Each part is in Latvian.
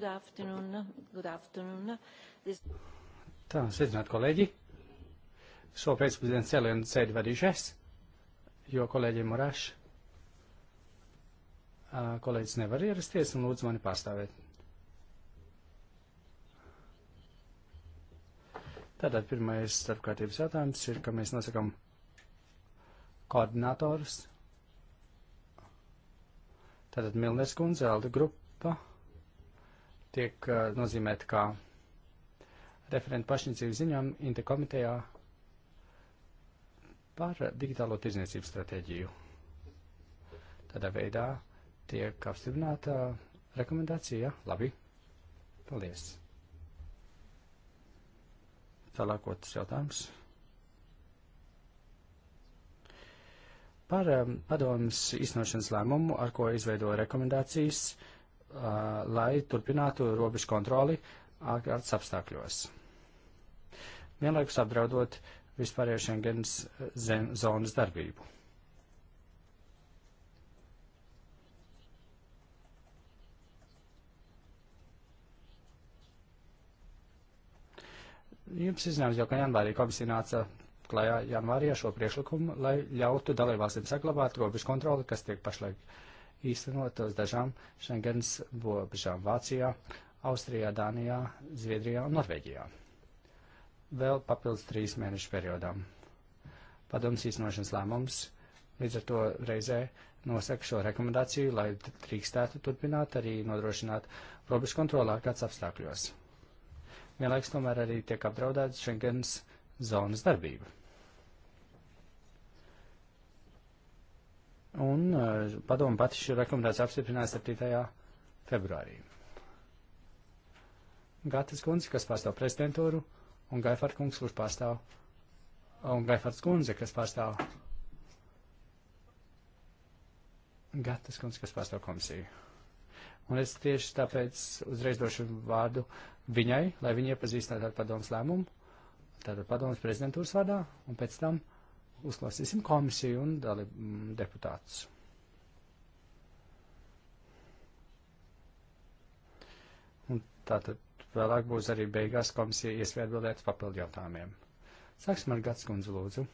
Good afternoon. Good afternoon. This... Tā, sveicināt kolēģi. Šo pēcpusdienas cēlienu sēdi vadīšu es, jo kolēģi Muraš, kolēģis nevar ierasties un lūdzu mani pārstāvēt. Tātad pirmais starpkārtības jautājums ir, ka mēs nosakam koordinatorus. Tātad Milnes kundze, Alda grupa tiek eh, nozīmēta kā referenta pašnicības ziņojuma interkomitejā par digitālo tirzniecības stratēģiju. Tādā veidā tiek apstiprināta rekomendācija. Labi. Paldies. Tālāk otrs jautājums. Par um, eh, padomus īstenošanas lēmumu, ar ko izveido rekomendācijas uh, lai turpinātu robežu kontroli ārkārtas apstākļos. Vienlaikus apdraudot vispārējo Schengens zonas darbību. Jums izņēmums jau, ka janvārī komisija nāca klajā janvārī ar šo priekšlikumu, lai ļautu dalībvalstīm saglabāt robežu kontroli, kas tiek pašlaik uh, īstenot uz dažām Schengens robežām - Vācijā, Austrijā, Dānijā, Zviedrijā un Norvēģijā. Vēl papildus trīs mēnešu periodām. Padoms īstenošanas lēmums līdz ar to reizē nosaka šo rekomendāciju, lai drīkstētu turpināt arī nodrošināt robežu kontroli ārkārtas apstākļos. Vienlaiks tomēr arī tiek apdraudēts Schengens zonas darbība. Un eh, padomu pati šo rekomendāciju apstiprināja 7. februārī. Gatis kundze, kas pārstāv prezidentūru, un Gaifārds kungs, kurš pārstāv, un Gaifārds kundze, kas pārstāv Gatis kundze, kas pārstāv komisiju. Un es tieši tāpēc uzreiz došu vārdu viņai, lai viņa iepazīstinātu ar padomus lēmumu, tātad padomus prezidentūras vārdā, un pēc tam uzklāsīsim komisiju un dalību mm, deputātus. Un tātad vēlāk būs arī beigās komisija iespēja atbildēt papildu jautājumiem. Sāksim ar Gatskundzu lūdzu.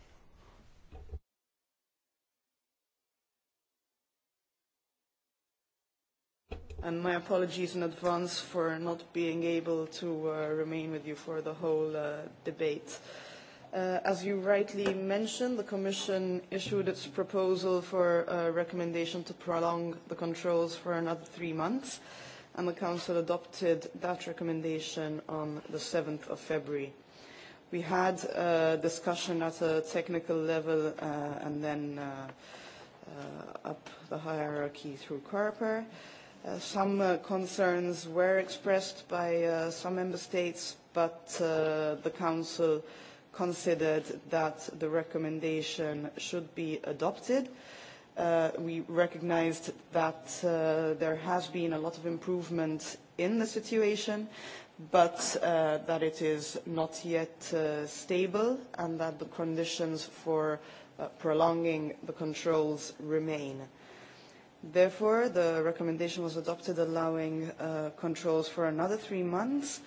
and my apologies in advance for not being able to uh, remain with you for the whole uh, debate. Uh, Uh, as you rightly mentioned, the Commission issued its proposal for a recommendation to prolong the controls for another three months, and the Council adopted that recommendation on the 7th of February. We had a uh, discussion at a technical level uh, and then uh, uh, up the hierarchy through CARPER. Uh, some uh, concerns were expressed by uh, some member states, but uh, the Council uh, considered that the recommendation should be adopted. Uh, we recognized that uh, there has been a lot of improvement in the situation, but uh, that it is not yet uh, stable and that the conditions for uh, prolonging the controls remain. Therefore, the recommendation was adopted allowing uh, controls for another three months uh,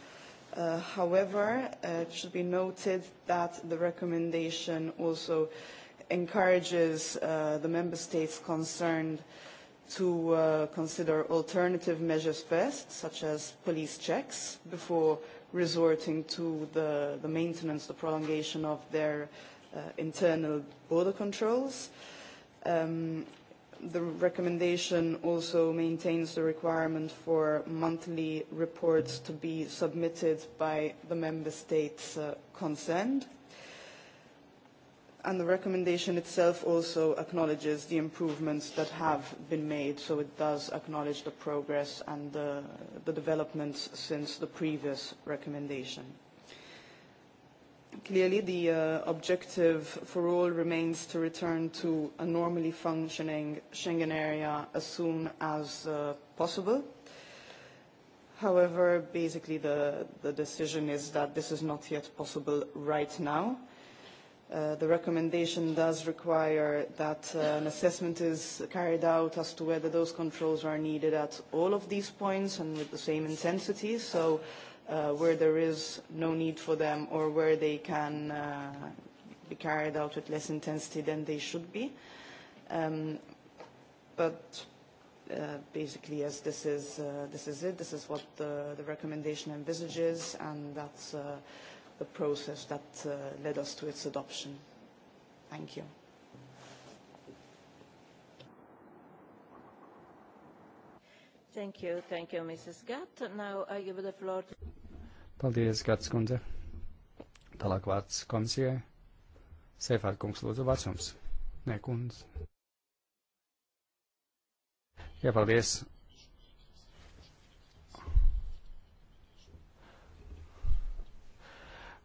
Uh, however, uh, it should be noted that the recommendation also encourages uh, the member states concerned to uh, consider alternative measures first, such as police checks, before resorting to the, the maintenance, the prolongation of their uh, internal border controls. Um, the recommendation also maintains the requirement for monthly reports to be submitted by the member states uh, concerned. And the recommendation itself also acknowledges the improvements that have been made, so it does acknowledge the progress and the, the developments since the previous recommendation. Clearly, the uh, objective for all remains to return to a normally functioning Schengen area as soon as uh, possible. However, basically the, the decision is that this is not yet possible right now. Uh, the recommendation does require that uh, an assessment is carried out as to whether those controls are needed at all of these points and with the same intensity. So uh, where there is no need for them or where they can uh, be carried out with less intensity than they should be. Um, but uh, basically, yes, this is, uh, this is it. This is what the, the recommendation envisages, and that's uh, the process that uh, led us to its adoption. Thank you. Thank you, thank you, Mrs. Gatt. Now I uh, give the floor to... Paldies, Gats kundze. Tālāk vārds komisijai. Seifār kungs, lūdzu, vārds jums. Nē, kundze. Jā, paldies.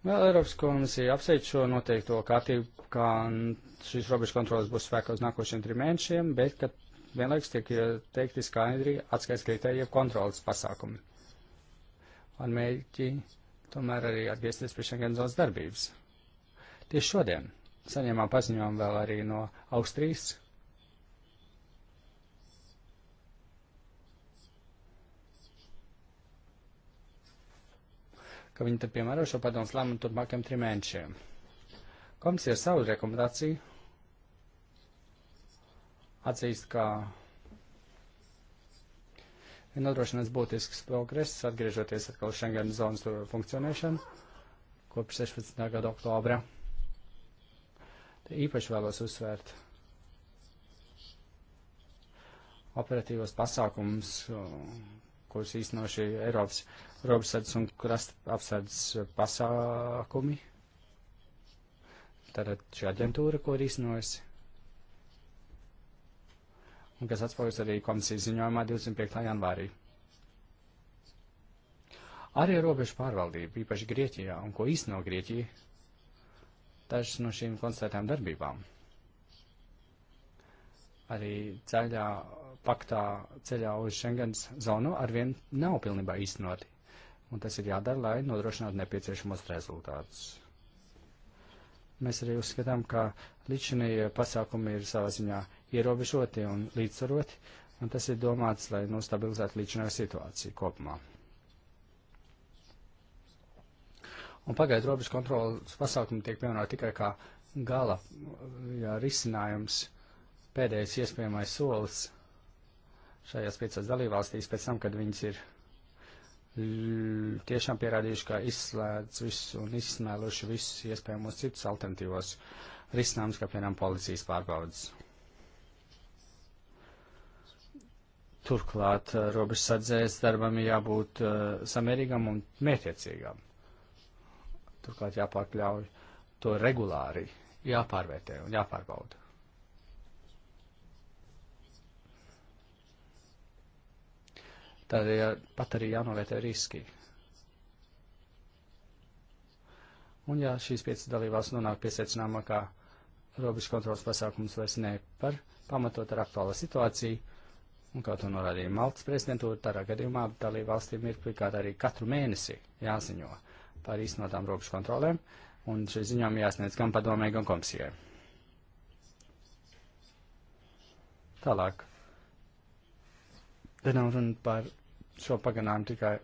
Vēl Eiropas komisija apsveic šo noteikto kārtību, ka šīs robežu kontrolas būs spēkā uz nākošiem trim mēnešiem, bet, kad vienlaikus tiek eh, teikti skaidri atskaits kritērija kontrolas pasākumi. Un mēģi tomēr arī atgriezties pie Schengen zonas darbības. Tieši šodien saņēmām paziņojumu vēl arī no Austrijas. ka viņi tad piemēro šo padomus lēmumu turpmākiem trim mēnešiem. Komisija ir savu rekomendāciju atzīst, ka ir nodrošināts būtisks progress, atgriežoties atkal Schengen zonas funkcionēšanu kopš 16. gada oktobra. Te īpaši vēlos uzsvērt operatīvos pasākumus, kurus īstenoši Eiropas robežsardz un krasta apsardz pasākumi. Tātad šī aģentūra, ko ir īstenojusi un kas atspoguļos arī komisijas ziņojumā 25. janvārī. Arī robežu pārvaldība, īpaši Grieķijā, un ko īsteno Grieķija, dažas no šīm konstatētām darbībām. Arī ceļā, paktā ceļā uz Schengens zonu arvien nav pilnībā īstenoti, un tas ir jādara, lai nodrošinātu nepieciešamos rezultātus. Mēs arī uzskatām, ka līdšanīgie pasākumi ir savā ziņā ierobežoti un līdzsvaroti, un tas ir domāts, lai nostabilizētu līdzinājo situāciju kopumā. Un pagaidu robežu kontrolas pasākumi tiek pievienot tikai kā gala jā, risinājums, pēdējais iespējamais solis šajās piecās dalībvalstīs pēc tam, kad viņas ir tiešām pierādījuši, ka izslēdz visus un izsmēluši visus iespējamos citus alternatīvos risinājumus, kā piemēram policijas pārbaudas. Turklāt eh, robežsardzējas darbam ir jābūt uh, samērīgam un mērķiecīgam. Turklāt jāpakļauj to regulāri, jāpārvērtē un jāpārbauda. Tādēļ ja, pat arī jānovērtē riski. Un ja šīs piecas dalībās nonāk pie secinājuma, ka robežu kontrolas pasākums vairs ne par pamatot ar aktuālo situāciju, Un kā to norādīja Maltas prezidentūra, tādā gadījumā dalību valstīm ir pirmkārt arī katru mēnesi jāziņo par īstenotām robežu kontrolēm, un šie ziņojumi jāsniedz gan padomē, gan komisijai. Tālāk. Te nav runa par šo pagarinājumu tikai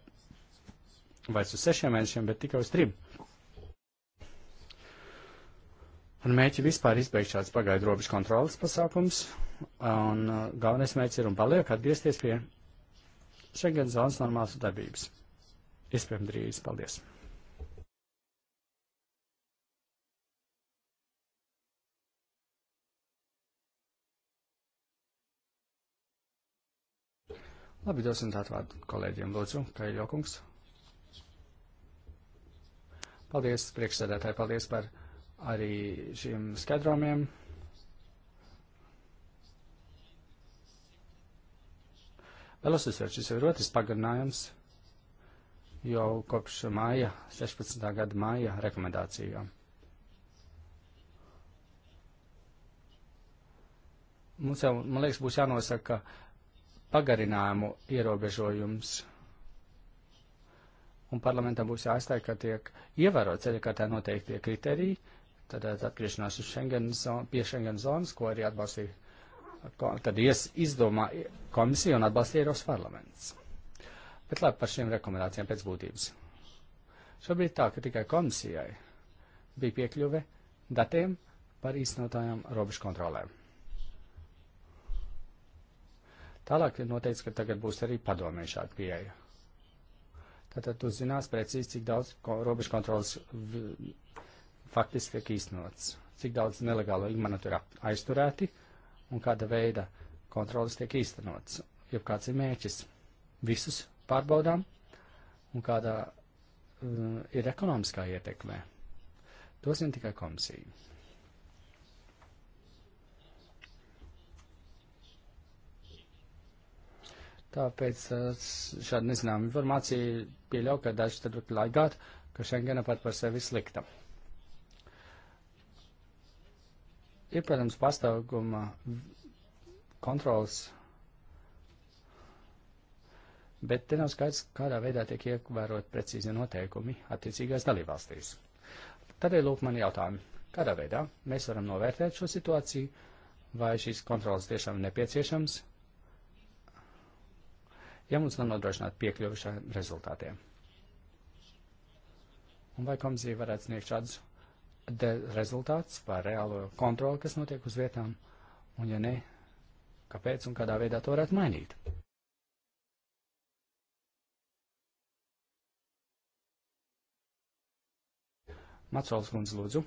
vairs uz sešiem mēnešiem, bet tikai uz trim. Un mēķi vispār izbeigt šāds pagaidu robežu kontrolas pasākums, un uh, galvenais mēķis ir un paliek atgriezties pie Schengen zonas normālas darbības. Iespējams drīz. Paldies! Labi, dosim tādu vārdu kolēģiem, lūdzu, Kaļļokungs. Paldies, priekšsēdētāji, paldies par arī šiem skaidrojumiem. Vēl uzsver, šis ir otrs pagarinājums jau kopš māja, 16. gada māja rekomendācijām. Mums jau, man liekas, būs jānosaka pagarinājumu ierobežojums un parlamentam būs jāizstāj, ka tiek ievērot ceļakārtā noteiktie kriteriji, Eh, tad atgriešanās Schengen zon, pie Schengen zonas, ko arī atbalstīja, tad ies, izdomā komisija un atbalstīja Eiropas parlaments. Bet labi par šīm rekomendācijām pēc būtības. Šobrīd tā, ka tikai komisijai bija piekļuve datiem par īstenotājām robežu kontrolēm. Tālāk ir noteikts, ka tagad būs arī padomē šāda pieeja. Tātad tu zinās precīzi, cik daudz robežu kontrolas faktiski tiek īstenots, cik daudz nelegālo imigrantu ir aizturēti un kāda veida kontrolas tiek īstenots, jeb kāds ir mērķis. Visus pārbaudām un kāda uh, ir ekonomiskā ietekme. To zina tikai komisija. Tāpēc uh, šāda nezināma informācija pieļauj, ka daži tad var klaigāt, ka Schengena pat par sevi slikta. Ir, protams, pastāvguma kontrols, bet te nav skaidrs, kādā veidā tiek ievērot precīzi noteikumi attiecīgās dalībvalstīs. Tādēļ lūk man jautājumi, kādā veidā mēs varam novērtēt šo situāciju, vai šīs kontrolas tiešām nepieciešams, ja mums nav nodrošināta piekļuva šiem rezultātiem. Un vai komisija varētu sniegt šādus rezultāts par reālo kontroli, kas notiek uz vietām, un ja ne, kāpēc un kādā veidā to varētu mainīt. Macols Lundz lūdzu.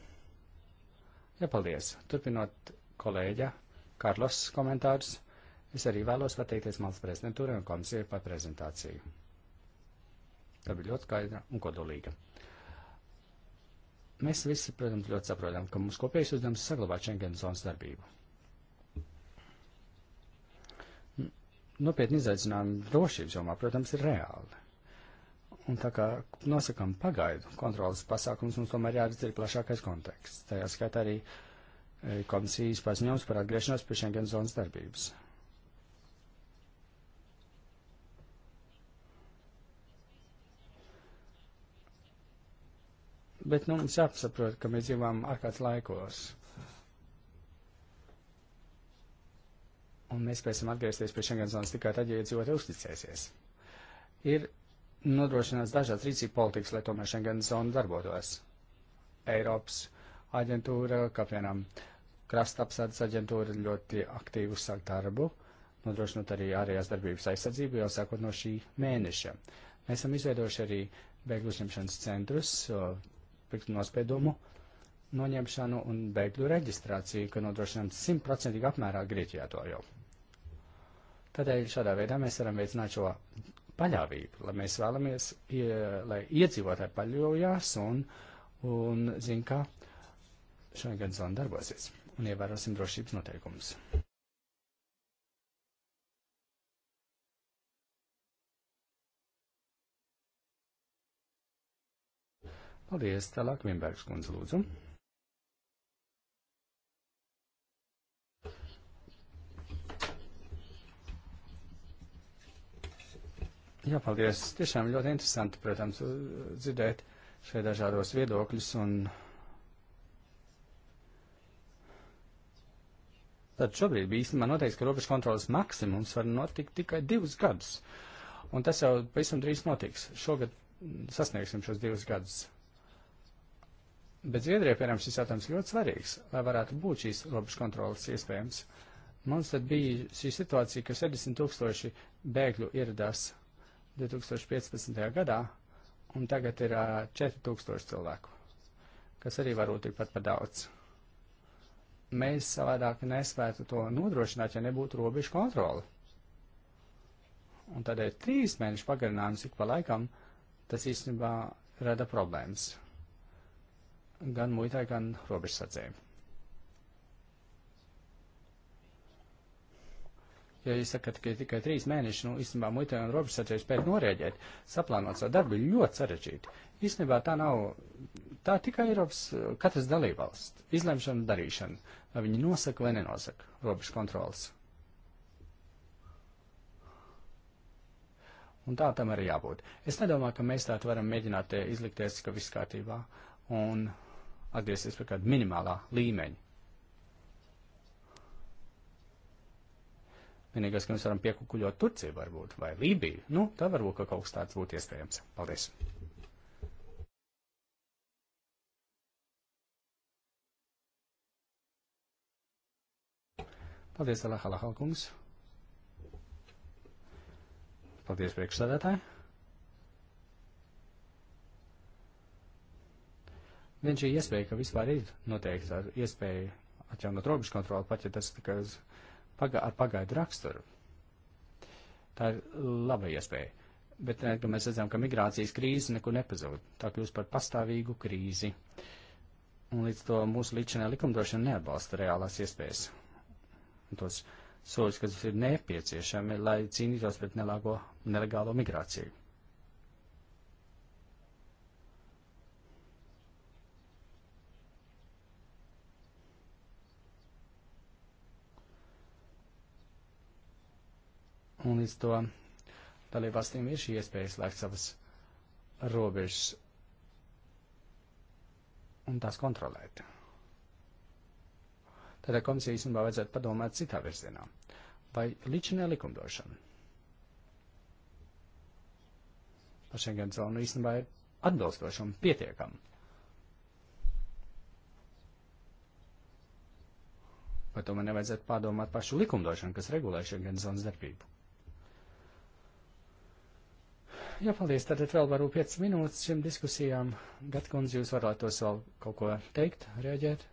Jā, paldies. Turpinot kolēģa Karlos komentārus, es arī vēlos pateikties malas prezidentūrai un komisijai par prezentāciju. Tā bija ļoti skaidra un kodolīga. Mēs visi, protams, ļoti saprotam, ka mums kopējais uzdevums ir saglabāt Schengen zonas darbību. Nopietni izaicinājumi drošības jomā, protams, ir reāli. Un tā kā nosakām pagaidu kontrolas pasākums, mums tomēr jāredz ir plašākais konteksts. Tajā skaitā arī eh, komisijas paziņojums par atgriešanos pie Schengen zonas darbības. bet nu, mums jāsaprot, ka mēs dzīvojam ārkārtas laikos. Un mēs spēsim atgriezties pie Schengen zonas tikai tad, ja iedzīvotāji uzticēsies. Ir nodrošināts dažādas rīcība politikas, lai tomēr Schengen zona darbotos. Eiropas aģentūra, kā piemēram krasta apsardzes aģentūra ļoti aktīvi uzsāk darbu, nodrošinot arī ārējās darbības aizsardzību jau sākot no šī mēneša. Mēs esam izveidojuši arī bēgļu uzņemšanas centrus pirkstu nospiedumu noņemšanu un bēgļu reģistrāciju, ka nodrošinām simtprocentīgi apmērā Grieķijā to jau. Tādēļ šādā veidā mēs varam veicināt šo paļāvību, lai mēs vēlamies, ie, lai iedzīvotāji paļaujās un, un zin, ka šodien gan zona darbosies un ievērosim drošības noteikumus. Paldies, tālāk Vimbergs kundze lūdzu. Jā, paldies. Tiešām ļoti interesanti, protams, dzirdēt šeit dažādos viedokļus un Tad šobrīd bija īstenībā noteikts, ka robežu kontrolas maksimums var notikt tikai divus gadus. Un tas jau pavisam drīz notiks. Šogad sasniegsim šos divus gadus. Bet Zviedrijai, piemēram, šis jautājums ļoti svarīgs, lai varētu būt šīs robežu kontrolas iespējams. Mums tad bija šī situācija, ka 60 tūkstoši bēgļu ieradās 2015. gadā, un tagad ir uh, 4000 cilvēku, kas arī varbūt ir pat par daudz. Mēs savādāk nespētu to nodrošināt, ja nebūtu robežu kontroli. Un tādēļ trīs mēnešu pagarinājums ik pa laikam, tas īstenībā rada problēmas gan muitai, gan robežsardzēm. Ja jūs sakat, ka ir tikai trīs mēneši, nu, īstenībā muitai un robežsardzēm spēt norēģēt, saplānot savu darbu, ir ļoti sarežģīti. Īstenībā tā nav, tā tikai Eiropas katras dalībvalsts izlemšana un darīšana, vai viņi nosaka vai nenosaka robežu kontrolas. Un tā tam arī jābūt. Es nedomāju, ka mēs tādu varam mēģināt eh, izlikties, ka viss kārtībā. Un atgriezties pie kāda minimālā līmeņa. Vienīgais, ka mēs varam piekukuļot Turciju varbūt, vai Lībiju, nu, tā varbūt, ka kaut kas tāds būtu iespējams. Paldies! Paldies, Alaha Lahalkungs! Paldies, priekšsēdētāji! Vien šī iespēja, ka vispār ir noteikti ar iespēju atjaunot robežu kontroli, pat ja tas tikai uz paga ar pagaidu raksturu. Tā ir laba iespēja. Bet eh, ka mēs redzam, ka migrācijas krīze nekur nepazūd. Tā kļūst par pastāvīgu krīzi. Un līdz to mūsu līdzinē likumdošana neatbalsta reālās iespējas. Un tos soļus, kas ir nepieciešami, lai cīnītos pret nelāgo, nelegālo migrāciju. un līdz to dalībvalstīm ir šī iespēja slēgt savas robežas un tās kontrolēt. Tātad komisija īstenībā vajadzētu padomāt citā virzienā. Vai līdšanē likumdošana par Schengen zonu īstenībā ir atbilstoša un pietiekama? Vai tomēr nevajadzētu pārdomāt pašu likumdošanu, kas regulē Schengen zonas darbību? Jā, paldies. Tātad vēl varbūt 5 minūtes šīm diskusijām. Gatkundze, jūs varētos vēl kaut ko teikt, reaģēt?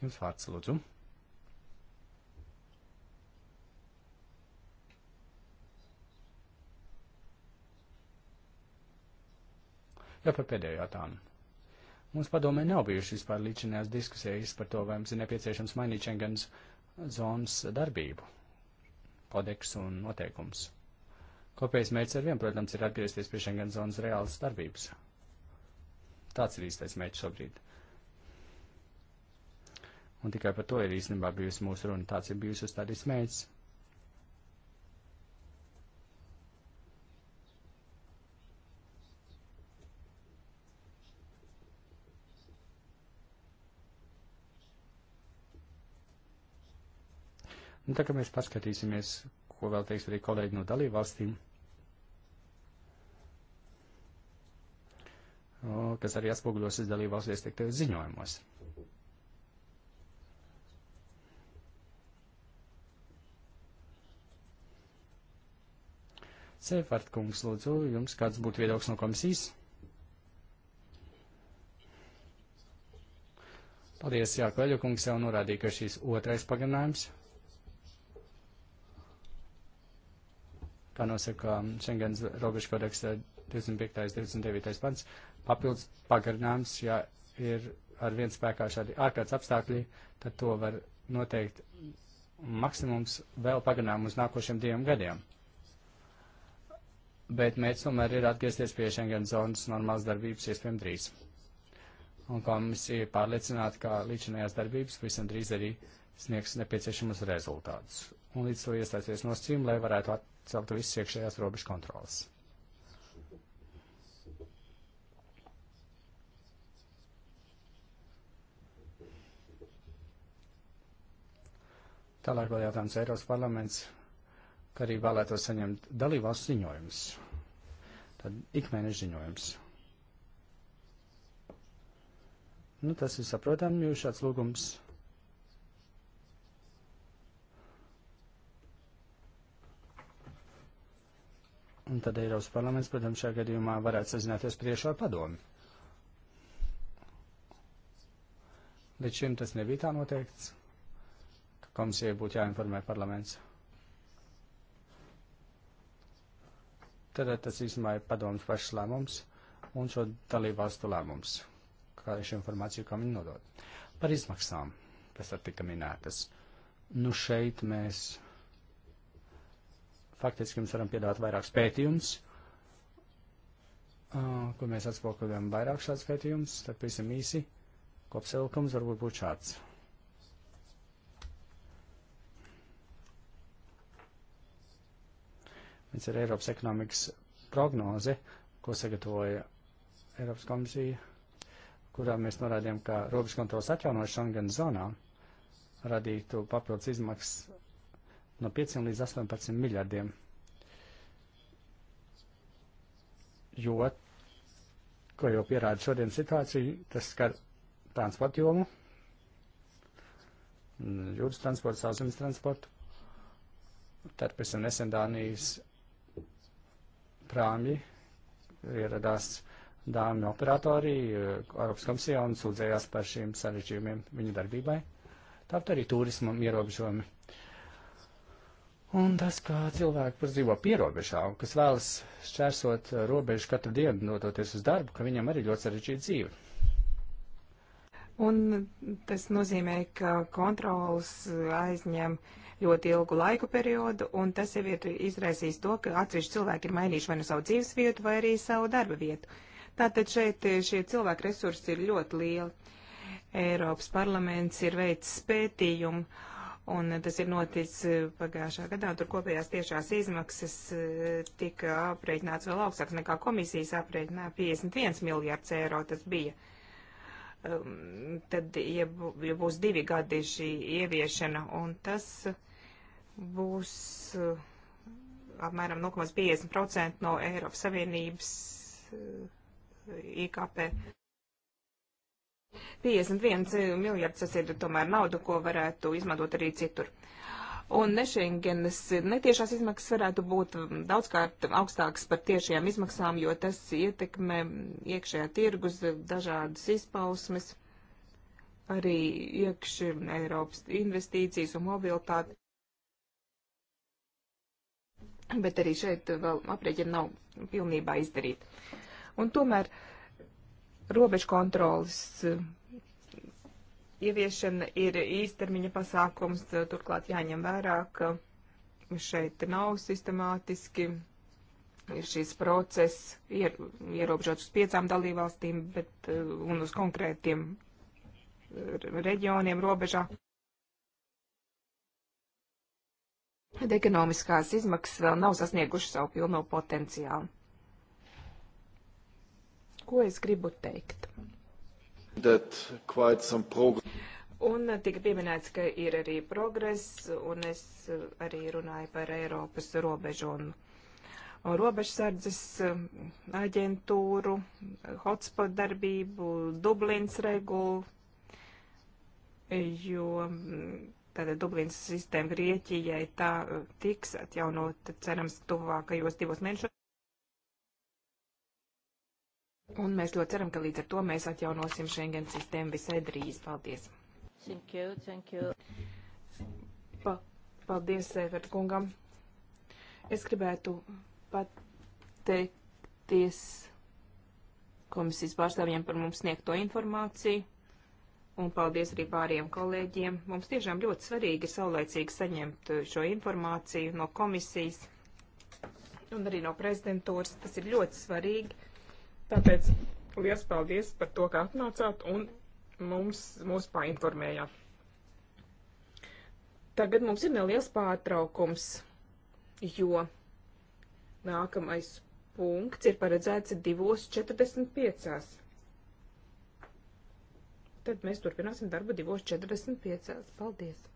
Jums vārds, lūdzu. Jā, par pēdējo jautājumu. Mums padomē nav bijušas vispār līdzinājās diskusijas par to, vai mums ir nepieciešams mainīt Schengens zonas darbību, kodeks un noteikums. Kopējais mērķis ar vien, protams, ir atgriezties pie Schengen zonas reālas darbības. Tāds ir īstais mērķis šobrīd. Un tikai par to ir īstenībā bijusi mūsu runa. Tāds ir bijusi uzstādījis mērķis. Un nu, tā kā mēs paskatīsimies, ko vēl teiks arī kolēģi no dalību valstīm, kas arī atspoguļosies dalību valstu iestiektajos ziņojumos. Sefart kungs, lūdzu, jums kāds būtu viedoklis no komisijas? Paldies, Jā, Kveļu kungs jau norādīja, ka šīs otrais pagarinājums kā nosaka Schengens robežu kodeksa 25. 29. pants, papildus pagarinājums, ja ir ar viens spēkā šādi ārkārtas apstākļi, tad to var noteikt maksimums vēl pagarinām uz nākošiem diviem gadiem. Bet mērķis tomēr ir atgriezties pie Schengen zonas normālas darbības iespējami drīz. Un komisija ir pārliecināta, ka līdzinājās darbības visam drīz arī sniegs nepieciešamus rezultātus un līdz to iestāsies nosacījumi, lai varētu atcelt visas iekšējās robežu kontrolas. Tālāk vēl jautājums Eiropas parlaments, ka arī vēlētos saņemt dalībvalstu ziņojumus. Tad ikmēneša ziņojums. Nu, tas ir saprotami, jo šāds lūgums Un tad Eiropas parlaments, protams, šajā gadījumā varētu sazināties priekšā ar padomi. Līdz šim tas nebija tā noteikts, ka komisijai būtu jāinformē parlaments. Tad tas īstenībā ir padomas pašs lēmums un šo dalībvalstu lēmums, kā šo informāciju kam viņi nodod. Par izmaksām, kas tad tika minētas. Nu šeit mēs Faktiski jums varam piedāvāt vairākus pētījumus, uh, kur mēs atspoguļojam vairāk šādus pētījumus, tad pavisam īsi kopsavilkums varbūt būtu šāds. Mums ir Eiropas ekonomikas prognoze, ko sagatavoja Eiropas komisija, kurā mēs norādījām, ka robežu kontrolas atjaunošana gan zonā radītu papildus izmaksas no 5 līdz 18 miljardiem. Jo, ko jau pierāda šodien situācija, tas skar transportu jomu, jūras transportu, sauszemes transportu. Tad pēc tam nesen Dānijas prāmji ieradās Dāņu operatori eh, Eiropas komisijā un sūdzējās par šiem sarežģījumiem viņu darbībai. Tāpat arī turismam ierobežojumi Un tas, kā cilvēki, kas dzīvo pierobežā un kas vēlas šķērsot robežu katru dienu, dodoties uz darbu, ka viņam arī ļoti sarežģīta dzīve. Un tas nozīmē, ka kontrols aizņem ļoti ilgu laiku periodu, un tas jau ir izraisījis to, ka atsevišķi cilvēki ir mainījuši vai nu savu dzīves vietu, vai arī savu darba vietu. Tātad šeit šie cilvēku resursi ir ļoti lieli. Eiropas parlaments ir veicis pētījumu Un tas ir noticis eh, pagājušā gadā, un tur kopējās tiešās izmaksas eh, tika aprēķināts vēl augstāks nekā komisijas aprēķināja 51 miljārds eiro tas bija. Um, tad, ja, ja būs divi gadi šī ieviešana, un tas būs eh, apmēram 0,50% no Eiropas Savienības IKP. 51 miljards tas ir tomēr nauda, ko varētu izmantot arī citur. Un nešengenas eh, netiešās izmaksas varētu būt mm, daudzkārt augstākas par tiešajām izmaksām, jo tas ietekmē mm, iekšējā tirgus eh, dažādas izpausmes, arī iekši mm, Eiropas investīcijas un mobilitāti. Bet arī šeit eh, vēl aprieķina nav pilnībā izdarīta. Un tomēr uh, Robežu kontrolas eh, ieviešana ir īstermiņa pasākums, eh, turklāt jāņem vērā, ka šeit nav sistemātiski šis process ier, ierobežots uz piecām dalībvalstīm bet, eh, un uz konkrētiem reģioniem robežā. Ekonomiskās izmaksas vēl nav sasniegušas savu pilno potenciālu. Ko es gribu teikt? Un tika pieminēts, ka ir arī progress, un es arī runāju par Eiropas robežu un robežsardzes aģentūru, hotspot darbību, Dublins regulu, jo tātad Dublins sistēma Grieķijai tā tiks atjaunot, cerams, tuvākajos divos mēnešos. Un mēs ļoti ceram, ka līdz ar to mēs atjaunosim Schengen sistēmu visai drīz. Paldies! Thank you, thank you. Pa, paldies, Sēvert kungam. Es gribētu pateikties komisijas pārstāvjiem par mums sniegto informāciju. Un paldies arī pāriem kolēģiem. Mums tiešām ļoti svarīgi ir saulēcīgi saņemt šo informāciju no komisijas un arī no prezidentūras. Tas ir ļoti svarīgi Tāpēc liels paldies par to, ka atnācāt un mums, mūs painformējāt. Tagad mums ir neliels pārtraukums, jo nākamais punkts ir paredzēts 2.45. Tad mēs turpināsim darbu 2.45. Paldies!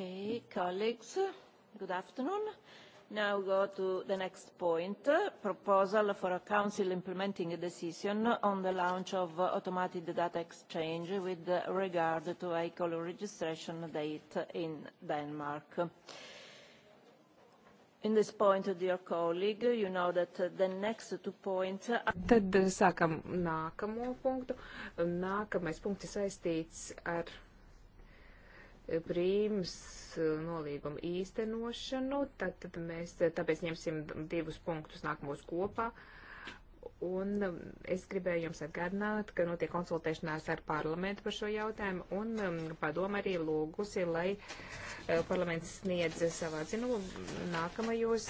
Okay, colleagues, good afternoon. Now go to the next point, proposal for a council implementing a decision on the launch of automated data exchange with regard to vehicle registration date in Denmark. In this point, dear colleague, you know that the next two points are... Tad eh, sākam nākamo punktu. Nākamais punkts saistīts ar prīmas eh, nolīguma īstenošanu, tad, tad mēs eh, tāpēc ņemsim divus punktus nākamos kopā. Un eh, es gribēju jums atgādināt, ka notiek konsultēšanās ar parlamentu par šo jautājumu, un um, padoma arī lūgusi, lai parlaments sniedz savā zinumu nākamajos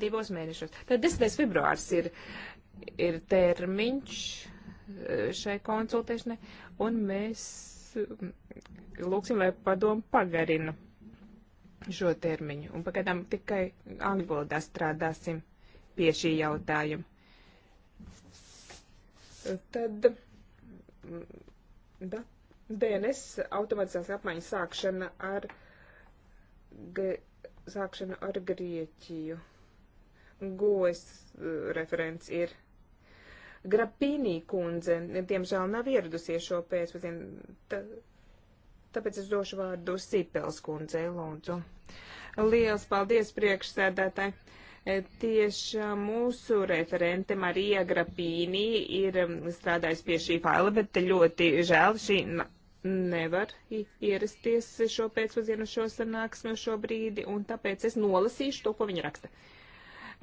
divos mēnešos. Tad 10. februārs ir, ir termiņš šai konsultēšanai, un mēs lūksim, lai padomu pagarina šo termiņu. Un pagaidām tikai angļu valodā strādāsim pie šī jautājuma. Tad mm, da, DNS automatiskās apmaiņas sākšana ar, g, sākšana ar Grieķiju. Gojas uh, e, referents ir. Grapīnī kundze, diemžēl nav ieradusies šo pēcpazienu Tāpēc es došu vārdu Sipels kundzei, lūdzu. Liels paldies priekšsēdētāji! E, Tiešām mūsu referente Marija Grapīnī ir mm, strādājusi pie šī faila, bet ļoti žēl šī nevar ierasties šo pēcpusdienu šo sanāksmi šobrīd, un tāpēc es nolasīšu to, ko viņa raksta. Uh,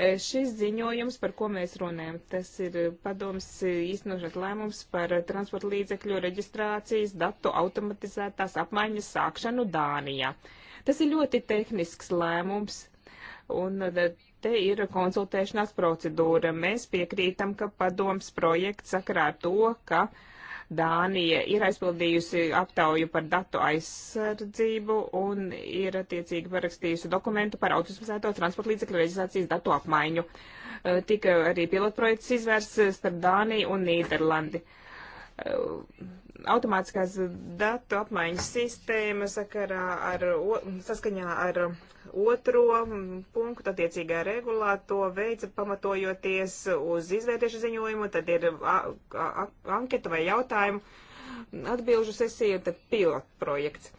E, šis ziņojums, par ko mēs runājam, tas ir padoms īstenošanas lēmums par transporta līdzekļu reģistrācijas datu automatizētās apmaiņas sākšanu Dānijā. Tas ir ļoti tehnisks lēmums, un e, te ir konsultēšanās procedūra. Mēs piekrītam, ka padoms projekts sakrā to, ka uh, Dānija ir aizpildījusi aptauju par datu aizsardzību un ir attiecīgi parakstījusi dokumentu par autosmazēto transporta līdzekļu reģistrācijas datu apmaiņu. Eh, tika arī pilotprojekts izvērsts starp Dāniju un Nīderlandi. Eh, automātiskās datu apmaiņas sistēma sakarā ar, o, saskaņā ar otro punktu attiecīgā regulā to veica pamatojoties uz izvērtiešu ziņojumu, tad ir a, a, a, anketa vai jautājumu atbilžu sesija, tad pilotprojekts.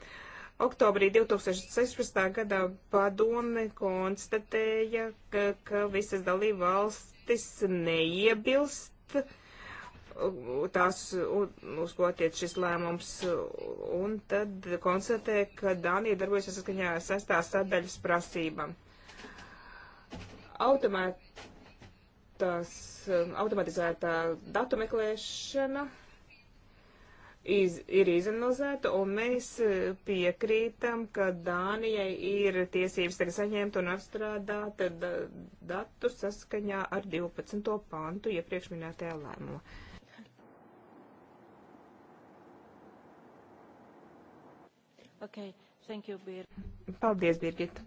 Oktobrī 2016. gadā padome konstatēja, ka, ka visas dalība valstis neiebilst tās, uz ko attiec šis lēmums, un tad konstatē, ka Dānija darbojas saskaņā ar sestās sadaļas prasībām. Automētās, um, automatizētā datu meklēšana iz, ir izanalizēta, un mēs piekrītam, ka Dānijai ir tiesības tagad saņemt un apstrādāt datus saskaņā ar 12. pantu iepriekš minētajā lēmumā. Okay. Thank you, Bir. Paldies, Birgit.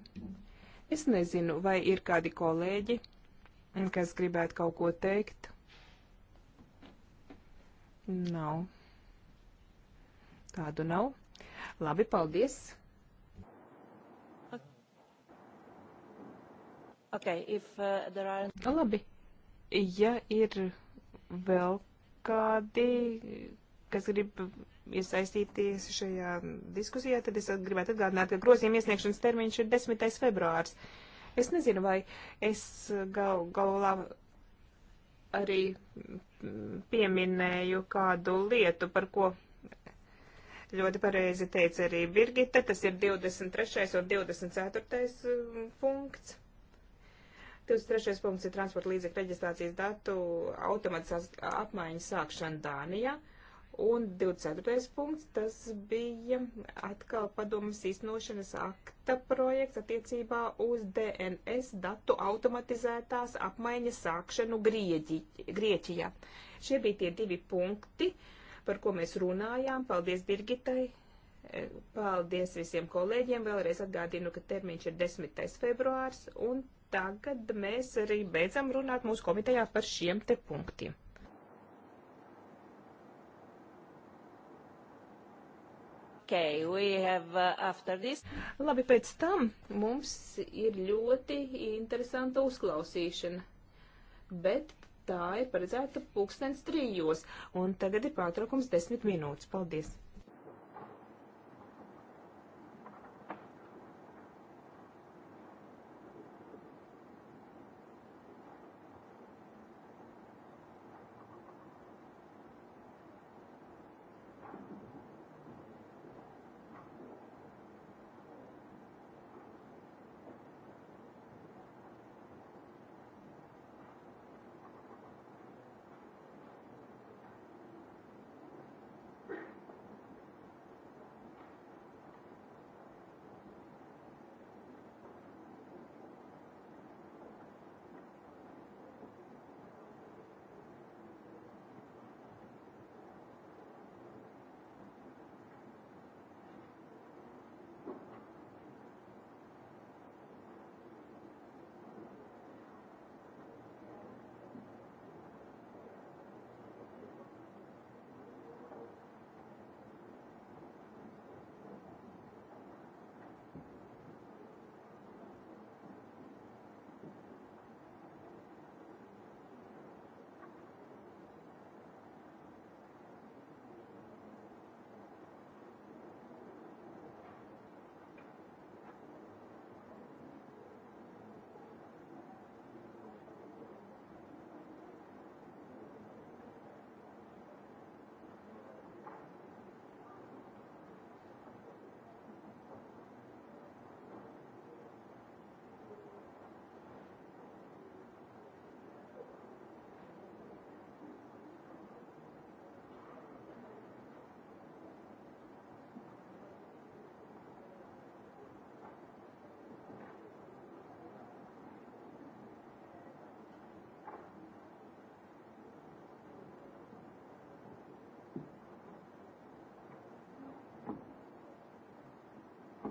Es nezinu, vai ir kādi kolēģi, kas gribētu kaut ko teikt. Nav. Tādu nav. Labi, paldies. Okay, if, uh, there are... Labi. Ja ir vēl kādi kas grib iesaistīties šajā diskusijā, tad es gribētu atgādināt, ka grozījuma iesniegšanas termiņš ir 10. februārs. Es nezinu, vai es gal, galvā arī pieminēju kādu lietu, par ko ļoti pareizi teica arī Birgita, tas ir 23. un 24. Um, punkts. 23. punkts ir transporta līdzekļu reģistrācijas datu automatiskās apmaiņas sākšana Dānijā. Ja? Un 24. punkts, tas bija atkal padomas iznošanas akta projekts attiecībā uz DNS datu automatizētās apmaiņas sākšanu Grieģi, Grieķijā. Šie bija tie divi punkti, par ko mēs runājām. Paldies Birgitai, e, paldies visiem kolēģiem. Vēlreiz atgādinu, ka termiņš ir 10. februārs, un tagad mēs arī beidzam runāt mūsu komitejā par šiem te punktiem. Okay, we have uh, after this. Labi, pēc tam mums ir ļoti interesanta uzklausīšana, bet tā ir paredzēta pulkstens trijos, un tagad ir pārtraukums desmit minūtes. Paldies!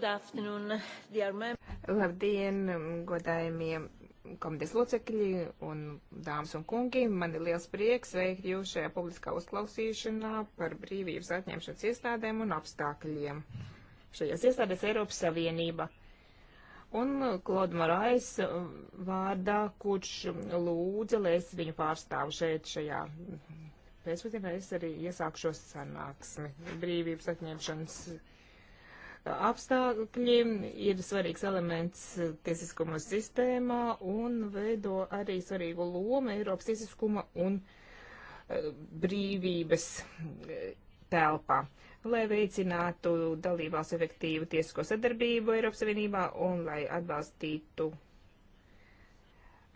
Good afternoon, dear members. Labdien, godājumie komitejas locekļi un dāmas un kungi. Man ir liels prieks veikt jūs šajā publiskā uzklausīšanā par brīvības atņemšanas iestādēm un apstākļiem. Šajās iestādēs Eiropas Savienība. Un Klauda Marais vārdā, kurš lūdza, lai es viņu pārstāvu šeit šajā pēcpusdienā, es arī iesākšos sanāksmi brīvības atņemšanas iestādēm apstākļi ir svarīgs elements tiesiskuma sistēmā un veido arī svarīgu lomu Eiropas tiesiskuma un e, brīvības e, telpā, lai veicinātu dalībās efektīvu tiesisko sadarbību Eiropas Savienībā un lai atbalstītu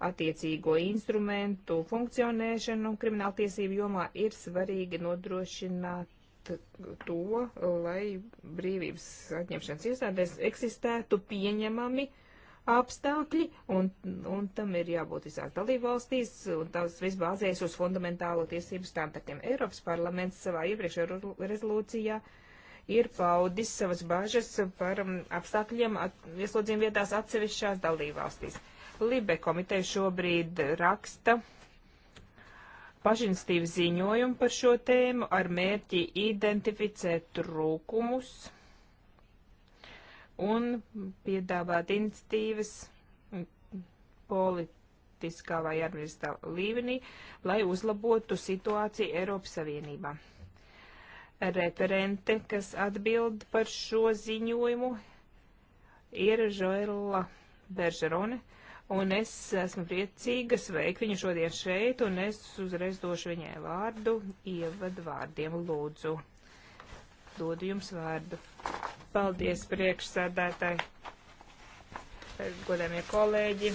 attiecīgo instrumentu funkcionēšanu krimināltiesību jomā ir svarīgi nodrošināt to, lai brīvības atņemšanas iestādēs eksistētu pieņemami apstākļi, un, un tam ir jābūt visās dalībvalstīs, un tas viss bāzējas uz fundamentālo tiesību standartiem. Eiropas parlaments savā iepriekšējā rezolūcijā ir paudis savas bažas par um, apstākļiem ieslodzījuma vietās atsevišķās dalībvalstīs. Libe komiteja šobrīd raksta pašinstīvu ziņojumu par šo tēmu ar mērķi identificēt trūkumus un piedāvāt iniciatīvas politiskā vai administrā līmenī, lai uzlabotu situāciju Eiropas Savienībā. Referente, kas atbild par šo ziņojumu, ir Žoela Beržerone. Uh, Un es esmu priecīga sveikt viņu šodien šeit, un es uzreiz došu viņai vārdu, ievadu vārdiem lūdzu. Dodu jums vārdu. Paldies priekšsēdētāji, godāmie kolēģi.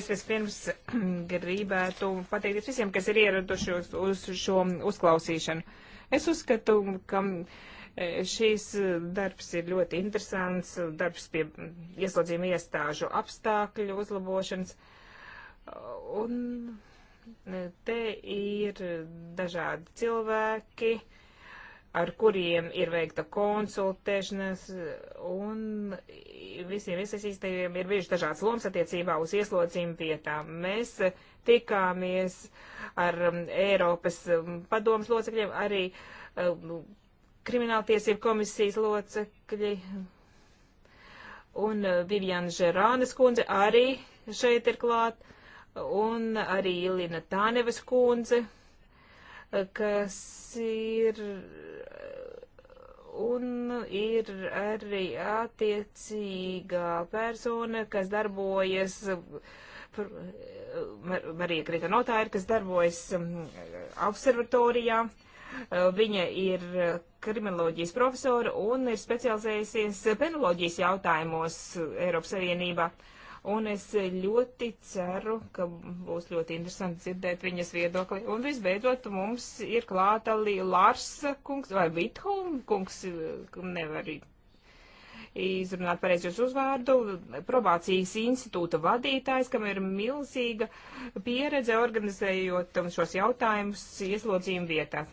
Es vispirms gribētu pateikties visiem, kas ir ieradušies uz, uz šo uzklausīšanu. Es uzskatu, ka Šīs eh, darbs ir ļoti interesants, darbs pie ieslodzījuma iestāžu apstākļu uzlabošanas. Un eh, te ir dažādi cilvēki, ar kuriem ir veikta konsultēšanas, un visiem iesaistītajiem ir bijuši dažādas lomas attiecībā uz ieslodzījumu vietām. Mēs tikāmies ar um, Eiropas um, padomas locekļiem arī uh, krimināltiesību komisijas locekļi un eh, Viviana Žerānes kundze arī šeit ir klāt un arī Ilina Tāneves kundze, eh, kas ir eh, un ir arī attiecīgā persona, kas darbojas Marija Krita Notāra, kas darbojas mm, observatorijā. Um, Viņa ir kriminoloģijas profesora un ir specializējusies penoloģijas jautājumos Eiropas Savienībā. Un es ļoti ceru, ka būs ļoti interesanti dzirdēt viņas viedokli. Un visbeidzot, mums ir klāta arī Larsa kungs vai Vitholm kungs, nevar izrunāt pareizos uzvārdu, probācijas institūta vadītājs, kam ir milzīga pieredze organizējot šos jautājumus ieslodzījumu vietās.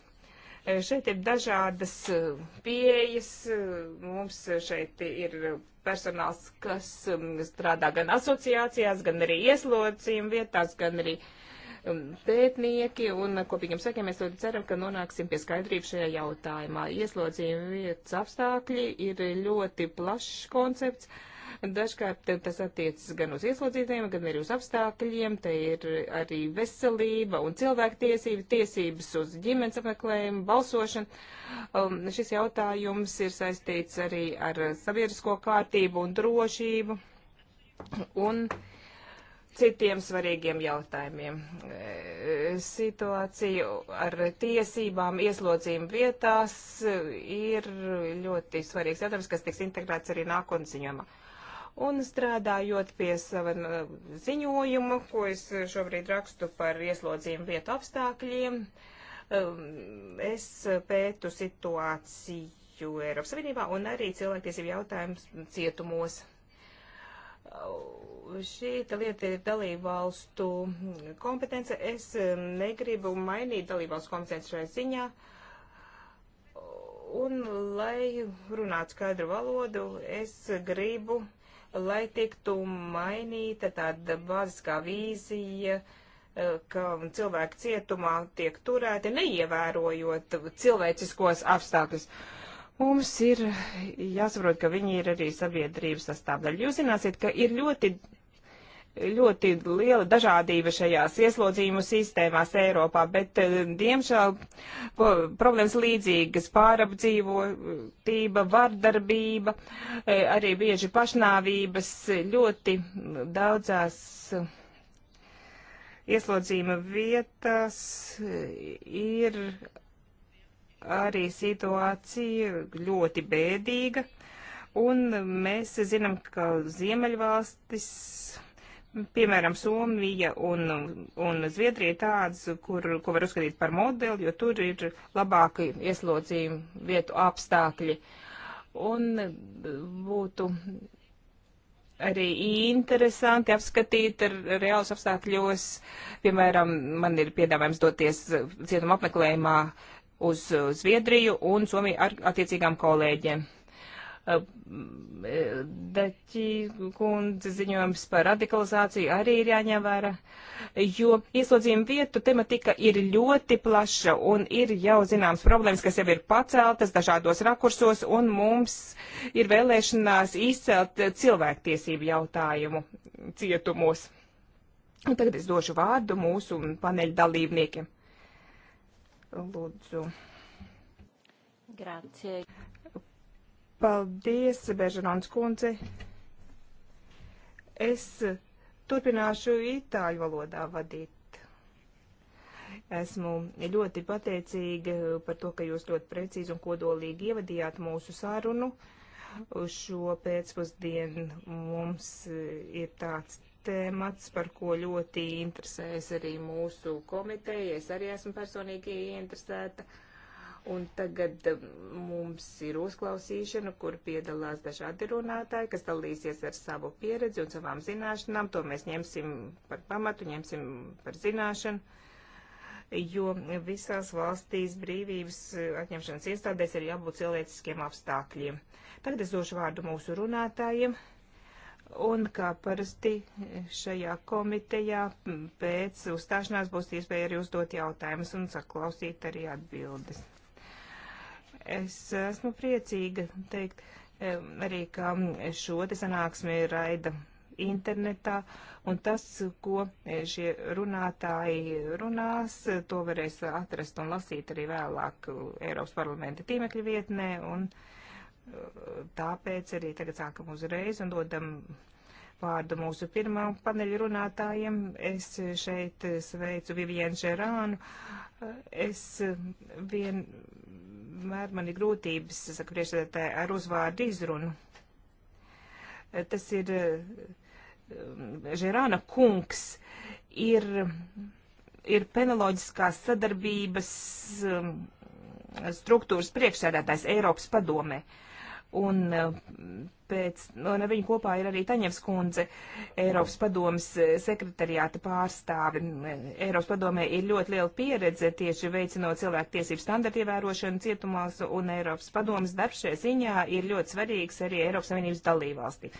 E, šeit ir dažādas e, pieejas. E, mums šeit ir personāls, kas strādā gan asociācijās, gan arī ieslocījuma vietās, gan arī pētnieki. Un kopīgiem sakiem mēs ļoti ceram, ka nonāksim pie skaidrību šajā jautājumā. Ieslodzījuma vietas apstākļi ir ļoti plašs koncepts Dažkārt tas attiecas gan uz ieslodzītajiem, gan arī uz apstākļiem. Te ir arī veselība un cilvēktiesība, tiesības uz ģimenes apmeklējumu, balsošanu. Um, šis jautājums ir saistīts arī ar sabiedrisko kārtību un drošību. Un, citiem svarīgiem jautājumiem. E, situācija ar tiesībām ieslodzījumu vietās ir ļoti svarīgs jautājums, kas tiks integrēts arī nākotnes ziņojumā. Un strādājot pie sava ziņojuma, ko es šobrīd rakstu par ieslodzījumu vietu apstākļiem, um, es pētu situāciju Eiropas Savienībā un arī cilvēktiesību jautājumus cietumos uh, šī lieta ir dalībvalstu kompetence. Es um, negribu mainīt dalībvalstu kompetenci šai ziņā. Un, lai runātu skaidru valodu, es gribu lai tiktu mainīta tāda baziskā vīzija, e, ka cilvēki cietumā tiek turēti, neievērojot cilvēciskos apstākļus. Mums ir jāsaprot, ka viņi ir arī sabiedrības sastāvdaļa. Jūs zināsiet, ka ir ļoti ļoti liela dažādība šajās ieslodzījuma sistēmās Eiropā, bet eh, diemžēl problēmas līdzīgas - pārapdzīvotība, vardarbība, eh, arī bieži pašnāvības ļoti daudzās eh, ieslodzījuma vietās ir arī situācija ļoti bēdīga. Un mēs zinām, ka Ziemeļvalstis Piemēram, Somija un, un Zviedrija tāds, kur, ko var uzskatīt par modeli, jo tur ir labāki ieslodzījumi vietu apstākļi. Un būtu arī interesanti apskatīt ar reālus apstākļos. Piemēram, man ir piedāvājums doties cietuma apmeklējumā uz Zviedriju un Somiju ar attiecīgām kolēģiem. Daķi kundze ziņojums par radikalizāciju arī ir jāņem vērā, jo ieslodzījuma vietu tematika ir ļoti plaša un ir jau zināms problēmas, kas jau ir paceltas dažādos rakursos, un mums ir vēlēšanās izcelt cilvēktiesību jautājumu cietumos. Un tagad es došu vārdu mūsu paneļa dalībniekiem. Lūdzu. Grazie. Paldies, Bežanons kundze. Es turpināšu itāļu valodā vadīt. Esmu ļoti pateicīga par to, ka jūs ļoti precīzi un kodolīgi ievadījāt mūsu sarunu. Šo pēcpusdienu mums ir tāds temats, par ko ļoti interesēs arī mūsu komiteja. Es arī esmu personīgi interesēta. Uh, Un tagad um, mums ir uzklausīšana, kur piedalās dažādi runātāji, kas dalīsies ar savu pieredzi un savām zināšanām. To mēs ņemsim par pamatu, ņemsim par zināšanu, jo visās valstīs brīvības uh, atņemšanas iestādēs ir jābūt cilvēciskiem apstākļiem. Tagad es došu vārdu mūsu runātājiem. Un kā parasti šajā komitejā pēc uzstāšanās būs iespēja arī uzdot jautājumus un saklausīt arī atbildes. Es esmu priecīga teikt arī, ka šo te sanāksmi raida internetā, un tas, ko e, šie runātāji runās, to varēs atrast un lasīt arī vēlāk Eiropas parlamenta tīmekļa vietnē, un tāpēc arī tagad sākam uzreiz un dodam vārdu mūsu pirmām paneļu runātājiem. Es šeit sveicu Vivienu Žerānu. Es vien vienmēr man ir grūtības, saka priekšsēdētāji, ar uzvārdu izrunu. Tas ir eh, Žerāna kungs, ir, ir penoloģiskās sadarbības eh, struktūras priekšsēdētājs Eiropas padomē. Uh, un, eh, pēc, un ar viņu kopā ir arī Taņevs kundze, Eiropas padomas eh, sekretariāta pārstāvi. Eiropas padomē ir ļoti liela pieredze tieši veicinot cilvēku tiesību standartu ievērošanu cietumās, un Eiropas padomas darbs šajā ziņā ir ļoti svarīgs arī Eiropas Savienības dalībvalstī.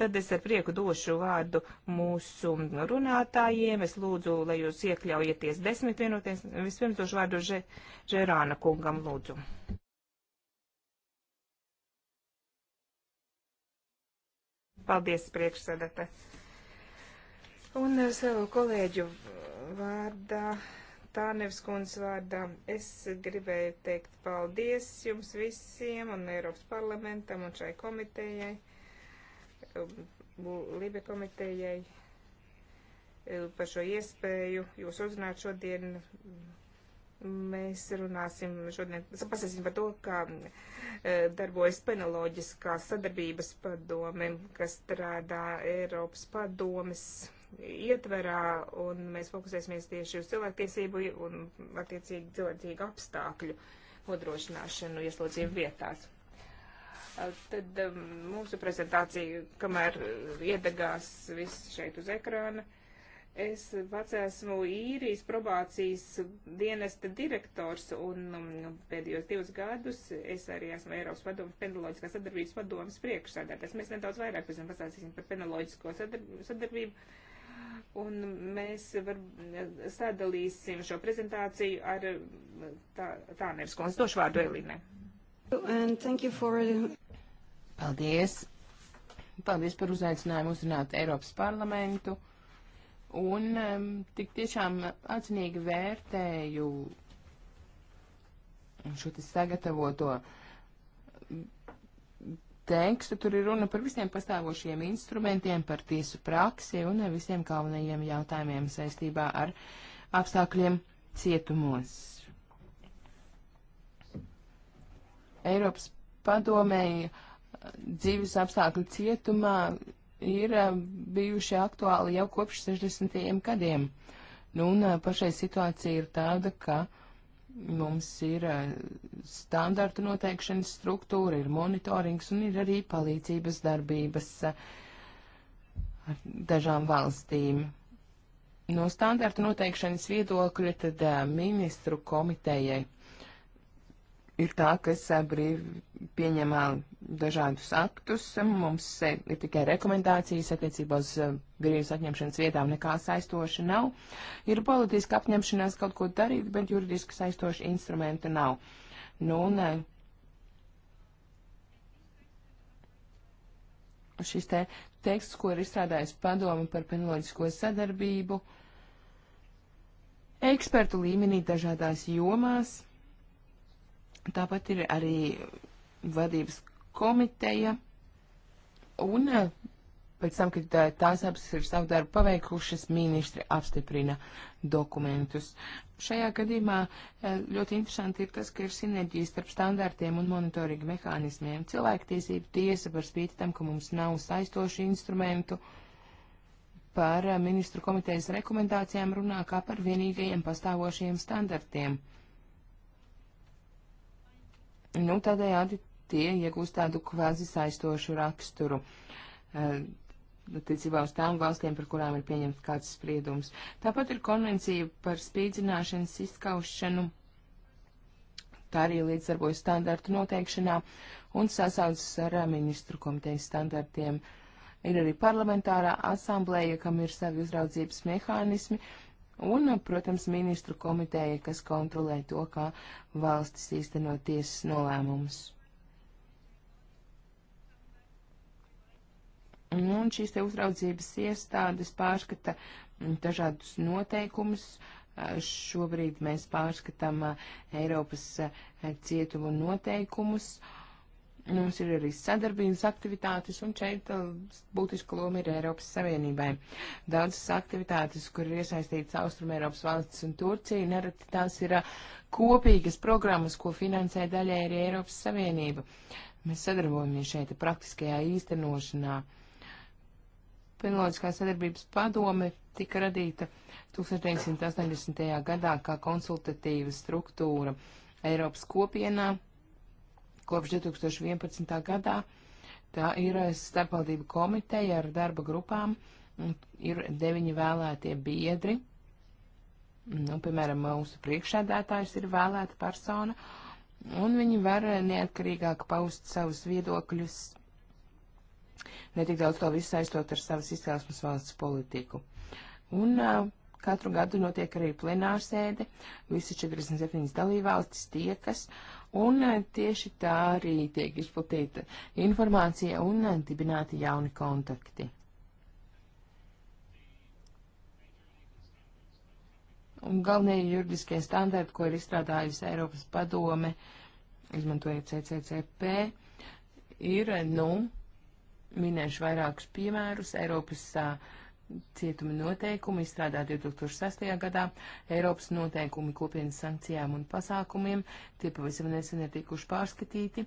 Tad es ar prieku došu vārdu mūsu runātājiem. Es lūdzu, lai jūs iekļaujieties desmit minūtēs. Vispirms došu vārdu Žerāna kungam lūdzu. Paldies, priekšsēdētē. Un eh, savu kolēģu vārdā, Tānevs kundzes vārdā, es gribēju teikt paldies jums visiem un Eiropas parlamentam un šai komitejai, um, Libe komitejai eh, par šo iespēju jūs uzrunāt šodien Mēs runāsim šodien, pasēsim par to, kā e, darbojas penoloģiskā sadarbības padome, kas strādā Eiropas padomes ietverā, un mēs fokusēsimies tieši uz cilvēktiesību un attiecīgi cilvēcīgu apstākļu nodrošināšanu ieslodzību vietās. E, tad e, mūsu prezentācija, kamēr iedegās viss šeit uz ekrāna, Es pats esmu īrijas probācijas dienesta direktors un um, nu, pēdējos divus gadus es arī esmu Eiropas padomas penoloģiskās sadarbības padomas priekšsēdētājs. Mēs nedaudz vairāk pēc tam pastāstīsim par penoloģisko sadarbību. Un mēs var, sadalīsim šo prezentāciju ar tā, Tāneris kundzi. Došu vārdu Elīnai. For... Paldies! Paldies par uzaicinājumu uzrunāt Eiropas parlamentu. Un tik tiešām atzinīgi vērtēju šo te sagatavoto tekstu. Tur ir runa par visiem pastāvošiem instrumentiem, par tiesu praksi un visiem galvenajiem jautājumiem saistībā ar apstākļiem cietumos. Eiropas padomēji eh, dzīves apstākļi cietumā ir eh, bijuši aktuāli jau kopš 60. gadiem. Nu, un eh, pašai situācija ir tāda, ka mums ir eh, standartu noteikšanas struktūra, ir monitorings un ir arī palīdzības darbības ar dažām valstīm. No standartu noteikšanas viedokļa tad ministru komitejai ir tā, kas eh, brīvi pieņem dažādus aktus. Mums eh, ir tikai rekomendācijas attiecībā uz brīvas eh, atņemšanas vietām, nekā saistoša nav. Ir politiska apņemšanās kaut ko darīt, bet juridiski saistoša instrumenta nav. Nu, un, šis te teksts, ko ir izstrādājis padomu par penoloģisko sadarbību, ekspertu līmenī dažādās jomās Tāpat ir arī vadības komiteja. Un eh, pēc tam, kad eh, tās abas ir savu darbu paveikušas, ministri apstiprina dokumentus. Šajā gadījumā eh, ļoti interesanti ir tas, ka ir sinerģija starp standartiem un monitoringa mehānismiem. Cilvēktiesību tiesa par spīti tam, ka mums nav saistošu instrumentu par ministru komitejas rekomendācijām runā kā par vienīgajiem pastāvošajiem standartiem. Nu, tādējādi tie iegūst tādu kvazi saistošu raksturu eh, attiecībā uz tām valstīm, par kurām ir pieņemts kāds spriedums. Tāpat ir konvencija par spīdzināšanas izskaušanu. Tā arī līdzdarbojas standartu noteikšanā un sasaucas ar eh, ministru komitejas standartiem. Ir arī parlamentārā asamblēja, kam ir savi uzraudzības mehānismi, un, protams, ministru komiteja, kas kontrolē to, kā valstis īsteno tiesas nolēmumus. Un šīs te uzraudzības iestādes pārskata dažādus noteikumus. Šobrīd mēs pārskatām Eiropas cietumu noteikumus. Uh, Mums ir arī sadarbības aktivitātes, un šeit uh, būtiska loma ir Eiropas Savienībai. Daudzas aktivitātes, kur ir iesaistīts Austrum Eiropas valsts un Turcija, nereti tās ir uh, kopīgas programmas, ko finansē daļai arī Eiropas Savienība. Mēs sadarbojamies šeit praktiskajā īstenošanā. Penoloģiskā sadarbības padome tika radīta 1980. gadā kā konsultatīva struktūra Eiropas kopienā Kopš 2011. gadā tā ir starpvaldību komiteja ar darba grupām, ir deviņi vēlētie biedri. Nu, piemēram, mūsu priekšsēdētājs ir vēlēta persona, un viņi var neatkarīgāk paust savus viedokļus, netik daudz to visu saistot ar savas izcelsmes valsts politiku. Un uh, katru gadu notiek arī plenārsēde, visi 47 dalībvalstis tiekas, uh, Un eh, tieši tā arī tiek izplatīta informācija un eh, dibināti jauni kontakti. Un galvenie juridiskie standarti, ko ir izstrādājusi Eiropas padome, izmantojot CCCP, ir, eh, nu, minēšu vairākus piemērus Eiropas uh, cietuma noteikumi izstrādāti 2006. gadā, Eiropas noteikumi kopienas sankcijām un pasākumiem, tie pavisam nesen ir tikuši pārskatīti.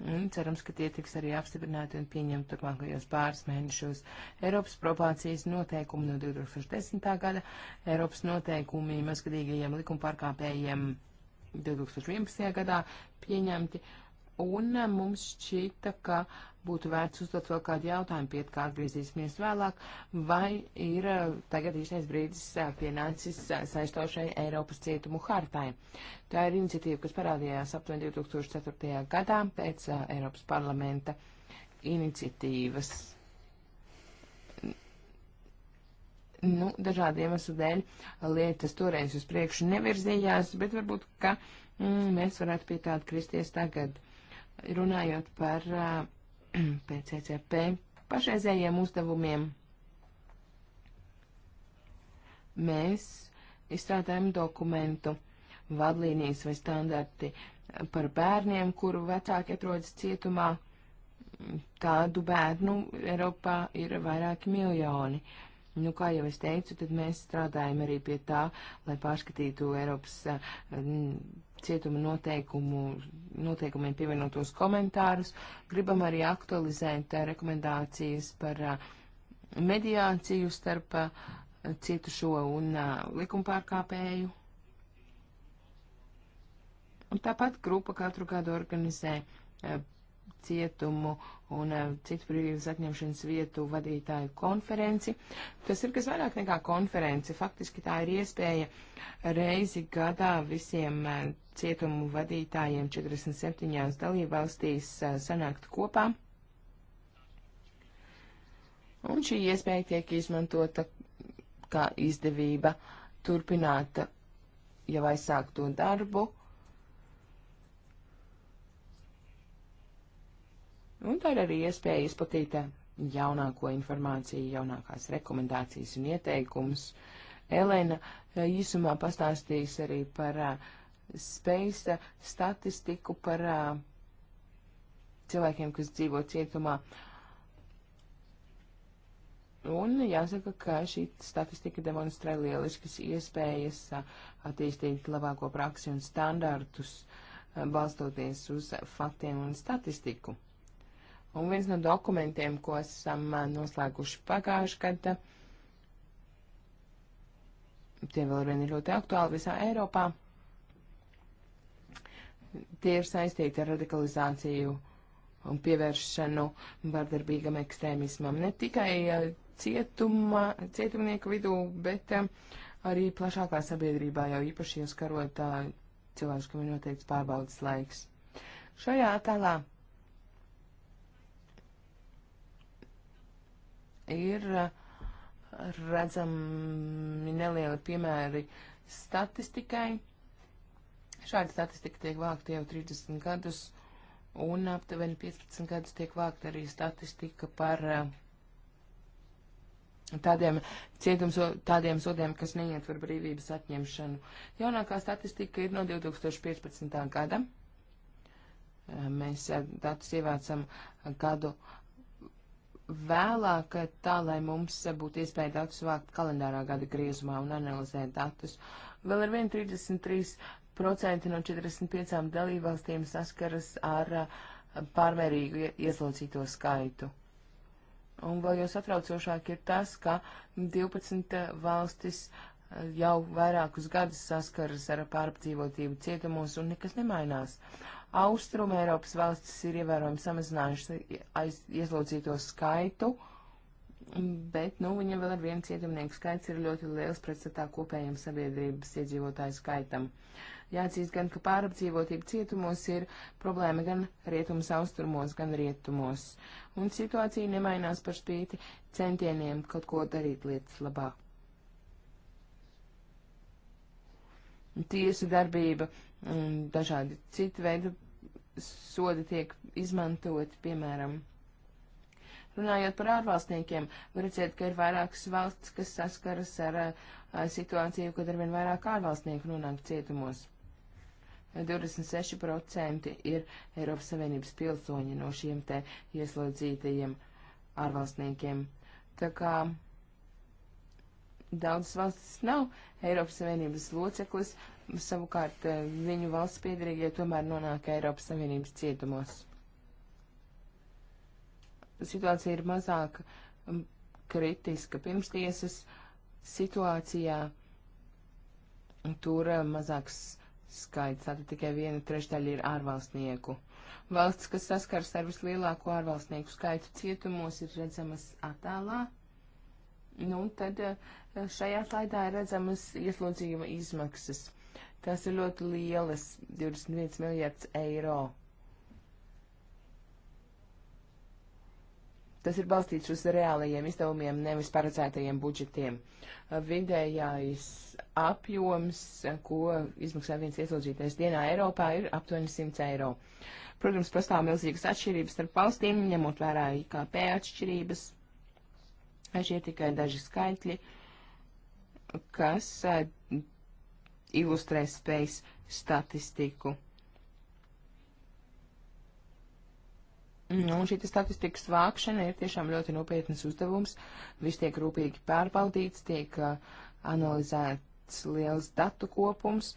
Un cerams, ka tie tiks arī apstiprināti un pieņemti turpmākajos pāris mēnešos. Eiropas probācijas noteikumi no 2010. gada, Eiropas noteikumi mazgadīgajiem likumpārkāpējiem 2011. gadā pieņemti, un mums šķita, ka uh, būtu vērts uzdot vēl kādu jautājumu, pie kā atgriezīsimies vēlāk, vai ir eh, tagad īstais brīdis eh, pienācis eh, saistošai Eiropas cietumu hartai. Tā ir iniciatīva, kas parādījās aptuveni 2004. gadā pēc Eiropas parlamenta iniciatīvas. Nu, dažādu iemeslu dēļ lietas toreiz uz priekšu nevirzījās, bet varbūt, ka mm, mēs varētu pie tāda kristies tagad. Runājot par uh, PCCP pašreizējiem uzdevumiem. Mēs izstrādājam dokumentu, vadlīnijas vai standarti par bērniem, kuru vecāki atrodas cietumā. Tādu bērnu Eiropā ir vairāki miljoni. Nu, kā jau es teicu, tad mēs strādājam arī pie tā, lai pārskatītu Eiropas uh, cietuma noteikumu, noteikumiem pievienotos komentārus. Gribam arī aktualizēt eh, rekomendācijas par eh, mediāciju starp eh, cietušo un likumpārkāpēju. Un tāpat grupa katru gadu organizē cietumu un citu brīvības atņemšanas vietu vadītāju konferenci. Tas ir kas vairāk nekā konference. Faktiski tā ir iespēja reizi gadā visiem cietumu vadītājiem 47 dalībvalstīs sanākt kopā. Un šī iespēja tiek izmantota kā izdevība turpināt jau aizsākto darbu. Un tā ir arī iespēja izplatīt jaunāko informāciju, jaunākās rekomendācijas un ieteikumus. Elena īsumā pastāstīs arī par uh, spējas statistiku par uh, cilvēkiem, kas dzīvo cietumā. Un jāsaka, ka šī statistika demonstrē lieliskas iespējas a, attīstīt labāko praksi un standartus, a, balstoties uz faktiem un statistiku. Un viens no dokumentiem, ko esam a, noslēguši pagājuši gada, tie vēl vien ir ļoti aktuāli visā Eiropā tie ir saistīti ar radikalizāciju un pievēršanu vardarbīgam ekstrēmismam. Ne tikai cietuma, cietumnieku vidū, bet arī plašākā sabiedrībā jau īpaši ieskarot cilvēks, kam ir noteikts pārbaudas laiks. Šajā attēlā ir redzami nelieli piemēri statistikai Šāda statistika tiek vākta jau 30 gadus, un aptuveni 15 gadus tiek vākta arī statistika par eh, tādiem cietums, tādiem sodiem, kas neietver brīvības atņemšanu. Jaunākā statistika ir no 2015. gada. Eh, mēs eh, datus ievācam gadu vēlāk, tā lai mums būtu iespēja datus vākt kalendārā gada griezumā un analizēt datus. Vēl ar vien 33 40% no 45 dalībvalstīm saskaras ar pārmērīgu ieslodzīto skaitu. Un vēl jau satraucošāk ir tas, ka 12 valstis jau vairākus gadus saskaras ar pārdzīvotību cietumos un nekas nemainās. Austrum Eiropas valstis ir ievērojami samazinājuši aiz ieslodzīto skaitu. Uh, bet, nu, viņam vēl ar vienu cietumnieku skaits ir ļoti liels pretstatā kopējiem sabiedrības iedzīvotāju skaitam. Jāatzīst gan, ka pārapdzīvotība cietumos ir problēma gan rietums austrumos, gan rietumos, un situācija nemainās par spīti centieniem kaut ko darīt lietas labā. Tiesu darbība un dažādi citu veidu sodi tiek izmantoti, piemēram, Runājot par ārvalstniekiem, redzēt, ka ir vairākas valsts, kas saskaras ar a, situāciju, kad arvien vairāk ārvalstnieku nonāk cietumos. 26% ir Eiropas Savienības pilsoņi no šiem te ieslodzītajiem ārvalstniekiem. Tā kā daudzas valstis nav Eiropas Savienības loceklis, savukārt eh, viņu valsts piedarīgie tomēr nonāk Eiropas Savienības cietumos situācija ir mazāk um, kritiska. Pirmstiesas situācijā tur um, mazāks skaits, tātad tikai viena trešdaļa ir ārvalstnieku. Valsts, kas saskars ar vislielāko ārvalstnieku skaitu cietumos, ir redzamas attēlā. Nu, tad uh, šajā slaidā ir redzamas ieslodzījuma izmaksas. Tās ir ļoti lielas - 21 miljārds eiro. Tas ir balstīts uz reālajiem izdevumiem, nevis paredzētajiem budžetiem. Vidējais apjoms, ko izmaksā viens ieslodzītais dienā Eiropā, ir aptuveni 100 eiro. Protams, pastāv milzīgas atšķirības starp valstīm, ņemot vērā IKP atšķirības. Šie ir tikai daži skaitļi, kas eh, ilustrē spējas statistiku. Mhm. Nu, un šī statistikas vākšana ir tiešām ļoti nopietnas uzdevums. Viss tiek rūpīgi pārbaudīts, tiek uh, analizēts liels datu kopums,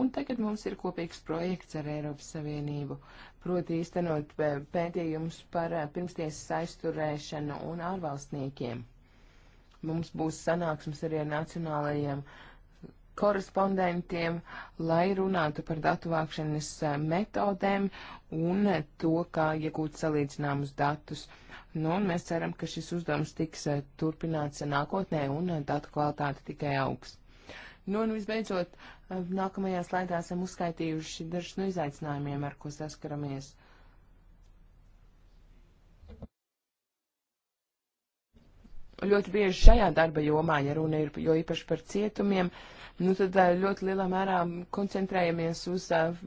un tagad mums ir kopīgs projekts ar Eiropas Savienību, proti īstenot pētījumus par uh, pirmstiesas aizturēšanu un ārvalstniekiem. Mums būs sanāksmes arī ar nacionālajiem uh, korespondentiem, lai runātu par datu vākšanas eh, metodēm un to, kā iegūt salīdzināmus datus. Nu, un mēs ceram, ka šis uzdevums tiks eh, turpināts nākotnē un eh, datu kvalitāte tikai augs. Nu, un visbeidzot, nākamajā slaidā esam uzskaitījuši dažus no izaicinājumiem, ar ko saskaramies. Ļoti bieži šajā darba jomā, ja runa ir jo īpaši par cietumiem, uh, nu tad eh, ļoti lielā mērā koncentrējamies uz uh,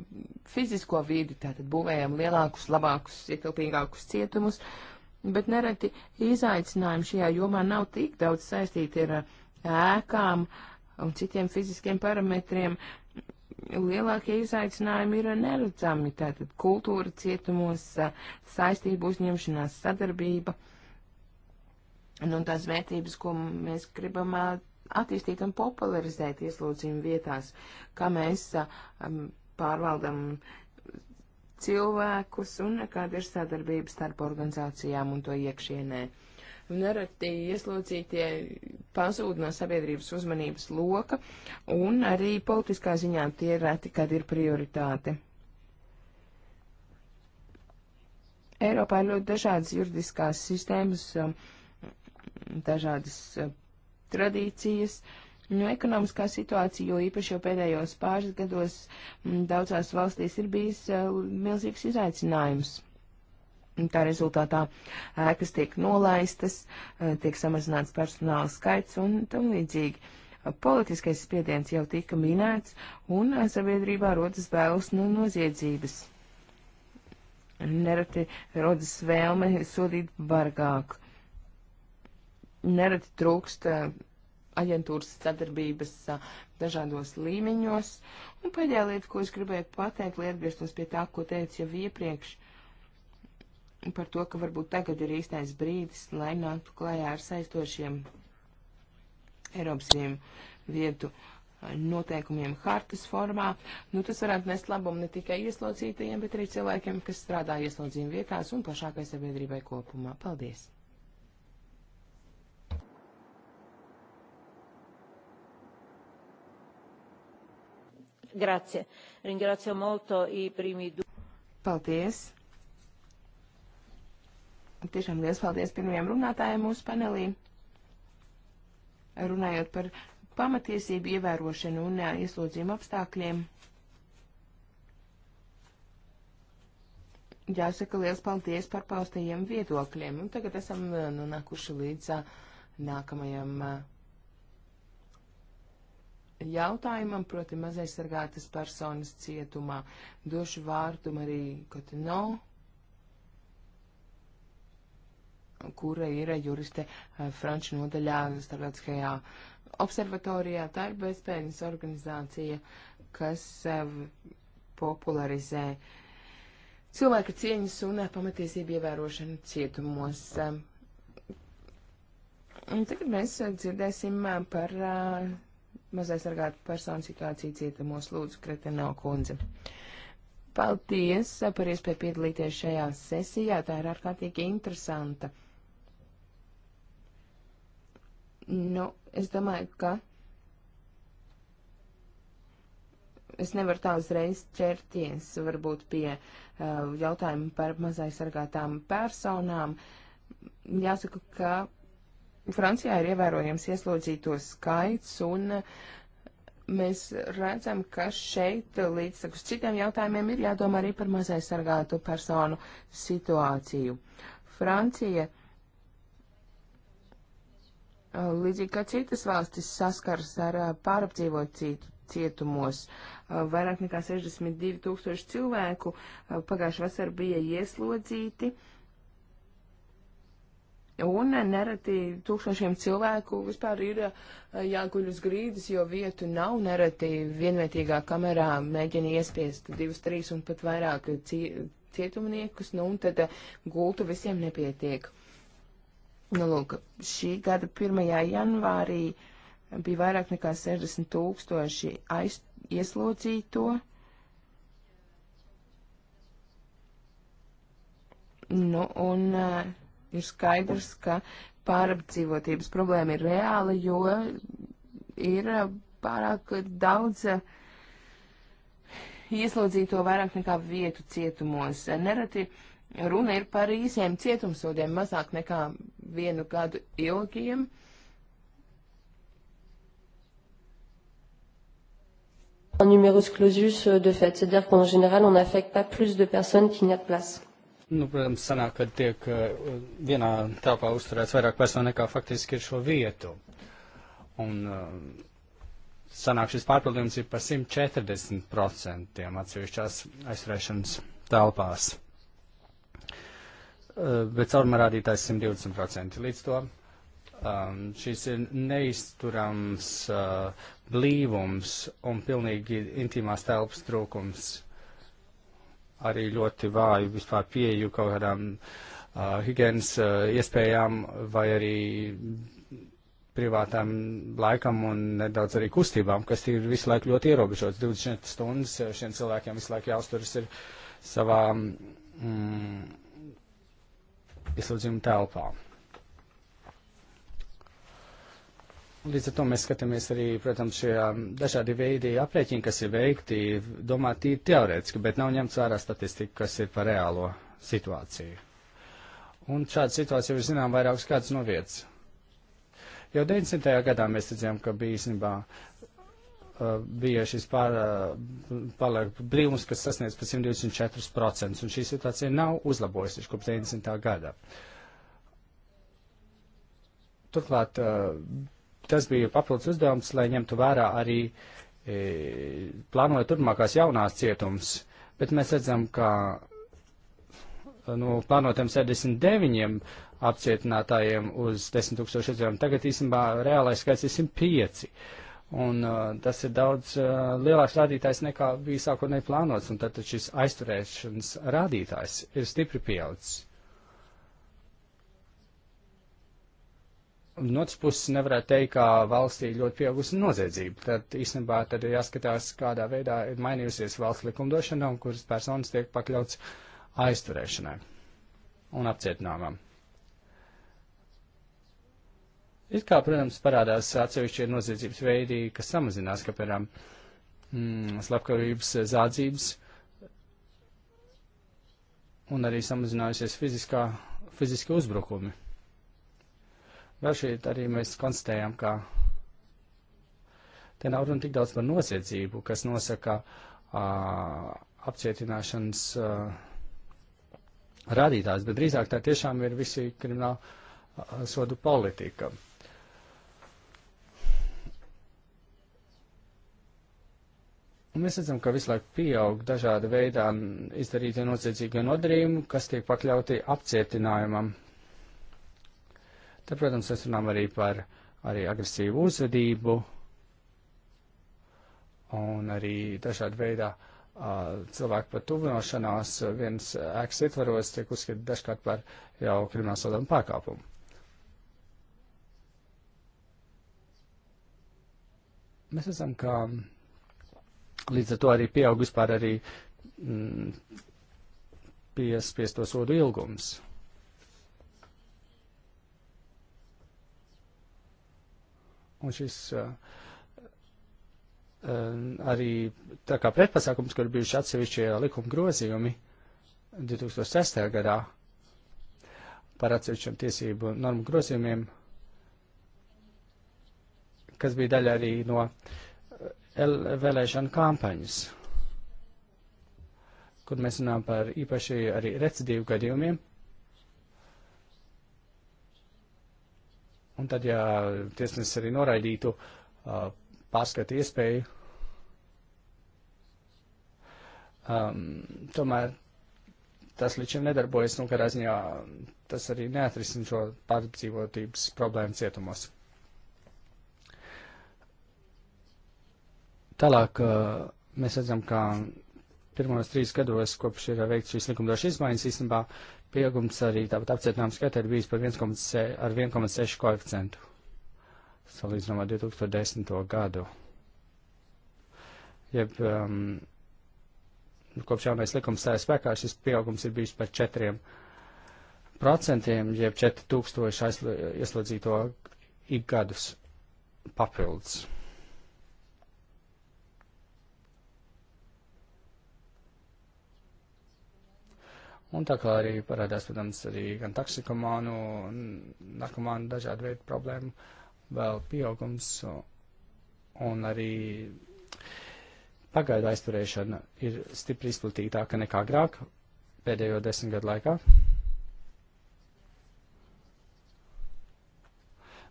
fizisko vidi, tātad būvējam lielākus, labākus, ietilpīgākus cietumus, bet nereti izaicinājumi šajā jomā nav tik daudz saistīti ar uh, ēkām un citiem fiziskiem parametriem. Lielākie izaicinājumi ir neredzami, tātad kultūra cietumos, uh, saistību uzņemšanās, sadarbība. Nu, tās vērtības, ko mēs gribam attīstīt un popularizēt ieslodzījumu vietās, kā mēs um, pārvaldam cilvēkus un kāda ir sadarbība starp organizācijām un to iekšienē. Nereti ieslodzītie pazūd no sabiedrības uzmanības loka, un arī politiskā ziņā tie reti, kad ir prioritāte. Eiropā ir ļoti dažādas juridiskās sistēmas, dažādas tradīcijas, no nu, ekonomiskā situācija, jo īpaši jau pēdējos pāris gados mm, daudzās valstīs ir bijis e, milzīgs izaicinājums. Tā rezultātā ēkas tiek nolaistas, e, tiek samazināts personāla skaits un tam līdzīgi. Politiskais spiediens jau tika minēts, un e, sabiedrībā rodas vēlas no noziedzības. Nereti rodas vēlme sodīt bargāk nereti trūkst aģentūras sadarbības a, dažādos līmeņos. Un pēdējā lieta, ko es gribēju pateikt, lai atgrieztos pie tā, ko teicu jau iepriekš, par to, ka varbūt tagad ir īstais brīdis, lai nāktu klājā ar saistošiem Eiropas vietu noteikumiem hartas formā. Nu, tas varētu nest labumu ne tikai ieslodzītajiem, bet arī cilvēkiem, kas strādā ieslodzījuma vietās un plašākai sabiedrībai kopumā. Paldies! Grazie. Ringrazio molto i primi du. Paldies. Tiešām liels paldies pirmajam runātājiem mūsu panelī. Runājot par pamatiesību ievērošanu un ieslodzījumu apstākļiem. Jāsaka liels paldies par paustajiem viedokļiem. Un tagad esam nonākuši nu, līdz nākamajam jautājumam, proti mazaizsargātas personas cietumā. Došu vārdu arī Kotino, kura ir juriste eh, Franču nodaļā starptautiskajā observatorijā. Tā ir bezpējas organizācija, kas eh, popularizē cilvēka cieņas un eh, pamatiesību ievērošanu cietumos. Un tagad mēs dzirdēsim par uh, mazaisargātu personu situāciju cietumos lūdzu Kretenau kundze. Paldies par iespēju piedalīties šajā sesijā, tā ir ārkārtīgi interesanta. Nu, es domāju, ka es nevaru tā uzreiz ķerties varbūt pie uh, jautājuma par mazaisargātām personām. Jāsaka, ka Francijā ir ievērojams ieslodzīto skaits, un uh, mēs redzam, ka šeit līdzsakus citiem jautājumiem ir jādomā arī par mazai sargātu personu situāciju. Francija, uh, līdzīgi kā citas valstis, saskars ar uh, pārapdzīvot citu cietumos. Vairāk nekā 62 tūkstoši cilvēku pagājušajā vasarā bija ieslodzīti. Uh, Un nereti tūkstošiem cilvēku vispār ir eh, jāguļ uz grīdas, jo vietu nav. Nereti vienvietīgā kamerā mēģina iespiest divus, trīs un pat vairāk cietumniekus, nu un tad eh, gultu visiem nepietiek. Nu, lūk, šī gada 1. janvārī bija vairāk nekā 60 tūkstoši aiz, ieslodzīto. Nu, un uh, ir skaidrs, ka pārapdzīvotības problēma ir reāla, jo ir uh, pārāk daudz uh, ieslodzīto vairāk nekā vietu cietumos. Nereti runa ir par īsiem cietumsodiem, mazāk nekā vienu gadu ilgiem. un numerus clausus euh, de fait. C'est-à-dire qu'en général, on n'affecte pas plus de personnes qu'il n'y a de place. Nu, protams, sanāk, ka tiek eh, vienā telpā uzturēts vairāk personu nekā faktiski ir šo vietu. Un eh, sanāk šis pārpildījums ir par 140% atsevišķās aizturēšanas telpās. Eh, bet caurumā rādītājs 120%. Līdz to um, šis ir neizturams uh, blīvums un pilnīgi intimās telpas trūkums. Uh, arī ļoti vāju vispār pieju kaut kādām uh, higienas uh, iespējām vai arī privātām laikam un nedaudz arī kustībām, kas ir visu laiku ļoti ierobežots. 24 stundas šiem cilvēkiem visu laiku jāuzturas ir savā mm, ieslodzījuma telpā. Līdz ar to mēs skatāmies arī, protams, šie dažādi veidi aprēķini, kas ir veikti, domāt tīri teorētiski, bet nav ņemts vērā statistika, kas ir par reālo situāciju. Un šāda situācija ir zinām vairākus gadus no vietas. Jau 90. gadā mēs redzējām, ka bija īstenībā uh, bija šis pār, uh, paliek brīvums, kas sasniedz pa 124%, un šī situācija nav uzlabojusies kopš 90. gadā. Turklāt uh, tas bija papildus uzdevums, lai ņemtu vērā arī e, plānojot turpmākās jaunās cietums. Bet mēs redzam, ka no nu, plānotiem 79 apcietinātājiem uz 10 tūkstošu izdzīvotājiem tagad īstenībā reālais skaits ir 105. Un uh, tas ir daudz uh, lielāks rādītājs nekā bija sākotnēji plānots, un tad šis aizturēšanas rādītājs ir stipri pieaudzis. no otras puses nevarētu teikt, ka valstī ļoti pieaugusi noziedzība. Tad īstenībā tad ir jāskatās, kādā veidā ir mainījusies valsts likumdošana un kuras personas tiek pakļauts aizturēšanai un apcietinājumam. It kā, protams, parādās atsevišķie noziedzības veidi, kas samazinās, ka, piemēram, mm, slepkavības eh, zādzības un arī samazinājusies fiziskā, fiziski uzbrukumi. Vēl šeit arī mēs konstatējam, ka te nav runa tik daudz par nosiedzību, kas nosaka uh, apcietināšanas uh, rādītājs, bet drīzāk tā tiešām ir visi krimināla uh, sodu politika. Un mēs redzam, ka visu laiku pieaug dažāda veidā izdarītie noziedzīgie nodarījumi, kas tiek pakļauti apcietinājumam. Tad, protams, mēs runājam arī par arī agresīvu uzvedību un arī dažādu veidā uh, cilvēku pat tuvinošanās viens ēkas ietvaros tiek uzskatīt dažkārt par jau kriminālu sodumu pārkāpumu. Mēs redzam, ka līdz ar to arī pieaug vispār arī mm, piespiesto sodu ilgums. Un šis uh, arī tā kā pretpasākums, kur bijuši atsevišķie likuma grozījumi 2006. gadā par atsevišķiem tiesību normu grozījumiem, kas bija daļa arī no vēlēšana kampaņas, kur mēs runājam par īpaši arī recidīvu gadījumiem. Un tad, ja tiesnesis arī noraidītu uh, pārskatu iespēju, um, tomēr tas līdz šim nedarbojas, nu, kādā ziņā tas arī neatrisin šo pārdzīvotības problēmu cietumos. Tālāk uh, mēs redzam, ka pirmos trīs gados, kopš ir veikts šīs likumdošas izmaiņas, īstenībā uh, Pieaugums arī tāpat apcietnām skaitā ir bijis par 1,6 koeficientu, salīdzinām ar 2010. gadu. Jeb, um, nu, kopš jaunais likums stājas spēkā, šis pieaugums ir bijis par 4%, jeb 4000 ieslodzīto ik gadus papildus. Un tā kā arī parādās, protams, arī gan toksikomānu, narkomānu dažādu veidu problēmu, vēl pieaugums un arī pagaidu aizturēšana ir stipri izplatītāka nekā agrāk pēdējo desmit gadu laikā.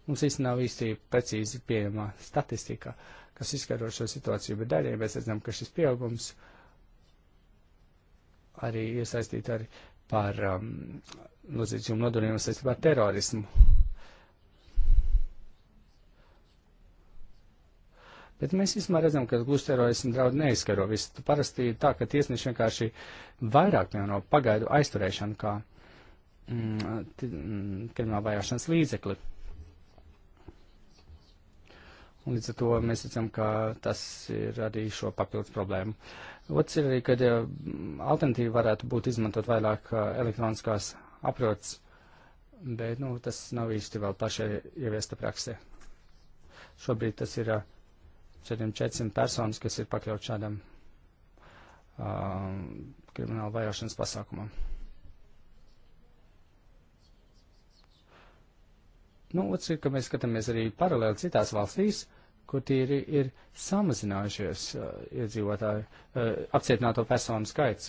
Mums īsti nav īsti precīzi pieejama statistika, kas izskaro šo situāciju, bet daļai mēs redzam, ka šis pieaugums uh, arī iesaistīti arī par um, noziedzīgumu nodarījumu saistībā ar terorismu. Bet mēs vismaz redzam, ka gluži terorismu draudu neizskaro. Viss parasti ir tā, ka tiesneši vienkārši vairāk no pagaidu aizturēšanu kā mm, mm krimināla vajāšanas līdzekli. Un līdz ar to mēs redzam, ka tas ir arī šo papildus problēmu. Otrs ir arī, ka mm, alternatīva varētu būt izmantot vairāk uh, elektroniskās aprots, bet nu, tas nav īsti vēl plaši ieviesta praksē. Šobrīd tas ir 400 uh, personas, kas ir pakļaut šādam um, uh, kriminālu vajāšanas pasākumam. Nu, otrs ir, ka mēs skatāmies arī paralēli citās valstīs, kur tīri ir samazinājušies uh, iedzīvotāju uh, apcietināto personu skaits.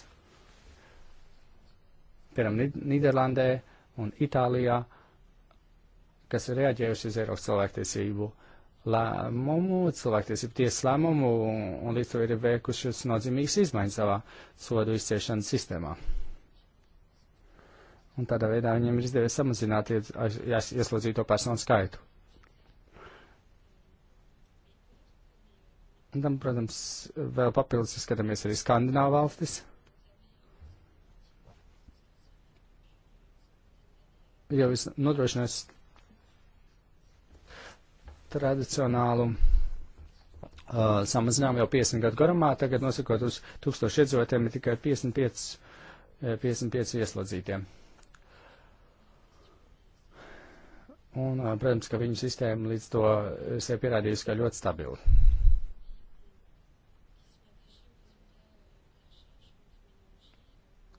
Piemēram, Nīderlandē un Itālijā, kas ir reaģējuši uz Eiropas cilvēktiesību lēmumu, cilvēktiesību tiesas lēmumu un, un līdz to ir veikušas nozīmīgas izmaiņas savā sodu izciešanas sistēmā un tādā veidā viņiem ir izdevies samazināt ieslodzīto personu skaitu. Un tam, protams, vēl papildus skatāmies arī Skandināvu valstis. Jau es nodrošinās tradicionālu uh, samazinājumu jau 50 gadu garumā, tagad nosakot uz 1000 iedzīvotiem ir tikai 55, 55 uh, ieslodzītiem. Un, protams, ka viņu sistēma līdz to sev pierādījusi, ka ļoti stabila.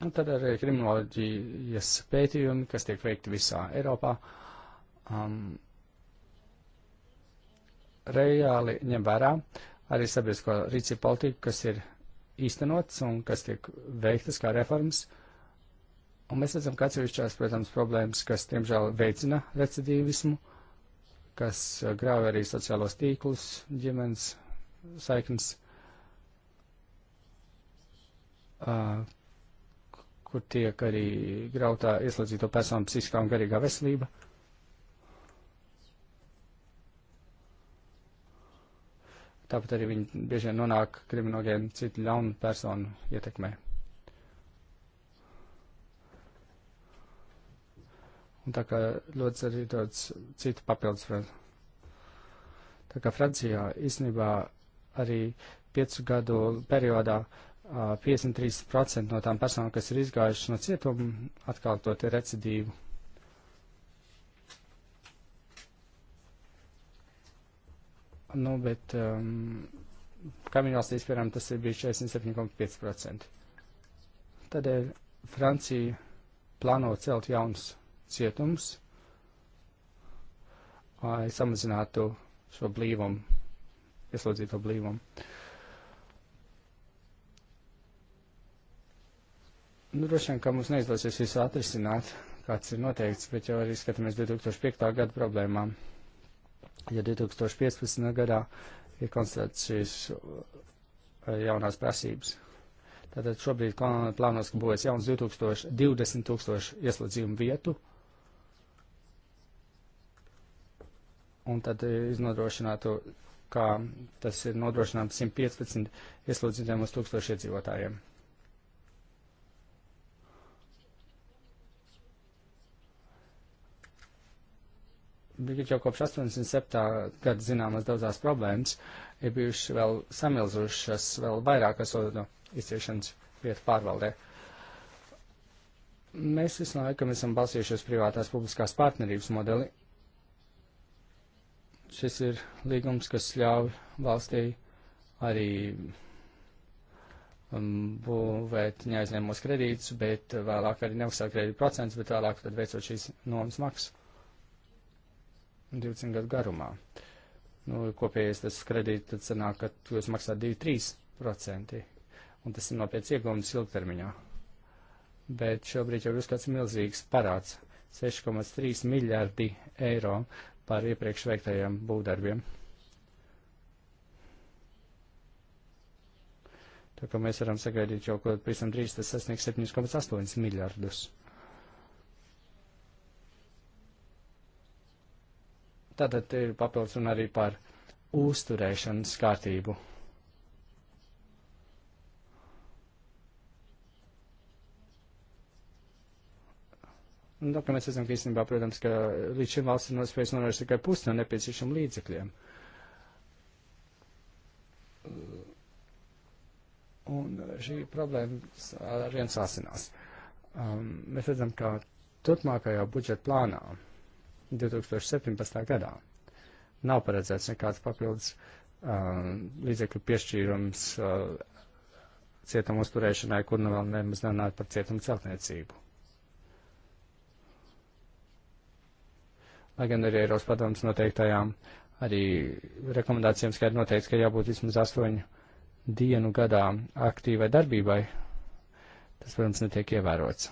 Un tad arī kriminoloģijas pētījumi, kas tiek veikti visā Eiropā, um, reāli ņem vērā arī sabiedrisko rīcību politiku, kas ir īstenots un kas tiek veiktas kā reformas. Uh, Un mēs redzam, ka atsevišķās, protams, problēmas, kas, diemžēl, veicina recidīvismu, kas uh, grāv arī sociālos tīklus, ģimenes saiknes, uh, kur tiek arī grautā ieslodzīto personu psihiskā un garīgā veselība. Tāpat arī viņi bieži vien nonāk kriminogēnu citu ļaunu personu ietekmē. Un tā kā ļoti arī daudz citu papildus vēl. Tā kā Francijā īstenībā arī piecu gadu periodā a, 53% no tām personām, kas ir izgājušas no cietuma, atkal to ir recidīvu. Nu, bet um, kaimiņvalstīs, piemēram, tas ir bijis 47,5%. Tādēļ Francija plāno celt jaunus cietums, lai samazinātu šo blīvumu, ieslodzīto blīvumu. Nu, droši vien, ka mums neizdosies visu atrisināt, kāds ir noteikts, bet jau arī skatāmies 2005. gada problēmām. Ja 2015. gadā ir konstatēts šīs eh, jaunās prasības, Tātad šobrīd plānos, ka būs jauns 2020 tūkstoši ieslodzījumu vietu un tad iznodrošinātu, kā tas ir nodrošināms 115 ieslodzītiem uz 1000 iedzīvotājiem. bija jau kopš 87. gada zināmas daudzās problēmas, ir bijušas vēl samilzušas, vēl vairākas sodu izciešanas vietu pārvaldē. Mēs visu laiku esam balsījušies privātās publiskās partnerības modeli, šis ir līgums, kas ļauj valstī arī um, būvēt neaizņēmumos kredītus, bet vēlāk arī neuzsākt kredītu procents, bet vēlāk tad veicot šīs nomas maksas 20 gadu garumā. Nu, kopējais tas kredīts tad sanāk, ka jūs maksāt 2-3%, un tas ir nopietns iegūms ilgtermiņā. Bet šobrīd jau uzskats milzīgs parāds - 6,3 miljardi eiro par iepriekš veiktajiem būvdarbiem. Tā kā mēs varam sagaidīt jau, ka pavisam drīz tas sasniegs 7,8 miljardus. Tātad ir papildus un arī par uzturēšanas kārtību. Un, nu, tā, mēs esam, ka īstenībā, protams, ka līdz šim valsts ir nospējis novērst tikai pusi no nepieciešiem līdzekļiem. Un šī problēma arvien sāsinās. Um, mēs redzam, ka turpmākajā budžeta plānā 2017. gadā nav paredzēts nekāds papildus um, līdzekļu piešķīrums uh, cietumu uzturēšanai, kur nu vēl nemaz nerunāt par cietumu celtniecību. lai gan arī Eiropas padomas noteiktajām arī rekomendācijām skaidri noteikts, ka jābūt vismaz astoņu dienu gadā aktīvai darbībai. Tas, protams, netiek ievērots.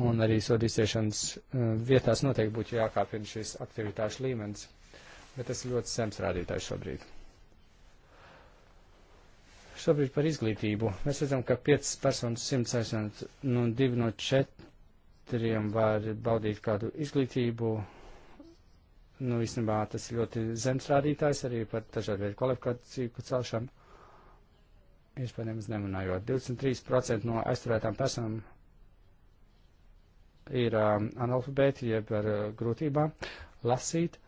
Un arī sodīsiešanas eh, vietās noteikti būtu jākāpina šis aktivitāšu līmenis, bet tas ir ļoti zems rādītājs šobrīd. Šobrīd par izglītību. Mēs redzam, ka 5 personas 100 aizsniedz, nu, 2 no 4 ministriem var baudīt kādu izglītību. Nu, īstenībā tas ir ļoti zems rādītājs arī par dažādu veidu kvalifikāciju celšanu. Iespējams, nemanājot. 23% no aizturētām personām ir um, analfabēti, jeb ar uh, grūtībām lasīt,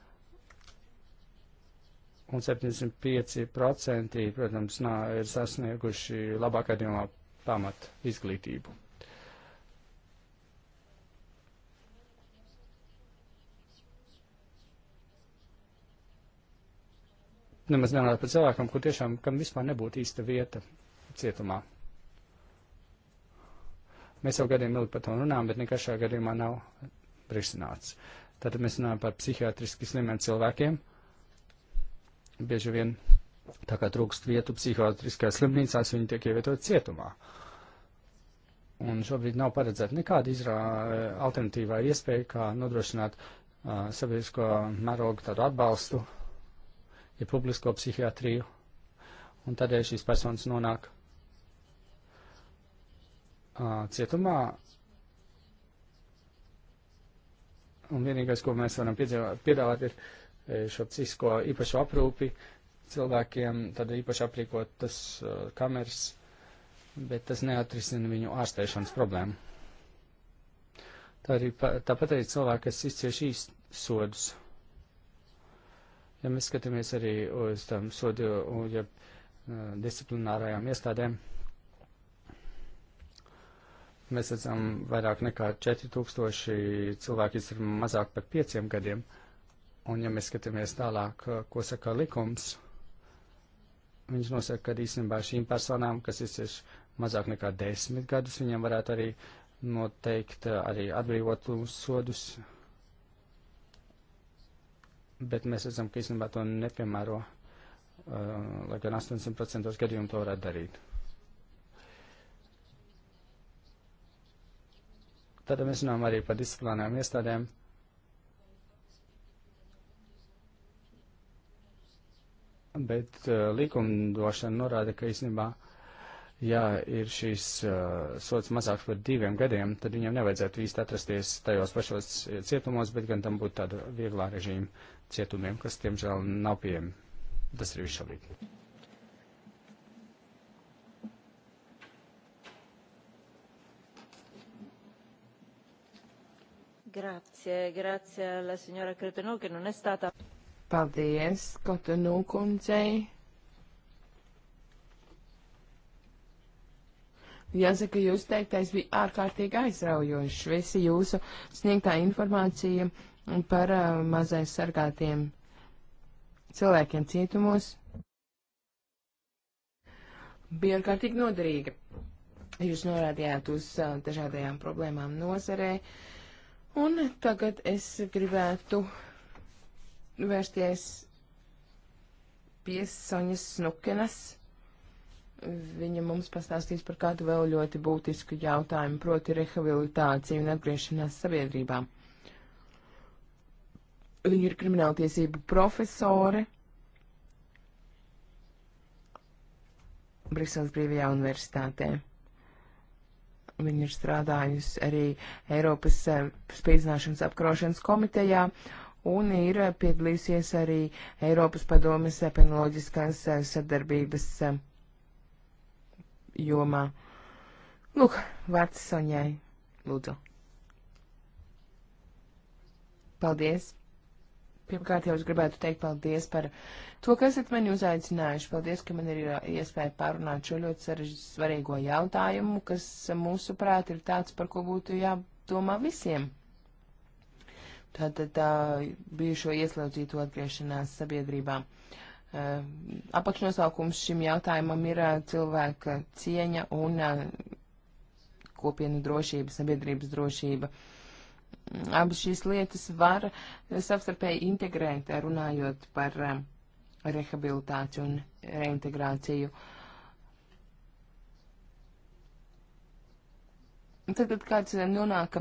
un 75%, protams, nā, ir sasnieguši labākajā gadījumā pamatu izglītību. Nemaz nerunāt par cilvēkam, kur tiešām, kam vispār nebūtu īsta vieta cietumā. Mēs jau gadiem ilgi par to runājam, bet nekas šajā gadījumā nav risināts. Tātad mēs runājam par psihiatriski slimiem cilvēkiem. Bieži vien tā kā trūkst vietu psihiatriskajās slimnīcās, viņi tiek ievietoti cietumā. Un šobrīd nav paredzēta nekāda izrā, alternatīvā iespēja, kā nodrošināt uh, sabiedrisko mērogu tādu atbalstu ja publisko psihiatriju, un tādēļ šīs personas nonāk uh, cietumā. Un vienīgais, ko mēs varam piedāvāt, ir šo psihisko īpašu aprūpi cilvēkiem, tad īpaši aprīkot tas uh, kameras, bet tas neatrisina viņu ārstēšanas problēmu. Tā arī pa, tāpat arī cilvēki, kas izcieš īsodus. Īst Ja mēs skatāmies arī uz tam sodu, ja disciplinārajām iestādēm, mēs redzam vairāk nekā 4000 cilvēki ir mazāk par 5 gadiem. Un ja mēs skatāmies tālāk, ko saka likums, viņš nosaka, ka īstenībā šīm personām, kas ir mazāk nekā 10 gadus, viņiem varētu arī noteikt arī atbrīvotus sodus bet mēs redzam, ka īstenībā to nepiemēro, uh, lai gan 80% gadījumu to varētu darīt. Tad mēs runājam arī par disciplinārām iestādēm. Bet uh, likumdošana norāda, ka īstenībā, ja ir šīs uh, sots mazāks par diviem gadiem, tad viņam nevajadzētu īsti atrasties tajos pašos cietumos, bet gan tam būtu tāda vieglā režīma cietumiem, kas, diemžēl, nav pieejami. Tas ir viss šobrīd. Grazie, grazie alla signora Cretenot, che non è stata... Paldies, Kotonu kundzei. Jāsaka, jūs teiktais bija ārkārtīgi aizraujošs. Visi jūsu sniegtā informācija par uh, mazais sargātiem cilvēkiem cietumos bija ārkārtīgi noderīga. Jūs norādījāt uz uh, dažādajām problēmām nozarē, un tagad es gribētu vērsties pie Soņas Snukenas. Viņa mums pastāstīs par kādu vēl ļoti būtisku jautājumu, proti rehabilitāciju un atgriešanās sabiedrībām. Viņa ir krimināltiesību profesore Briseles Brīvajā universitātē. Viņa ir strādājusi arī Eiropas eh, spīdzināšanas apkarošanas komitejā un ir eh, piedalīsies arī Eiropas padomes eh, penoloģiskās sadarbības jomā. Lūk, vārds Soņai. Lūdzu. Paldies! Pirmkārt, jau es gribētu teikt paldies par to, ka esat mani uzaicinājuši. Paldies, ka man ir uh, iespēja pārunāt šo ļoti svarīgo jautājumu, kas, uh, mūsuprāt, ir tāds, par ko būtu jādomā visiem. Tātad tā, uh, bijušo ieslēdzīto atgriešanās sabiedrībā. Apakšnosaukums šim jautājumam ir cilvēka cieņa un kopienu drošība, sabiedrības drošība. Uh, abas šīs lietas var savstarpēji integrēt, runājot par um, rehabilitāciju un reintegrāciju. Tad, kad kāds nonāk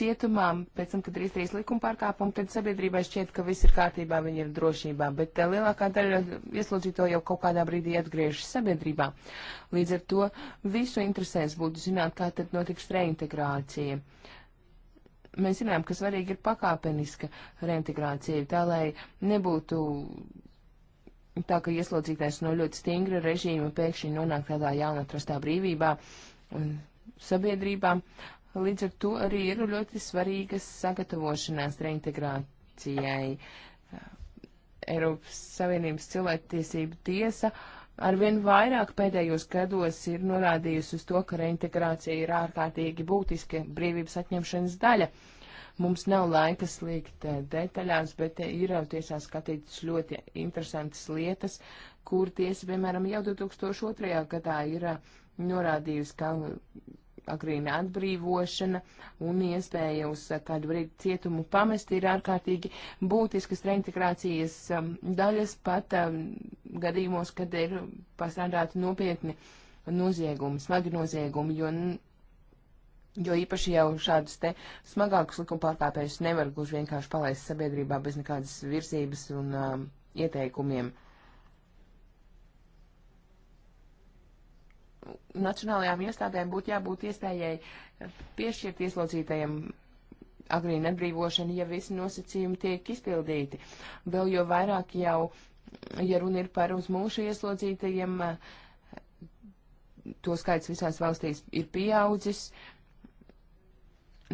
cietumā, pēc tam, kad ir izdarījis likuma pārkāpumu, tad sabiedrībai šķiet, ka viss ir kārtībā, viņi ir drošībā, bet uh, lielākā daļa ieslodzīto jau kaut kādā brīdī atgriežas sabiedrībā. Līdz ar to visu interesēs būtu zināt, kā tad notiks reintegrācija. Uh, Mēs zinām, ka svarīgi ir pakāpeniska reintegrācija, tā lai nebūtu tā, ka ieslodzītais no ļoti stingra režīma pēkšņi nonāk tādā jaunatrastā brīvībā un sabiedrībā. Līdz ar to arī ir ļoti svarīgas sagatavošanās reintegrācijai. Eiropas Savienības cilvēktiesība tiesa uh, Arvien vairāk pēdējos gados ir norādījusi uz to, ka reintegrācija ir ārkārtīgi būtiska brīvības atņemšanas daļa. Mums nav laika slīgt eh, detaļās, bet eh, ir jau tiesā skatītas ļoti interesantas lietas, kur tiesa, piemēram, jau 2002. gadā ir eh, norādījusi, ka agrīna atbrīvošana un iespēja uz kādu brīdi cietumu pamest ir ārkārtīgi būtiskas reintegrācijas um, daļas pat um, gadījumos, kad ir pastrādāti nopietni noziegumi, smagi noziegumi, jo Jo īpaši jau šādus te smagākus likuma pārkāpējus nevar gluži vienkārši palaist sabiedrībā bez nekādas virzības un um, ieteikumiem. nacionālajām iestādēm būtu jābūt iespējai piešķirt ieslodzītajiem agrīna atbrīvošana, ja visi nosacījumi tiek izpildīti. Vēl jo vairāk jau, ja runa ir par uz mūsu ieslodzītajiem, to skaits visās valstīs ir pieaudzis. Uh,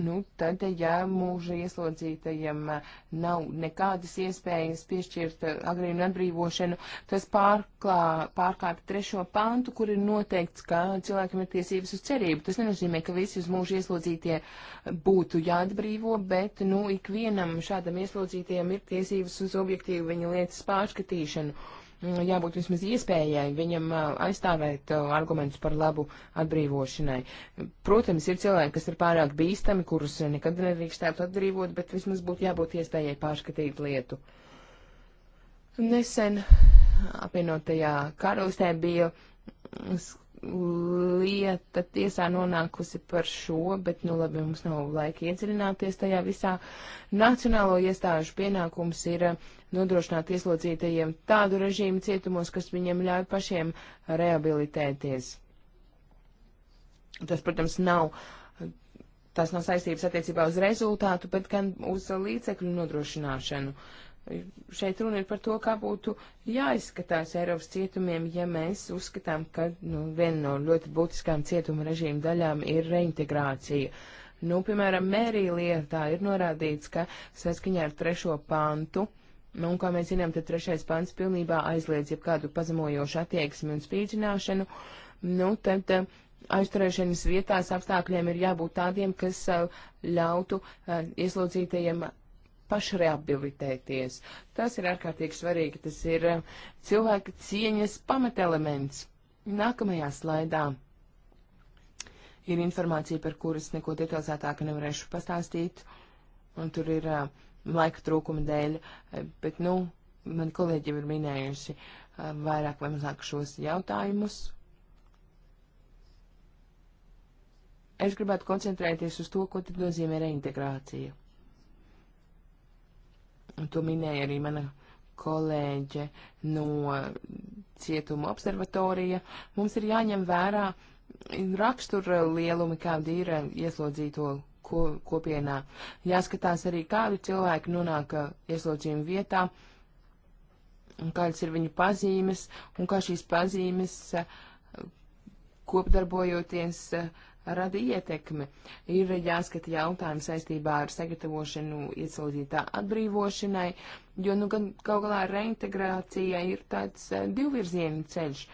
Nu, tad, ja mūža ieslodzītajam eh, nav nekādas iespējas piešķirt eh, agrīnu atbrīvošanu, tas pārklā, pārkāp trešo pantu, kur ir noteikts, ka cilvēkam ir tiesības uz cerību. Tas nenozīmē, ka visi uz mūža ieslodzītie būtu jāatbrīvo, bet, nu, ikvienam šādam ieslodzītajam ir tiesības uz objektīvu viņa lietas pārskatīšanu. Mm, jābūt vismaz iespējai viņam uh, aizstāvēt uh, argumentus par labu atbrīvošanai. Protams, ir cilvēki, kas ir pārāk bīstami, kurus nekad nedrīkstētu atbrīvot, bet vismaz būtu jābūt iespējai pārskatīt lietu. Nesen apvienotajā karalistē bija lieta tiesā nonākusi par šo, bet, nu labi, mums nav laika iedziļināties tajā visā. Nacionālo iestāžu pienākums ir uh, nodrošināt ieslodzītajiem tādu režīmu cietumos, kas viņiem ļauj pašiem rehabilitēties. Tas, protams, nav, tas nav saistības attiecībā uz rezultātu, bet gan uz līdzekļu nodrošināšanu. Šeit runa ir par to, kā būtu jāizskatās Eiropas cietumiem, ja mēs uzskatām, ka nu, viena no ļoti būtiskām cietuma režīma daļām ir reintegrācija. Nu, piemēram, mērī lietā ir norādīts, ka saskaņā ar trešo pantu uh, Nu, un, kā mēs zinām, tad trešais pants pilnībā aizliedz jebkādu pazemojošu attieksmi un spīdzināšanu. Nu, tad eh, aizturēšanas vietās apstākļiem ir jābūt tādiem, kas eh, ļautu eh, ieslodzītajiem pašreabilitēties. Tas ir ārkārtīgi svarīgi. Tas ir cilvēka cieņas pamatelements. Nākamajā slaidā ir informācija, par kuras neko detalizētāk nevarēšu pastāstīt. Un tur ir uh, laika trūkuma dēļ, eh, bet, nu, mani kolēģi jau ir minējuši eh, vairāk vai mazāk šos jautājumus. Es gribētu koncentrēties uz to, ko tad nozīmē reintegrācija. Un to minēja arī mana kolēģe no cietuma observatorija. Mums ir jāņem vērā rakstura lielumi, kāda ir eh, ieslodzīto ko, kopienā. Jāskatās arī, kādi cilvēki nonāk ieslodzījuma vietā, un kādas ir viņu pazīmes, un kā šīs pazīmes kopdarbojoties rada ietekmi. Ir jāskata jautājums saistībā ar sagatavošanu ieslodzītā atbrīvošanai, jo, nu, gan kaut galā reintegrācija ir tāds eh, divvirzienu ceļš.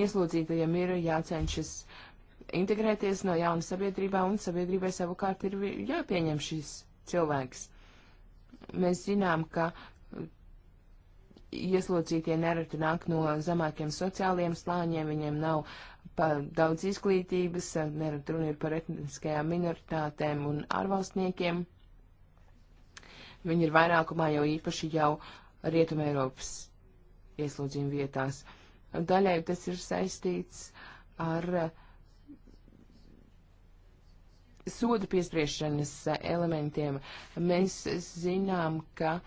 Ieslodzītajiem ir jācenšas uh, integrēties no jauna sabiedrībā, un sabiedrībai savukārt ir jāpieņem šis cilvēks. Mēs zinām, ka ieslodzītie nereti nāk no zemākiem sociāliem slāņiem, viņiem nav daudz izglītības, nereti runa ir par etniskajām minoritātēm un ārvalstniekiem. Viņi ir vairākumā jau īpaši jau Rietumē Eiropas ieslodzījuma vietās. Daļai tas ir saistīts ar uh, sodu piespriešanas eh, elementiem. Mēs zinām, ka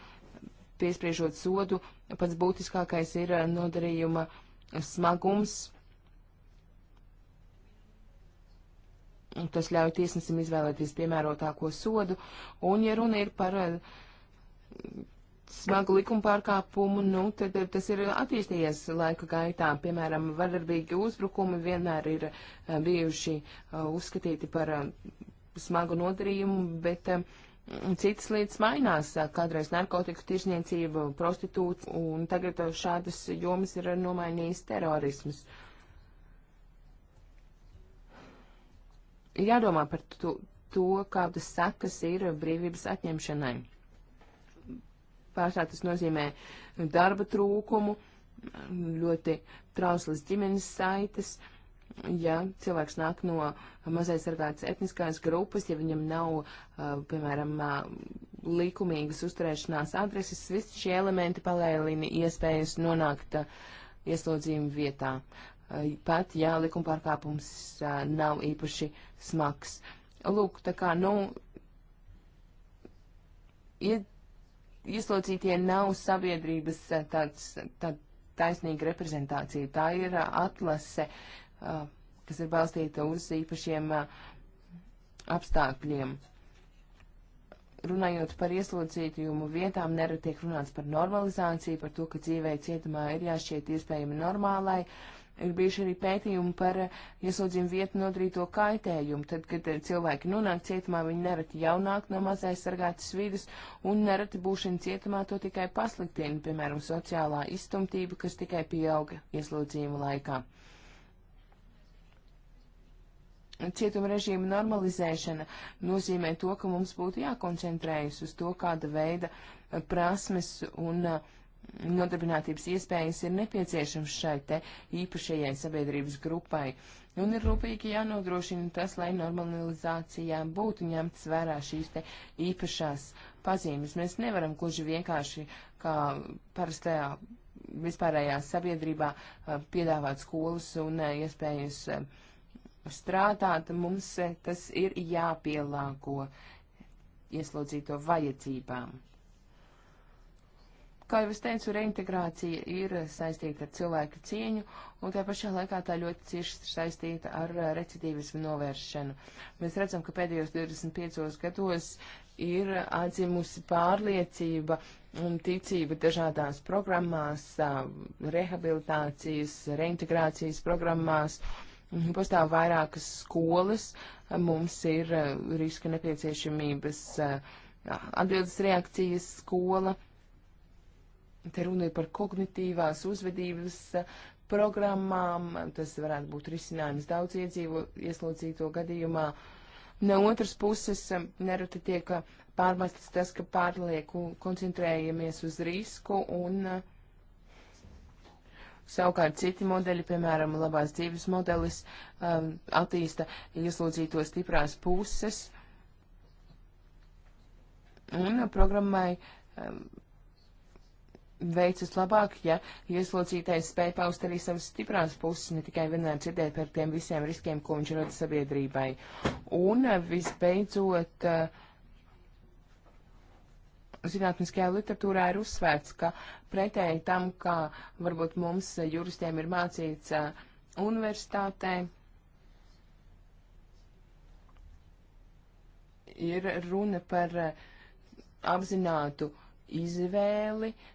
piespriežot sodu, pats būtiskākais ir eh, nodarījuma smagums. Tas ļauj tiesnesim izvēlēties piemērotāko sodu, un ja runa ir par eh, smagu likuma pārkāpumu, nu, tad eh, tas ir attīstījies laika gaitā. Piemēram, vardarbīgi uzbrukumi vienmēr ir eh, bijuši eh, uzskatīti par smagu nodarījumu, bet citas lietas mainās. Kādreiz narkotiku tirzniecība, prostitūcija, un tagad šādas jomas ir nomainījis terorisms. Jādomā par to, to kādas sekas ir brīvības atņemšanai. Pārsvarā tas nozīmē darba trūkumu, ļoti trauslas ģimenes saites. Ja cilvēks nāk no mazai sargātas etniskās grupas, ja viņam nav, piemēram, likumīgas uzturēšanās adreses, visi šie elementi palēlina iespējas nonākt ieslodzījuma vietā. Pat, ja likuma pārkāpums nav īpaši smags. Lūk, tā kā, nu, ied, ieslodzītie nav sabiedrības eh, tāds, tā taisnīga reprezentācija. Tā ir eh, atlase, eh, kas ir balstīta uz īpašiem apstākļiem. Runājot par ieslodzītījumu vietām, nerad tiek runāts par normalizāciju, par to, ka dzīvē cietumā ir jāšķiet iespējami normālai. Uh, ir bijuši arī pētījumi par eh, ieslodzījumu vietu nodarīto kaitējumu. Tad, kad eh, cilvēki nonāk cietumā, viņi nereti jau nāk no mazais sargātas vidas, un nereti būšana cietumā to tikai pasliktina, piemēram, sociālā iztumtība, kas tikai pieauga ieslodzījuma laikā. Cietuma režīma normalizēšana nozīmē to, ka mums būtu jākoncentrējas uz to, kāda veida eh, prasmes un uh, nodarbinātības iespējas ir nepieciešams šai te īpašajai sabiedrības grupai. Un ir rūpīgi jānodrošina tas, lai normalizācijā būtu ņemtas vērā šīs te īpašās pazīmes. Mēs nevaram gluži vienkārši, kā parastajā vispārējā sabiedrībā, piedāvāt skolas un iespējas strādāt. Mums tas ir jāpielāgo ieslodzīto vajadzībām. Kā jau es teicu, reintegrācija ir saistīta ar cilvēku cieņu, un tā pašā laikā tā ļoti cieši saistīta ar uh, recidīvismu novēršanu. Mēs redzam, ka pēdējos 25 gados ir atzimusi pārliecība un ticība dažādās programmās, uh, rehabilitācijas, reintegrācijas programmās. Pastāv vairākas skolas, uh, mums ir riska nepieciešamības atbildes reakcijas skola Te runa ir par kognitīvās uzvedības eh, programmām, tas varētu būt risinājums daudz iedzīvo ieslodzīto gadījumā. No otras puses, eh, nereti tiek eh, pārmestas tas, ka pārlieku koncentrējamies uz risku un savukārt citi modeļi, piemēram, labās dzīves modelis, um, attīsta ieslodzīto stiprās puses un programmai um, veicas labāk, ja ieslodzītais spēja paust arī savas stiprās puses, ne tikai vienmēr dzirdēt par tiem visiem riskiem, ko viņš rada sabiedrībai. Un eh, visbeidzot, eh, zinātniskajā literatūrā ir uzsvērts, ka pretēji tam, kā varbūt mums eh, juristiem ir mācīts universitātē, ir runa par apzinātu izvēli, uh,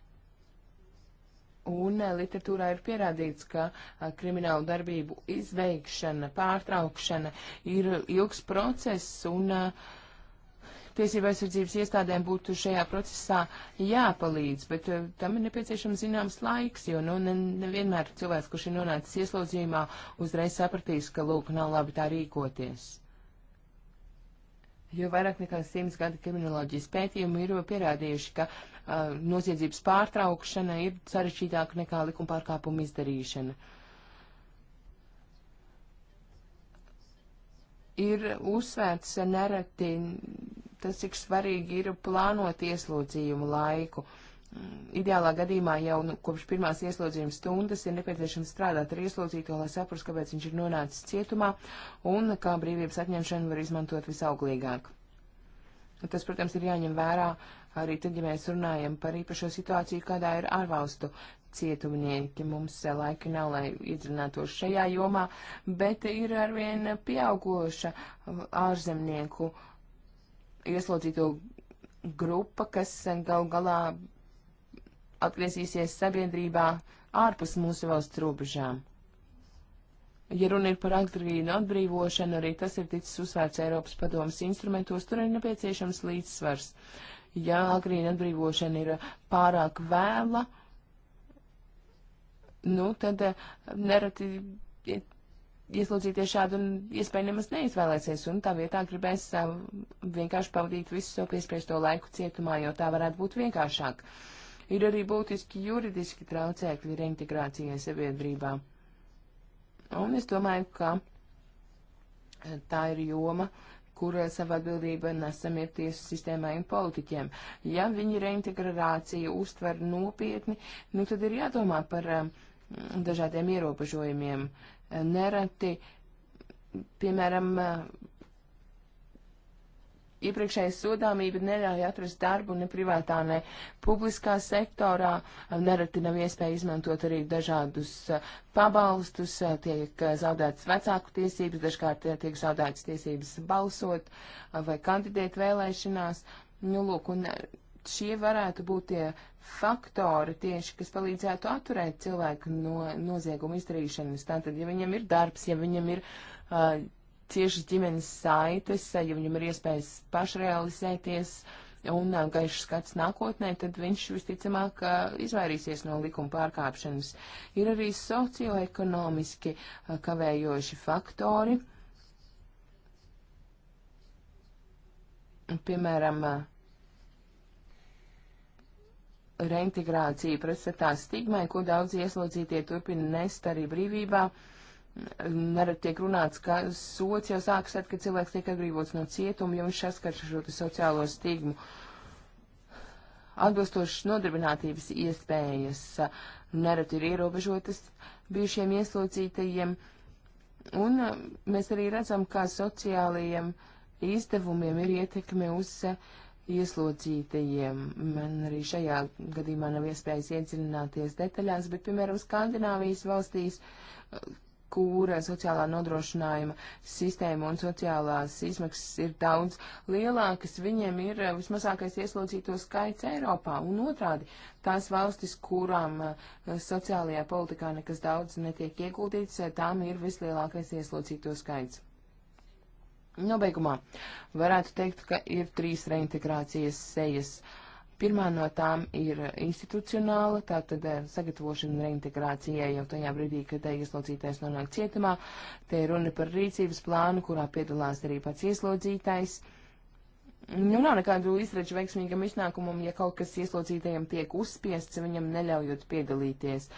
Un eh, literatūrā ir pierādīts, ka a, eh, kriminālu darbību izveikšana, pārtraukšana ir ilgs process un a, eh, tiesība aizsardzības iestādēm būtu šajā procesā jāpalīdz, bet uh, tam ir nepieciešams zināms laiks, jo nu, ne, nevienmēr cilvēks, kurš ir nonācis ieslodzījumā, uzreiz sapratīs, ka lūk, nav labi tā rīkoties. Jo vairāk nekā simts gadi kriminoloģijas pētījumu ir pierādījuši, ka uh, noziedzības pārtraukšana ir sarežģītāka nekā likuma pārkāpuma izdarīšana. Ir uzsvērts nereti tas, cik svarīgi ir plānot ieslodzījumu laiku. Mm, ideālā gadījumā jau nu, kopš pirmās ieslodzījuma stundas ir nepieciešams strādāt ar ieslodzīto, lai saprastu, kāpēc viņš ir nonācis cietumā un kā brīvības atņemšanu var izmantot visauglīgāk. Tas, protams, ir jāņem vērā Arī tad, ja mēs runājam par īpašo situāciju, kādā ir ārvalstu cietumnieki. Mums eh, laika nav, lai iedzinātos šajā jomā, bet ir arvien pieaugoša eh, ārzemnieku ieslodzīto grupa, kas eh, gal galā atgriezīsies sabiedrībā ārpus mūsu valsts robežām. Ja runa ir par atgrīnu atbrīvošanu, arī tas ir ticis uzsvērts Eiropas padomas instrumentos, tur ir nepieciešams līdzsvars. Uh, ja agrīna atbrīvošana ir pārāk vēla, nu, tad eh, nereti ieslodzītie šādu iespēju nemaz neizvēlēsies, un tā vietā gribēs eh, vienkārši pavadīt visu savu piespriesto laiku cietumā, jo tā varētu būt vienkāršāk. Ir arī būtiski juridiski traucēkļi reintegrācijai sabiedrībā. Un es domāju, ka eh, tā ir joma, uh, kur eh, savu atbildību nesam ir tiesu sistēmai un politiķiem. Ja viņi reintegrāciju uztver nopietni, nu tad ir jādomā par eh, dažādiem ierobežojumiem. Eh, nereti, piemēram, iepriekšējā sodāmība neļauj atrast darbu ne privātā, ne publiskā sektorā. Nereti nav iespēja izmantot arī dažādus pabalstus, tiek zaudētas vecāku tiesības, dažkārt tiek zaudētas tiesības balsot vai kandidēt vēlēšanās. Nu, lūk, un šie varētu būt tie faktori tieši, kas palīdzētu atturēt cilvēku no nozieguma izdarīšanas. Tātad, ja viņam ir darbs, ja viņam ir uh, ciešas ģimenes saites, ja viņam ir iespējas pašrealizēties un gaišs skats nākotnē, tad viņš visticamāk izvairīsies no likuma pārkāpšanas. Ir arī socioekonomiski kavējoši faktori. Piemēram, reintegrācija pretstatā stigmai, ko daudz ieslodzītie turpina nest arī brīvībā. Uh, nerad tiek runāts, ka sots jau sākas tad, kad cilvēks tiek atbrīvots no cietuma, jo viņš saskars šo sociālo stigmu. Atbilstošas nodarbinātības iespējas nerad ir ierobežotas bijušiem ieslocītajiem, un mēs arī redzam, kā sociālajiem izdevumiem ir ietekme uz ieslodzītajiem. Man arī šajā gadījumā nav iespējas iedziļināties detaļās, bet, piemēram, Skandināvijas valstīs kura sociālā nodrošinājuma sistēma un sociālās izmaksas ir daudz lielākas, viņiem ir eh, vismazākais ieslodzīto skaits Eiropā. Un otrādi, tās valstis, kurām eh, sociālajā politikā nekas daudz netiek ieguldīts, eh, tām ir vislielākais ieslodzīto skaits. Nobeigumā varētu teikt, ka ir trīs reintegrācijas sejas. Uh, Pirmā no tām ir institucionāla, tātad eh, sagatavošana reintegrācijai jau tajā brīdī, kad eh, ieslodzītais nonāk cietumā. Te ir runa par rīcības plānu, kurā piedalās arī pats ieslodzītais. Nu, nav nekādu izredzu veiksmīgam iznākumam, ja kaut kas ieslodzītajam tiek uzspiests, viņam neļaujot piedalīties.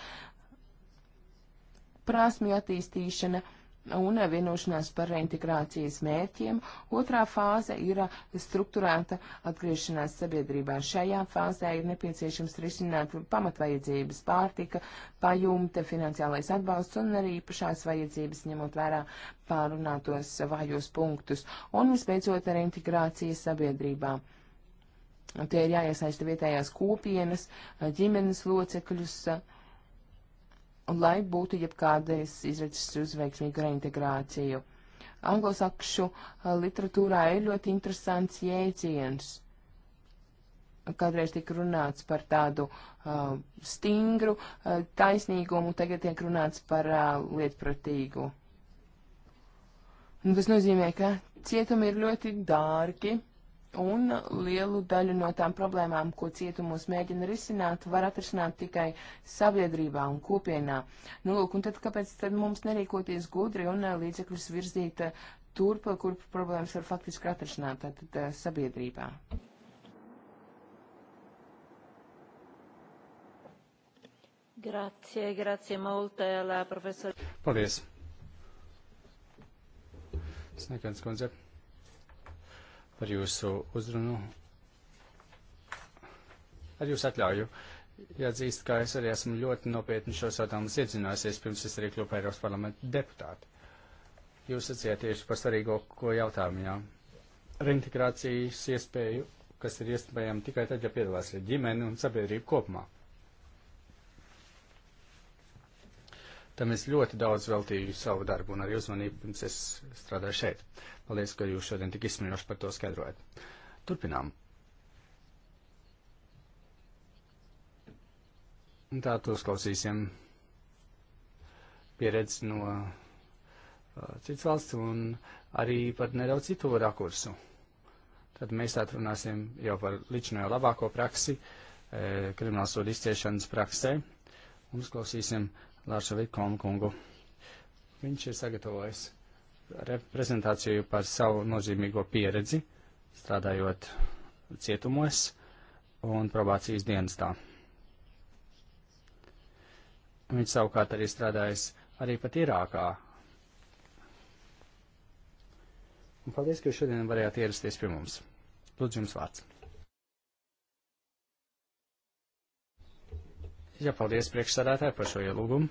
Prāsmju attīstīšana. Uh, un vienošanās par reintegrācijas mērķiem. Otrā fāze ir struktūrēta atgriešanās sabiedrībā. Šajā fāzē ir nepieciešams risināt pamatvajadzības pārtika, pajumte, finansiālais atbalsts un arī pašās vajadzības ņemot vērā pārunātos vājos punktus. Un visbeidzot ar integrāciju sabiedrībā. Tie ir jāiesaista vietējās kopienas, ģimenes locekļus, uh, lai būtu jebkādas izredzes uz veiksmīgu reintegrāciju. Anglosakšu uh, literatūrā ir ļoti interesants jēdziens. Kādreiz tika runāts par tādu uh, stingru uh, taisnīgumu, tagad tiek runāts par uh, lietpratīgu. Un tas nozīmē, ka cietumi ir ļoti dārgi Un lielu daļu no tām problēmām, ko cietumos mēģina risināt, var atrisināt tikai sabiedrībā un kopienā. Nu, lūk, un tad kāpēc tad mums nerīkoties gudri un eh, līdzekļus virzīt eh, turp, kur problēmas var faktiski atrisināt, tātad eh, sabiedrībā? Grazie, grazie molte, profesor. Paldies. Sniegāns koncepts par jūsu uzrunu. Ar jūsu atļauju. Jāatzīst, ka es arī esmu ļoti nopietni šos jautājumus iedzinājusies, pirms es arī kļuvu par Eiropas parlamentu deputātu. Jūs atsiet tieši par svarīgāko jautājumu, jā. Reintegrācijas iespēju, kas ir iespējama tikai tad, ja piedalās ģimene un sabiedrība kopumā. Tam es ļoti daudz veltīju savu darbu un arī uzmanību, pirms es strādāju šeit. Paldies, ka jūs šodien tik izsmeļoši par to skaidrojat. Turpinām. Tā tu uzklausīsim pieredzi no uh, citas valsts un arī par nedaudz citu rakursu. Tad mēs tā runāsim jau par ličinojo labāko praksi, eh, kriminālsodu izciešanas praksē. Un uzklausīsim Lāršaviku Konkungu. Viņš ir sagatavojis prezentāciju par savu nozīmīgo pieredzi, strādājot cietumos un probācijas dienestā. Viņš savukārt arī strādājis arī pat Irākā. Un paldies, ka jūs šodien varējāt ierasties pie mums. Lūdzu, jums vārds. Jā, paldies priekšsādātāji par šo ielūgumu.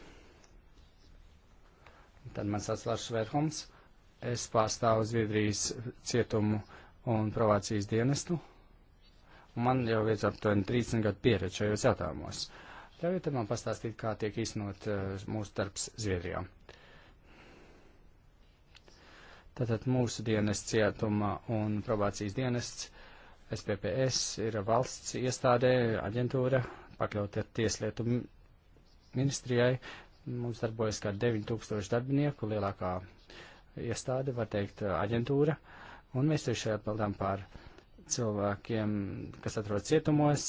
Tad mans atslārs Vērhoms. Es pārstāvu Zviedrijas cietumu un provācijas dienestu. Man jau ir aptuveni 30 gadu pieredze šajos jautājumos. Ļaujiet man pastāstīt, kā tiek īstenot uh, mūsu darbs Zviedrijā. Tātad mūsu dienests cietuma un probācijas dienests SPPS ir valsts iestādē, aģentūra, pakļauti ir tieslietu ministrijai. Mums darbojas kā 9000 darbinieku, lielākā iestāde, var teikt, aģentūra. Un mēs tieši šajā pildām pār cilvēkiem, kas atrod cietumos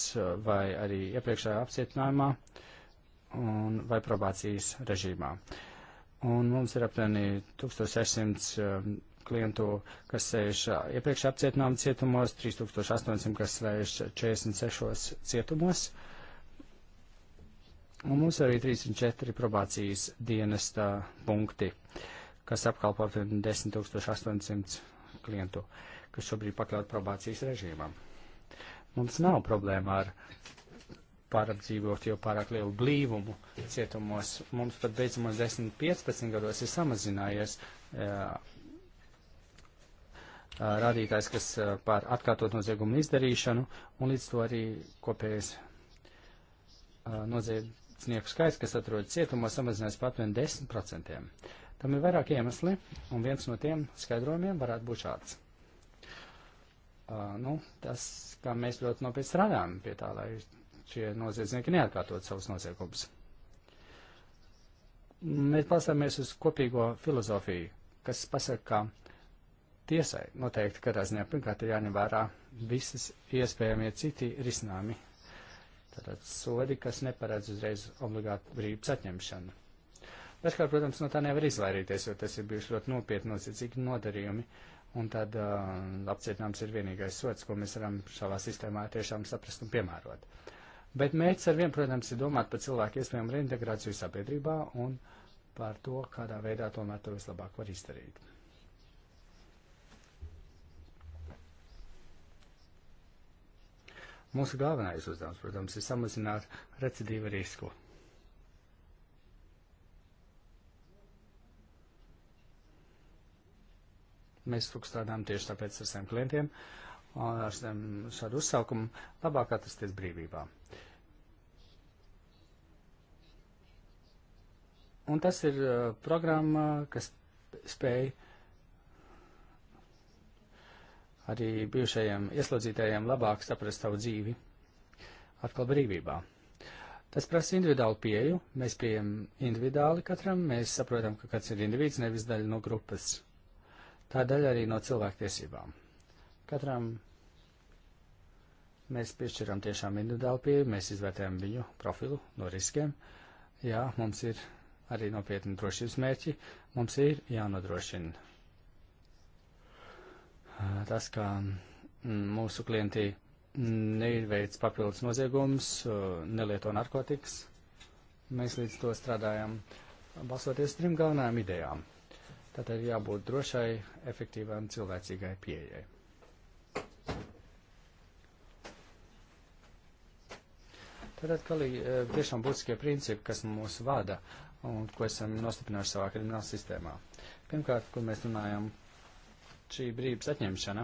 vai arī iepriekšējā apcietinājumā un vai probācijas režīmā. Un mums ir aptuveni 1600 eh, klientu, kas sēž eh, iepriekš apcietinājuma cietumos, 3800, kas sēž 46 cietumos. Uh, Un mums ir arī 34 probācijas dienesta punkti, kas apkalpo aptuveni 10 800 klientu, kas šobrīd pakļaut probācijas režīmam. Mums nav problēma ar pārapdzīvot jau pārāk lielu blīvumu cietumos. Mums pat beidzamos 10-15 gados ir samazinājies jā, rādītājs, kas pār atkārtot noziegumu izdarīšanu, un līdz to arī kopējais noziegums Cilvēku skaits, kas atrodas cietumos, samazinās pat vien 10%. Tam ir vairāk iemesli, un viens no tiem skaidrojumiem varētu būt šāds. Uh, nu, tas, kā mēs ļoti nopietni strādājam pie tā, lai šie noziedznieki neatkārtot savus noziegumus. Mēs pastāmies uz kopīgo filozofiju, kas pasaka, ka tiesai noteikti katrā ziņā pirmkārt ir jāņem vērā visas iespējamie citi risinājumi Tātad sodi, kas neparedz uzreiz obligātu brīvības atņemšanu. Dažkārt, protams, no tā nevar izvairīties, jo tas ir bijuši ļoti nopietni nocīdzīgi nodarījumi, un tad uh, apcietināms ir vienīgais sots, ko mēs varam šāvā sistēmā tiešām saprast un piemērot. Bet mērķis ar vienu, protams, ir domāt par cilvēku iespējamu reintegrāciju sabiedrībā un par to, kādā veidā tomēr to vislabāk var izdarīt. Mūsu galvenais uzdevums, protams, ir samazināt recidīvu risku. Mēs strādājam tieši tāpēc ar saviem klientiem, ar šādu uzsaukumu labāk atrasties brīvībā. Un tas ir eh, programma, kas spēj uh, arī bijušajiem ieslodzītajiem labāk saprast savu dzīvi atkal brīvībā. Tas prasa individuālu pieju, mēs pieejam individuāli katram, mēs saprotam, ka kāds ir individs, nevis daļa no grupas. Tā daļa arī no cilvēktiesībām. Katram mēs piešķiram tiešām individuālu pieju, mēs izvērtējam viņu profilu no riskiem. Jā, mums ir arī nopietni drošības mērķi, mums ir jānodrošina Eh, tas, ka mm, mūsu klienti neizveic papildus noziegumus, eh, nelieto narkotikas. Mēs līdz to strādājam, balsoties trim galvenajām idejām. Tātad jābūt drošai, efektīvai un cilvēcīgai pieejai. Tātad, ka eh, tiešām būtiskie principi, kas mūs vada un ko esam nostiprinājuši savā krimināla sistēmā. Pirmkārt, kur mēs runājam šī brīvības atņemšana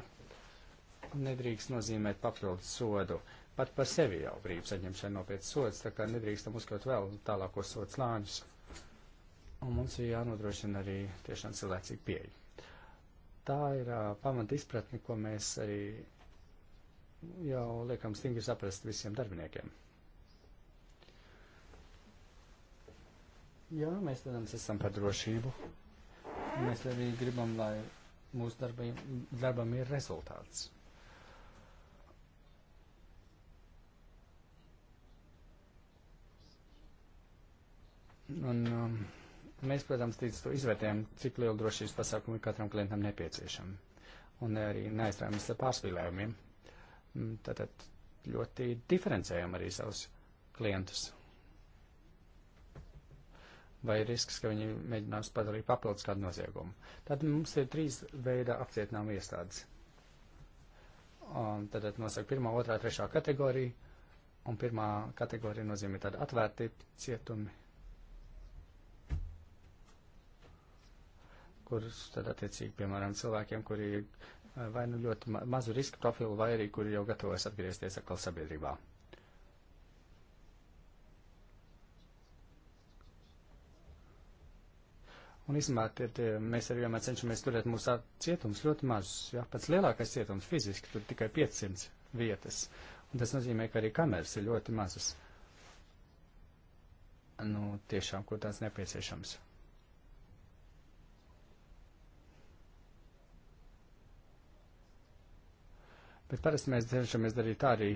nedrīkst nozīmēt papildus sodu. Pat par sevi jau brīvības atņemšana nopietns sods, tā kā nedrīkstam uzskaut vēl tālākos sodu slāņus. Un mums ir jānodrošina arī tiešām cilvēcīga pieeja. Tā ir uh, pamat izpratne, ko mēs arī jau liekam stingri saprast visiem darbiniekiem. Jā, mēs, protams, esam par drošību. Mēs arī gribam, lai mūsu darbiem, darbam ir rezultāts. Un, um, mēs, protams, tīc to izvērtējam, cik liela drošības pasākuma ir katram klientam nepieciešama. Un arī neaizstāvamies ar pārspīlējumiem. Mm, tātad ļoti diferencējam arī savus klientus vai risks, ka viņi mēģinās padarīt papildus kādu noziegumu. Tad mums ir trīs veida apcietinām iestādes. Un tad nosaka pirmā, otrā, trešā kategorija, un pirmā kategorija nozīmē tādi atvērti cietumi, kurus tad attiecīgi, piemēram, cilvēkiem, kuri eh, vai nu ļoti mazu riska profilu, vai arī kuri jau gatavojas atgriezties atkal sabiedrībā. Un īstenībā tie, tie, mēs arī vienmēr cenšamies turēt mūsu cietums ļoti mazus. Ja? Pats lielākais cietums fiziski tur tikai 500 vietas. Un tas nozīmē, ka arī kameras ir ļoti mazas. Nu, tiešām, kur tāds nepieciešams. Bet parasti mēs cenšamies darīt tā arī,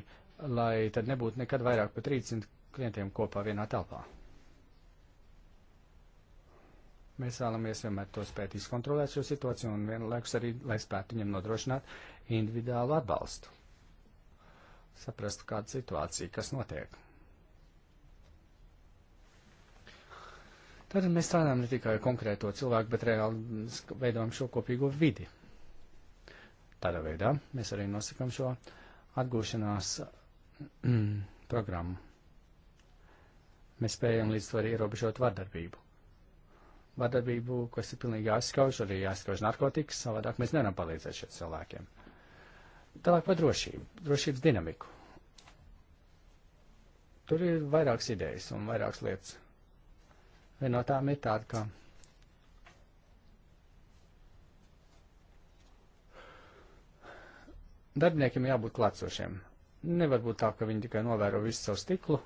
lai tad nebūtu nekad vairāk par 300 klientiem kopā vienā telpā. Mēs vēlamies vienmēr to spēt izkontrolēt šo situāciju un vienlaikus arī, lai spētu viņam nodrošināt individuālu atbalstu. Saprastu, kāda situācija, kas notiek. Tātad mēs strādājam ne tikai konkrēto cilvēku, bet reāli veidojam šo kopīgo vidi. Tādā veidā mēs arī nosakam šo atgūšanās mm, programmu. Mēs spējam līdz to arī ierobežot vardarbību vardarbību, kas ir pilnīgi jāizskauž, arī jāizskauž narkotikas, savādāk mēs nevaram palīdzēt šiem cilvēkiem. Tālāk par drošību, drošības dinamiku. Tur ir vairākas idejas un vairākas lietas. Viena no tām ir tāda, ka darbiniekiem jābūt klātsošiem. Nevar būt tā, ka viņi tikai novēro visu savu stiklu.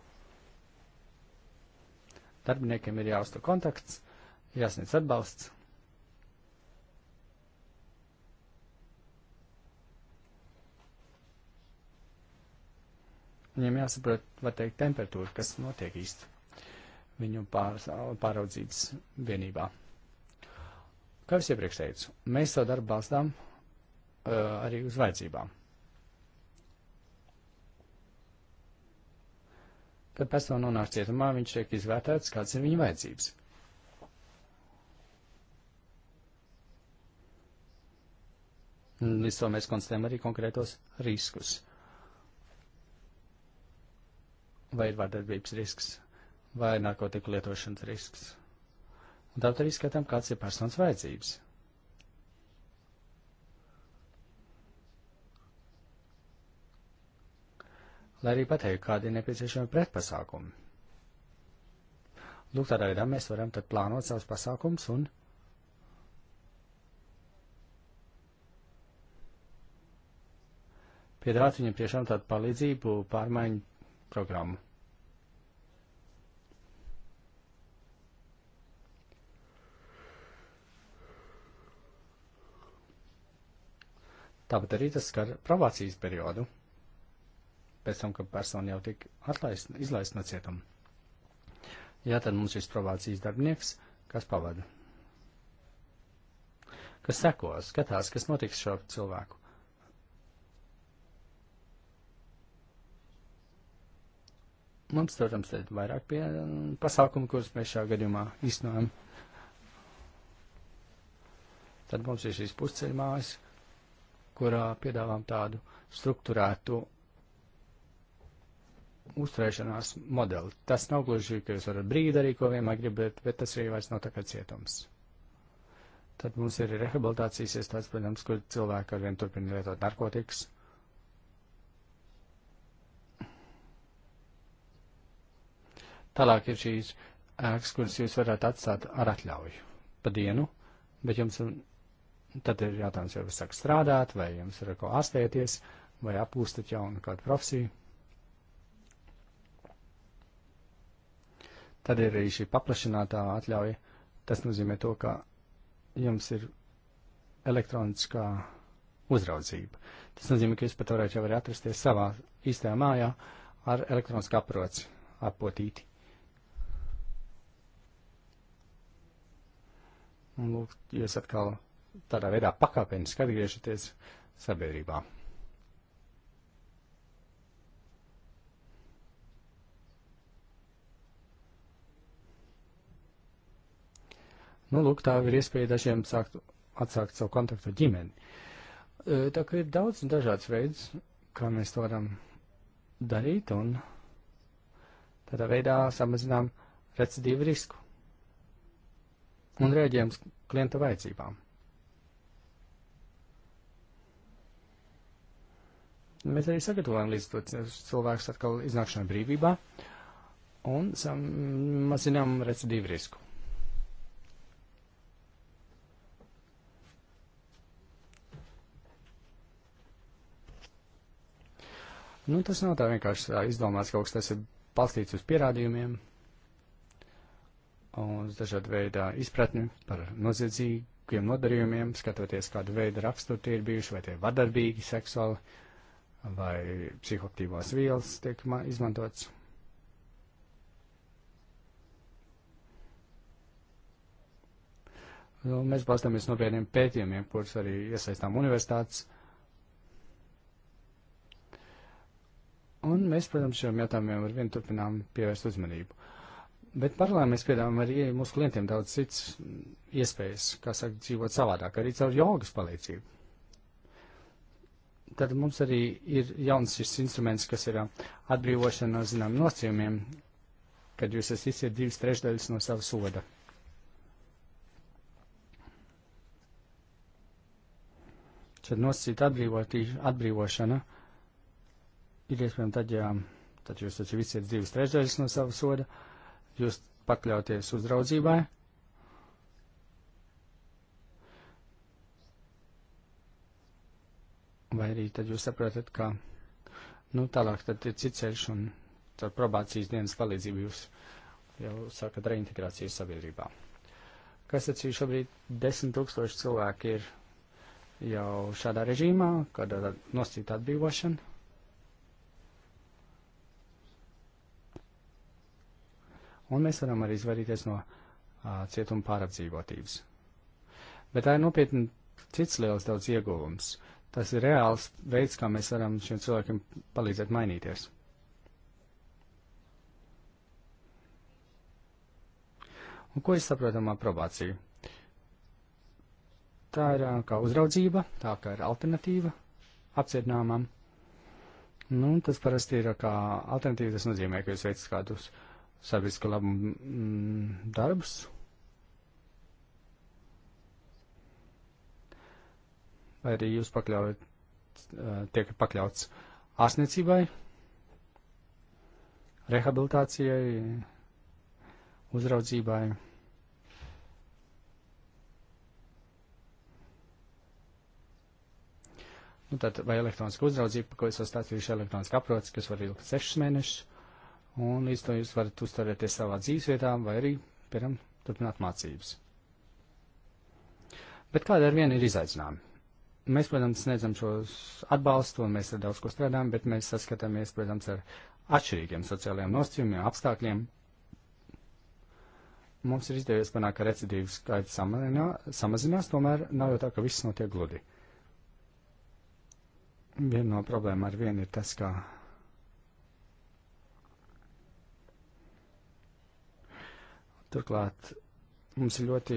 Darbiniekiem ir jāuztur kontakts, ir jāsniedz atbalsts. Viņiem jāsaprot, var teikt, temperatūra, kas notiek īsti viņu pār, pāraudzības vienībā. Kā es iepriekš teicu, mēs savu darbu balstām uh, arī uz vajadzībām. Kad persona nonāk cietumā, viņš tiek izvērtēts, kāds ir viņa vajadzības. Līdz to mēs konstatējam arī konkrētos riskus. Vai ir vārdarbības risks, vai narkotiku lietošanas risks. Un tāpat arī skatām, kāds ir personas vajadzības. Lai arī pateiktu, kādi ir nepieciešami pretpasākumi. Lūk, tādā veidā mēs varam tad plānot savus pasākums un piedāvāt viņam tiešām tādu palīdzību pārmaiņu programmu. Tāpat arī tas skar provācijas periodu, pēc tam, kad persona jau tika atlaist, izlaist no cietuma. Jā, tad mums ir provācijas darbinieks, kas pavada, kas sekos, skatās, kas notiks šo cilvēku. Mums, protams, ir vairāk pie um, pasākumu, kurus mēs šā gadījumā iznājam. Tad mums ir šīs pusceļa mājas, kurā piedāvām tādu struktūrētu uzturēšanās modeli. Tas nav gluži, ka jūs varat brīdi arī ko vienmēr gribat, bet tas arī vairs nav tā kā cietums. Tad mums ir rehabilitācijas iestādes, protams, kur cilvēki ar vien turpina lietot narkotikas. Tālāk ir šīs ēkas, kuras jūs varat atstāt ar atļauju pa dienu, bet jums tad ir jautājums, vai jūs sākat strādāt, vai jums ir ko ārstēties, vai apgūstat jaunu kādu profesiju. Tad ir arī šī paplašinātā atļauja. Tas nozīmē to, ka jums ir elektroniskā uzraudzība. Tas nozīmē, ka jūs pat varētu jau arī atrasties savā īstajā mājā ar elektronisku aproci, apotīti. Un lūk, jūs atkal tādā veidā pakāpeniski atgriežaties sabiedrībā. Nu, lūk, tā ir iespēja dažiem sākt, atsākt savu kontaktu ar ģimeni. E, tā kā ir daudz un dažāds veids, kā mēs to varam darīt, un tādā veidā samazinām recidīvu risku un rēģējam uz klienta vajadzībām. Mēs arī sagatavojam līdz to cilvēks atkal iznākšanai brīvībā un mazinām recidīvu risku. Nu, tas nav tā vienkārši tā izdomāts kaut kas, tas ir balstīts uz pierādījumiem uz dažādu veidu izpratni par noziedzīgiem nodarījumiem, skatoties, kādu veidu raksturu tie ir bijuši, vai tie ir vardarbīgi, seksuāli vai psihoaktīvās vielas tiek izmantotas. Nu, mēs balstāmies nopietniem pētījumiem, kurus arī iesaistām universitātes. Un mēs, protams, šiem jautājumiem ar vienu turpinām pievērst uzmanību. Uh, Bet paralēli mēs piedāvājam arī mūsu klientiem daudz cits iespējas, kā saka, dzīvot savādāk, arī caur jogas palīdzību. Tad mums arī ir jauns šis instruments, kas ir atbrīvošana no zinām nocījumiem, kad jūs esat izsiet divas trešdaļas no sava soda. Tad nosacīta atbrīvošana ir iespējama tad, ja tad jūs taču izsiet divas trešdaļas no sava soda. Uh, jūs pakļauties uzraudzībai. Vai arī tad jūs saprotat, ka nu, tālāk tad ir cits ceļš un ar probācijas dienas palīdzību jūs jau sākat reintegrāciju sabiedrībā. Kas acī šobrīd desmit tūkstoši cilvēki ir jau šādā režīmā, kāda nosacīta atbrīvošana? un mēs varam arī izvairīties no a, cietuma pārapdzīvotības. Bet tā ir nopietni cits liels daudz ieguvums. Tas ir reāls veids, kā mēs varam šiem cilvēkiem palīdzēt mainīties. Un ko es saprotam ar probāciju? Tā ir kā uzraudzība, tā kā ir alternatīva apcietināmam. Nu, tas parasti ir kā alternatīva, tas nozīmē, ka jūs veicat kādus uh, sabiedrisko labumu mm, darbus. Vai arī jūs pakļaujat, eh, tiek pakļauts ārstniecībai, rehabilitācijai, uzraudzībai. Nu, tad, vai elektroniska uzraudzība, ko es esmu stāstījuši, elektroniska aprots, kas var ilgt sešus mēnešus, un līdz to jūs varat uzturēties savā dzīvesvietā vai arī, piemēram, turpināt mācības. Bet kāda ar vienu ir izaicinājumi? Mēs, protams, sniedzam šos atbalstu, un mēs ar daudz ko strādājam, bet mēs saskatāmies, protams, ar atšķirīgiem sociālajiem nosacījumiem, apstākļiem. Mums ir izdevies panākt, ka recidīvu skaits samazinā, samazinās, tomēr nav jau tā, ka viss notiek gludi. Viena no problēmām ar vienu ir tas, ka Turklāt mums ir ļoti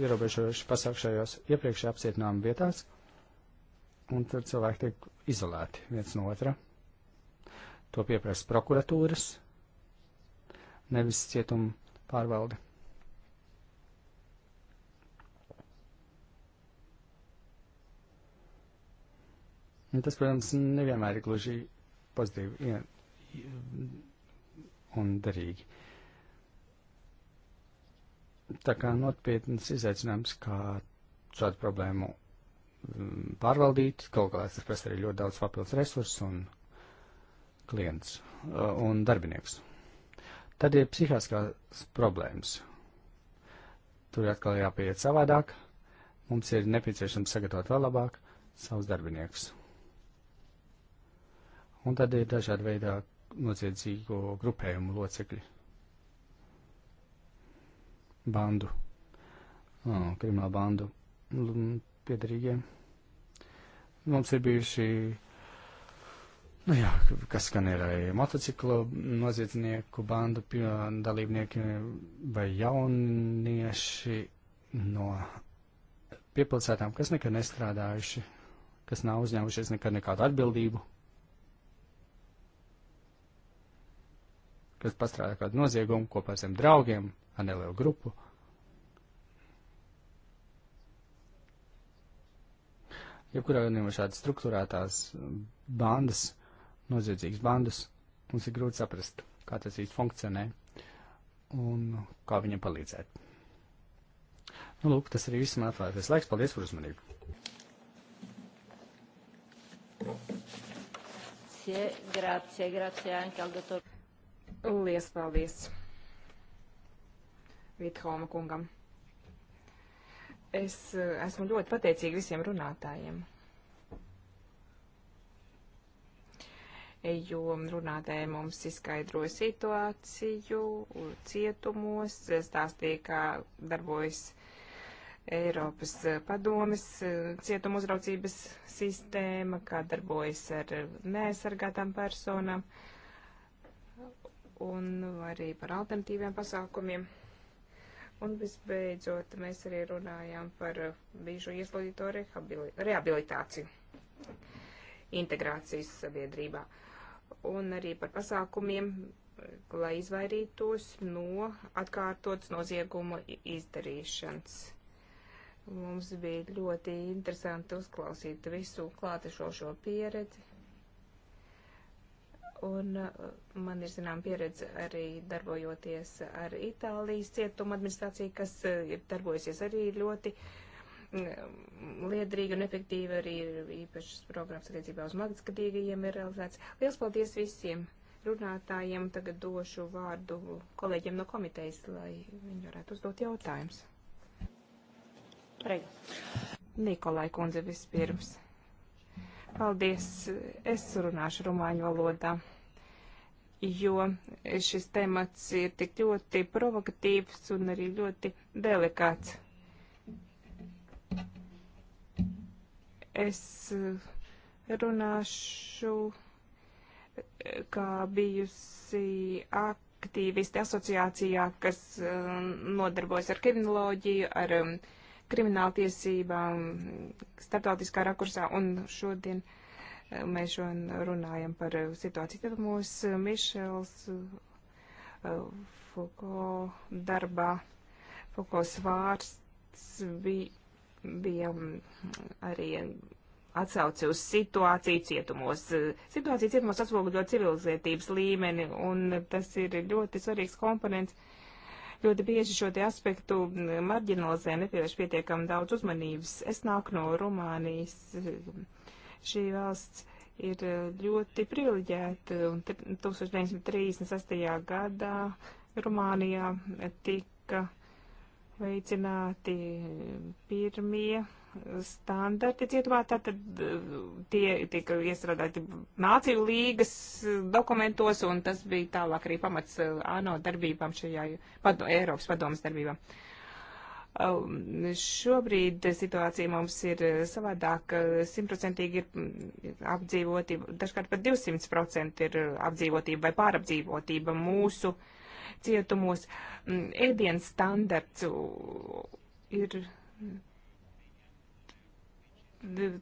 ierobežojuši pasākšajos iepriekšējā apcietinājuma vietās, un tur cilvēki tiek izolēti viens no otra. To pieprasa prokuratūras, nevis cietuma pārvalde. Un tas, protams, nevienmēr ir gluži pozitīvi un derīgi tā kā nopietnas izaicinājums, kā šādu problēmu mm, pārvaldīt. Kaut kā tas prasa arī ļoti daudz papildus resursu un klients uh, un darbinieks. Tad ir psihiskās problēmas. Tur atkal jāpieiet savādāk. Mums ir nepieciešams sagatavot vēl labāk savus darbiniekus. Un tad ir dažādi veidā noziedzīgo grupējumu locekļi bandu, oh, kriminālu bandu piedarīgiem. Mums ir bijuši, nu jā, kas gan ir motociklu noziedznieku bandu dalībnieki vai jaunieši no piepilsētām, kas nekad nestrādājuši, kas nav uzņēmušies nekad nekādu atbildību kas pastrādā kādu noziegumu kopā ar saviem draugiem, ar nelielu grupu. Jebkurā gadījumā šādas struktūrētās bandas, noziedzīgas bandas, mums ir grūti saprast, kā tas īsti funkcionē un kā viņam palīdzēt. Nu, lūk, tas arī viss man atvēlētais laiks. Paldies par uzmanību! Grazie, grazie, grazie anche al dottor. Lies paldies Vithoma kungam. Es eh, esmu ļoti pateicīga visiem runātājiem. jo runātēji mums izskaidroja situāciju cietumos, stāstīja, kā darbojas Eiropas padomes eh, cietuma uzraucības sistēma, kā darbojas ar neaizsargātām personām. Uh, un arī par alternatīviem pasākumiem. Un visbeidzot, mēs arī runājām par uh, bijušo ieslodzīto rehabilitāciju, integrācijas sabiedrībā. Un arī par pasākumiem, uh, lai izvairītos no atkārtotas nozieguma izdarīšanas. Mums bija ļoti interesanti uzklausīt visu klātešo šo pieredzi un uh, man ir zinām pieredze arī darbojoties ar Itālijas cietuma administrāciju, kas uh, ir darbojusies arī ļoti um, liedrīgi un efektīvi, arī īpašas programmas attiecībā uz magnetiskadīgajiem ir realizēts. Liels paldies visiem runātājiem, tagad došu vārdu kolēģiem no komitejas, lai viņi varētu uzdot jautājumus. Reiz. Nikolai kundze vispirms. Paldies, es runāšu rumāņu valodā jo šis temats ir tik ļoti provokatīvs un arī ļoti delikāts. Es eh, runāšu, eh, kā bijusi aktīvisti asociācijā, kas eh, nodarbojas ar kriminoloģiju, ar krimināltiesībām, starptautiskā rakursā un šodien. Uh, mēs šodien runājam par uh, situāciju, tad mūs uh, Mišels uh, Fuko darbā, Fuko svārsts bija, bija mm, arī atsauci uz situāciju cietumos. Situācija cietumos atspoguļo civilizētības līmeni, un tas ir ļoti svarīgs komponents. Ļoti bieži šo te aspektu mm, marginalizē, nepievērš pietiekam daudz uzmanības. Es nāku no Rumānijas, Šī valsts ir e, ļoti privileģēta, un 1936. gadā Rumānijā tika veicināti pirmie standarti cietumā, tātad e, tie tika iestrādāti nāciju līgas dokumentos, un tas bija tālāk arī pamats e, ANO darbībām šajā pad Eiropas padomas darbībām. Uh, Um, šobrīd situācija mums ir uh, savādāk, uh, simtprocentīgi ir mm, apdzīvotība, dažkārt pat 200% ir uh, apdzīvotība vai pārapdzīvotība mūsu cietumos. Mm, ēdienas standarts ir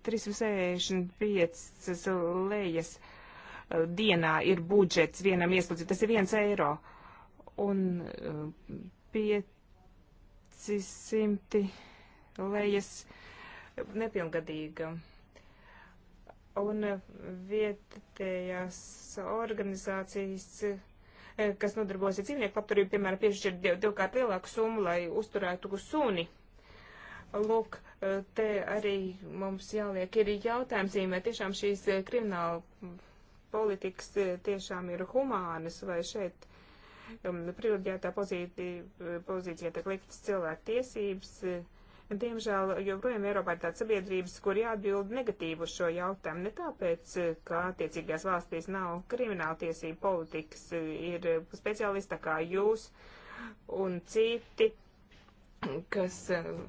365 mm, lejas dienā ir budžets vienam ieslodzītam, tas ir viens eiro. Un pie 500 lejas nepilngadīgam. Un vietējās organizācijas, eh, kas nodarbojas ar dzīvnieku labturību, piemēram, piešķir div, divkārt lielāku summu, lai uzturētu suni. Lūk, eh, te arī mums jāliek ir jautājums, vai tiešām šīs eh, krimināla politikas tiešām ir humānas, vai šeit Um, privileģētā pozīcijā tiek liktas cilvēku tiesības. Diemžēl joprojām Eiropā ir tāda sabiedrības, kur jāatbild negatīvu uz šo jautājumu. Ne tāpēc, ka attiecīgās valstīs nav krimināla tiesība politikas, ir speciālista kā jūs un citi, kas um,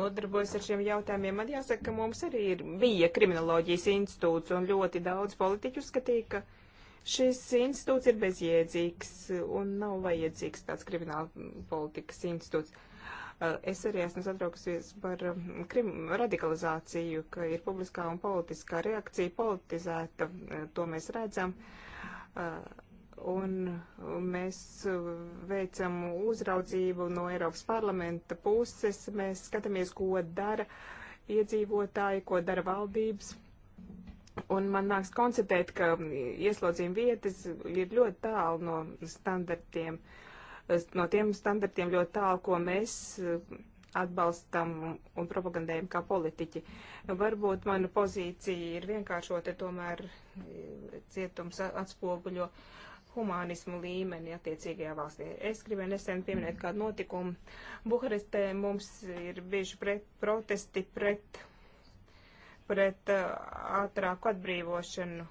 nodarbojas ar šiem jautājumiem. Man jāsaka, ka mums arī ir, bija kriminoloģijas institūts un ļoti daudz politiķu skatīja, ka Šis institūts ir bezjēdzīgs un nav vajadzīgs tāds krimināla politikas institūts. Uh, es arī esmu satraukusies par um, krim, radikalizāciju, ka ir publiskā un politiskā reakcija politizēta, uh, to mēs redzam. Uh, un mēs veicam uzraudzību no Eiropas parlamenta puses, mēs skatāmies, ko dara iedzīvotāji, ko dara valdības Un man nāks konstatēt, ka ieslodzījuma vietas ir ļoti tālu no standartiem, no tiem standartiem ļoti tālu, ko mēs eh, atbalstam un propagandējam kā politiķi. Nu, varbūt mana pozīcija ir vienkāršota, tomēr eh, cietums atspoguļo humānismu līmeni attiecīgajā valstī. Es gribēju nesen pieminēt kādu notikumu. Buharestē mums ir bieži pret, protesti pret pret uh, ātrāku atbrīvošanu.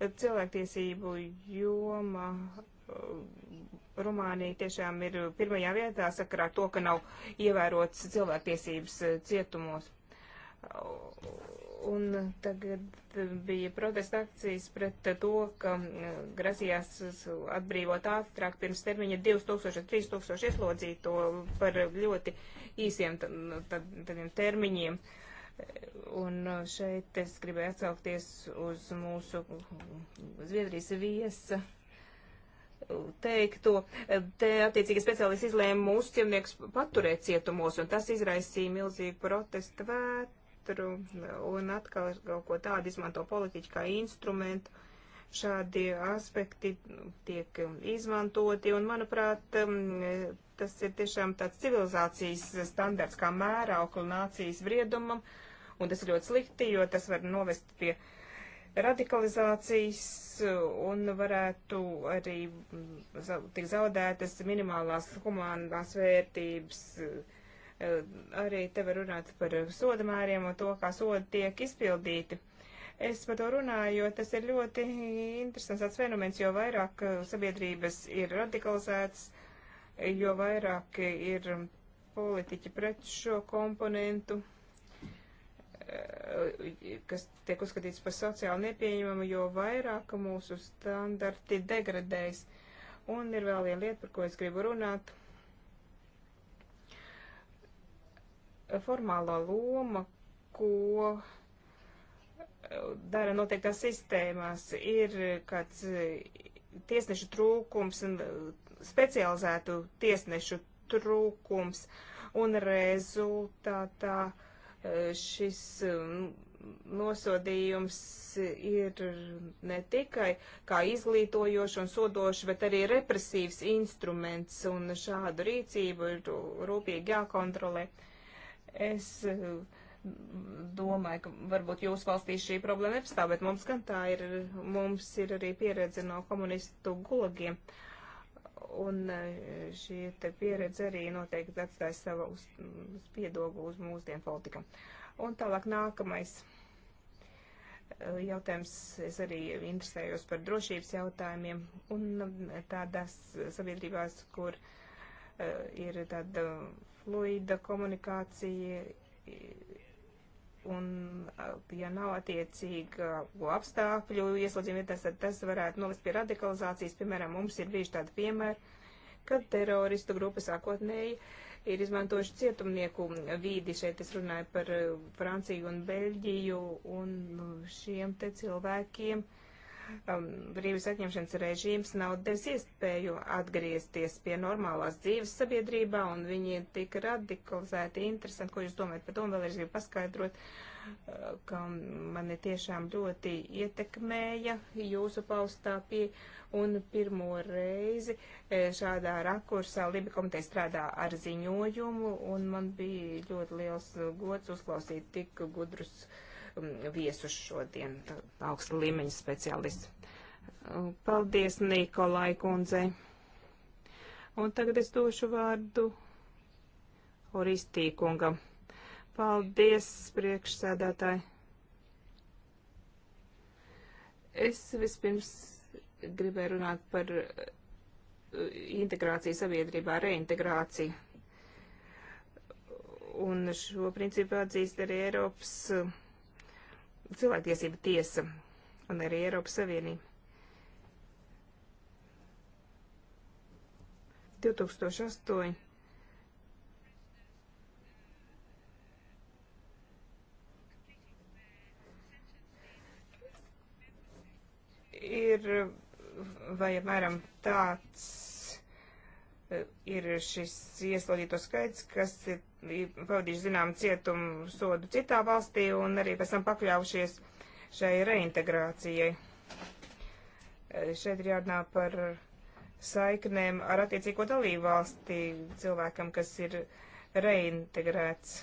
Cilvēktiesību joma uh, Rumānija tiešām ir pirmajā vietā sakarā to, ka nav ievērots cilvēktiesības uh, cietumos. Un tagad bija protesta akcijas pret to, ka grasījās atbrīvot ātrāk pirms termiņa 2000-3000 ieslodzīto par ļoti īsiem tādiem termiņiem. Uh, Un uh, šeit es gribēju atsaukties uz mūsu Zviedrijas viesa teikto. Te attiecīgi speciālisti izlēma mūsu ķemnieks paturēt cietumos, un tas izraisīja milzīgu protestu vētru, un atkal kaut ko tādu izmanto politiķi kā instrumentu. Šādi aspekti tiek izmantoti, un manuprāt, um, tas ir tiešām tāds civilizācijas standarts kā mērauklu nācijas vriedumam. Uh, un tas ir ļoti slikti, jo tas var novest pie radikalizācijas un varētu arī tik zaudētas minimālās humānās vērtības. Arī te var runāt par sodamēriem un to, kā sodi tiek izpildīti. Es par to runāju, jo tas ir ļoti interesants fenomens, jo vairāk uh, sabiedrības ir radikalizētas, jo vairāk ir politiķi pret šo komponentu. Eh, kas tiek uzskatīts par sociāli nepieņemamu, jo vairāk mūsu standarti degradējas. Un ir vēl viena lieta, par ko es gribu runāt. Formālā loma, ko eh, dara noteiktās sistēmās, ir kāds eh, tiesnešu trūkums, specializētu tiesnešu trūkums, un rezultātā uh, Eh, šis mm, nosodījums ir ne tikai kā izglītojošs un sodošs, bet arī represīvs instruments, un šādu rīcību ir rūpīgi jākontrolē. Es mm, domāju, ka varbūt jūsu valstī šī problēma nepastāv, bet mums gan tā ir, mums ir arī pieredze no komunistu gulagiem. Uh, Un e, šī pieredze arī noteikti atstāja savu spiedogu uz mūsdienu politikam. Un tālāk nākamais e, jautājums. Es arī interesējos par drošības jautājumiem un e, tādās sabiedrībās, kur uh, ir tāda fluida komunikācija, un ja nav attiecīgu apstākļu ieslodzījumi, tas, tas varētu novest pie radikalizācijas. Piemēram, mums ir bijuši tādi piemēri, kad teroristu grupa sākotnēji ir izmantojuši cietumnieku vīdi. Šeit es runāju par e, Franciju un Beļģiju un šiem te cilvēkiem. Uh, um, brīvis atņemšanas režīms nav devis iespēju atgriezties pie normālās dzīves sabiedrībā, un viņi ir tik radikalizēti, interesanti, ko jūs domājat par to, un vēl es gribu paskaidrot, uh, ka mani tiešām ļoti ietekmēja jūsu paustā pie, un pirmo reizi eh, šādā rakursā Libi komiteja strādā ar ziņojumu, un man bija ļoti liels gods uzklausīt tik gudrus uh, viesus šodien, augsta līmeņa speciālists. Uh, paldies Nikolai kundzei. Un tagad es došu vārdu Oristī kungam. Paldies, priekšsēdētāji. Es vispirms gribēju runāt par uh, integrāciju sabiedrībā, reintegrāciju. Un šo principu atzīst arī Eiropas uh, cilvēktiesība tiesa un arī Eiropas Savienība. 2008. Ir vai apmēram tāds eh, ir šis ieslodzīto skaits, kas ir pavadījuši zinām cietumu sodu citā valstī un arī pēc tam pakļaujušies šai reintegrācijai. E, šeit ir jārunā par saiknēm ar attiecīgo dalību valsti cilvēkam, kas ir reintegrēts.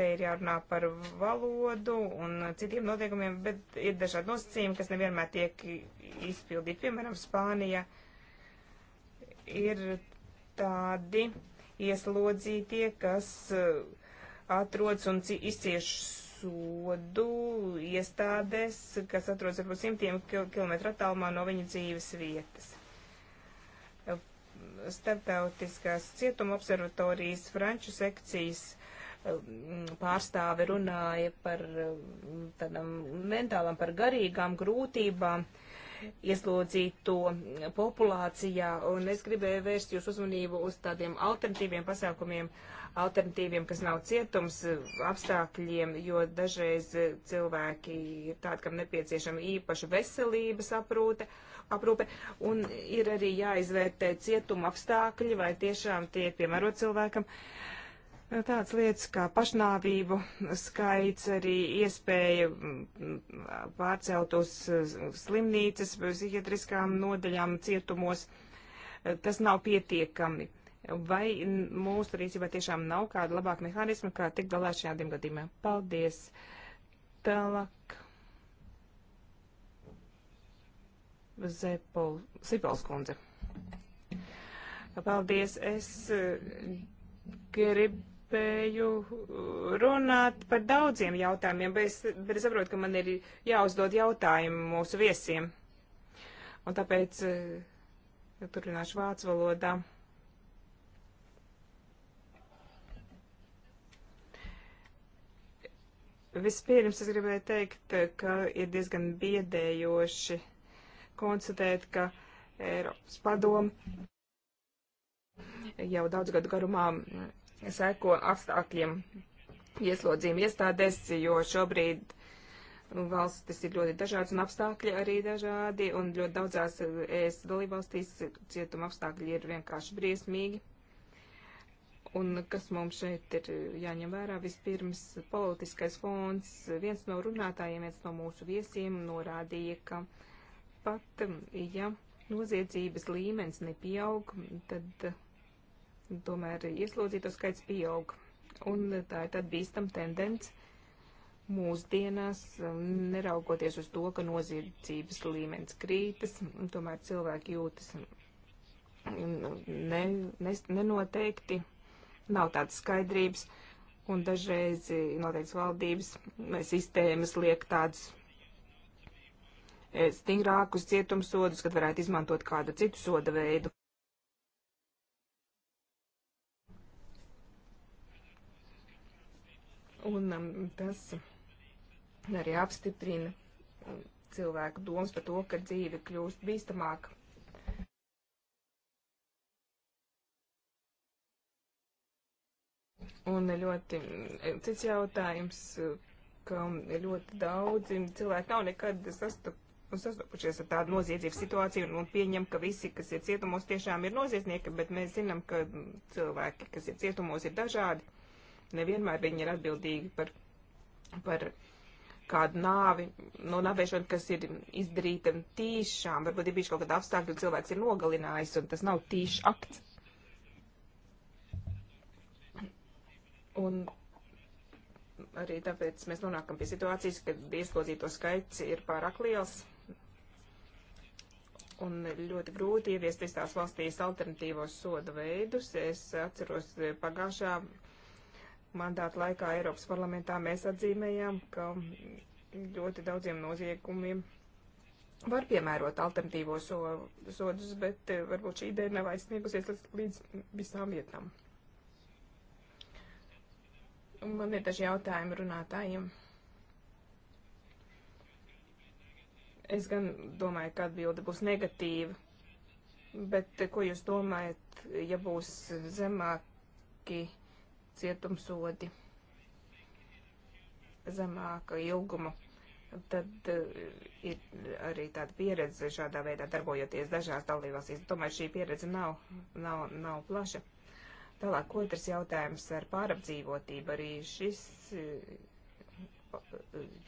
Te ir jārunā par valodu un citiem noteikumiem, bet ir dažādi nosacījumi, kas nevienmēr tiek izpildīti. Piemēram, Spānija ir tādi ieslodzītie, kas eh, atrodas un izcieš sodu iestādēs, kas atrodas ar simtiem kilometru attālumā no viņa dzīves vietas. Startautiskās cietuma observatorijas franču sekcijas eh, pārstāve runāja par eh, tādām mentālām, par garīgām grūtībām, uh, ieslodzīto populācijā, un es gribēju vērst jūs uzmanību uz tādiem alternatīviem pasākumiem, alternatīviem, kas nav cietums apstākļiem, jo dažreiz cilvēki ir tādi, kam nepieciešama īpaša veselības aprūpe, aprūpe, un ir arī jāizvērtē cietuma apstākļi, vai tiešām tie piemērot cilvēkam. Uh, Tādas lietas kā pašnāvību skaits, arī iespēja mm, pārcelt uz mm, slimnīcas, psihiatriskām nodaļām, cietumos, tas nav pietiekami. Vai mūsu rīcībā tiešām nav kāda labāka mehānisma, kā tikt galā šādiem gadījumiem? Paldies! Tālāk. Zepol, Sipels kundze. Paldies! Es eh, grib iespēju uh, runāt par daudziem jautājumiem, bet es, bet es saprotu, ka man ir jāuzdod jautājumi mūsu viesiem. Un tāpēc ja uh, turpināšu vācu valodā. Vispirms es gribēju teikt, ka ir diezgan biedējoši konstatēt, ka Eiropas padomu jau daudz gadu garumā seko apstākļiem ieslodzījuma iestādēs, jo šobrīd valstis ir ļoti dažādas un apstākļi arī dažādi, un ļoti daudzās ES dalībvalstīs cietuma apstākļi ir vienkārši briesmīgi. Un kas mums šeit ir jāņem vērā vispirms politiskais fons, viens no runātājiem, viens no mūsu viesiem norādīja, ka pat ja noziedzības līmenis nepieaug, tad tomēr ieslodzīto skaits pieaug. Un tā ir tad bīstam tendence mūsdienās, um, neraugoties uz to, ka noziedzības līmenis krītas, tomēr cilvēki jūtas um, ne, ne, nenoteikti, nav tādas skaidrības, un dažreiz noteikts valdības sistēmas liek tādus eh, stingrākus cietumsodus, kad varētu izmantot kādu citu soda veidu. Un um, tas arī apstiprina um, cilvēku domas par to, ka dzīve kļūst bīstamāka. Un ļoti um, cits jautājums, ka ļoti daudzi cilvēki nav nekad sastopušies ar tādu noziedzības situāciju un, un pieņem, ka visi, kas ir cietumos, tiešām ir noziedznieki, bet mēs zinām, ka cilvēki, kas ir cietumos, ir dažādi. Nevienmēr viņi ir atbildīgi par, par kādu nāvi, no nāvēšanu, kas ir izdarīta tīšām. Varbūt ir bijuši kaut kādi apstākļi, un cilvēks ir nogalinājis, un tas nav tīšs akts. Un arī tāpēc mēs nonākam pie situācijas, kad ieslodzīto skaits ir pārāk liels. Un ļoti grūti ieviest visās valstīs alternatīvos soda veidus. Es atceros pagājušā mandāta laikā Eiropas parlamentā mēs atzīmējām, ka ļoti daudziem noziegumiem var piemērot alternatīvo so, sodus, bet eh, varbūt šī ideja nav aizsniegusies līdz visām vietām. Man ir daži jautājumi runātājiem. Es gan domāju, ka atbilde būs negatīva, bet eh, ko jūs domājat, ja būs zemāki? cietumsodi zemāka ilguma. Tad eh, ir arī tāda pieredze šādā veidā darbojoties dažās dalībvalstīs. Tomēr šī pieredze nav, nav, nav plaša. Tālāk otrs jautājums ar pārapdzīvotību. Arī šis eh,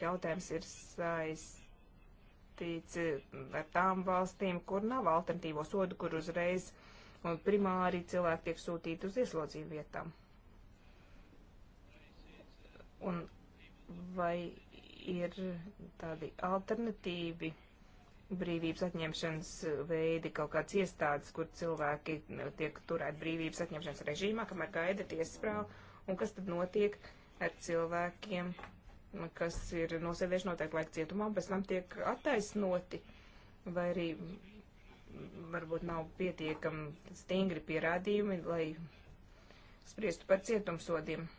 jautājums ir saistīts eh, ar tām valstīm, kur nav alternatīvo sodu, kur uzreiz un primāri cilvēki tiek sūtīti uz ieslodzību vietām. Un vai ir tādi alternatīvi brīvības atņemšanas veidi, kaut kāds iestādes, kur cilvēki tiek turēt brīvības atņemšanas režīmā, kamēr gaida tiesasprāvu, un kas tad notiek ar cilvēkiem, kas ir nosēdējuši noteikti laiku cietumā, un pēc tam tiek attaisnoti, vai arī varbūt nav pietiekami stingri pierādījumi, lai spriestu par cietumsodiem.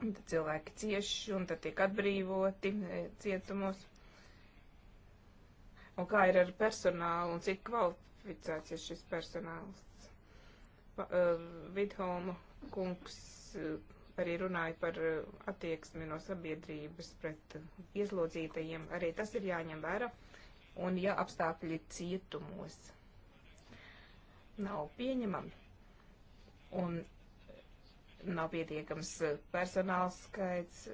Tad cilvēki cieši un tad tiek atbrīvoti e, cietumos. Un kā ir ar personālu un cik kvalificēts ir šis personāls? Pa, uh, Vidholma kungs uh, arī runāja par attieksmi no sabiedrības pret ieslodzītajiem. Arī tas ir jāņem vērā. Un ja apstākļi cietumos nav pieņemami, un nav pietiekams eh, personāls skaits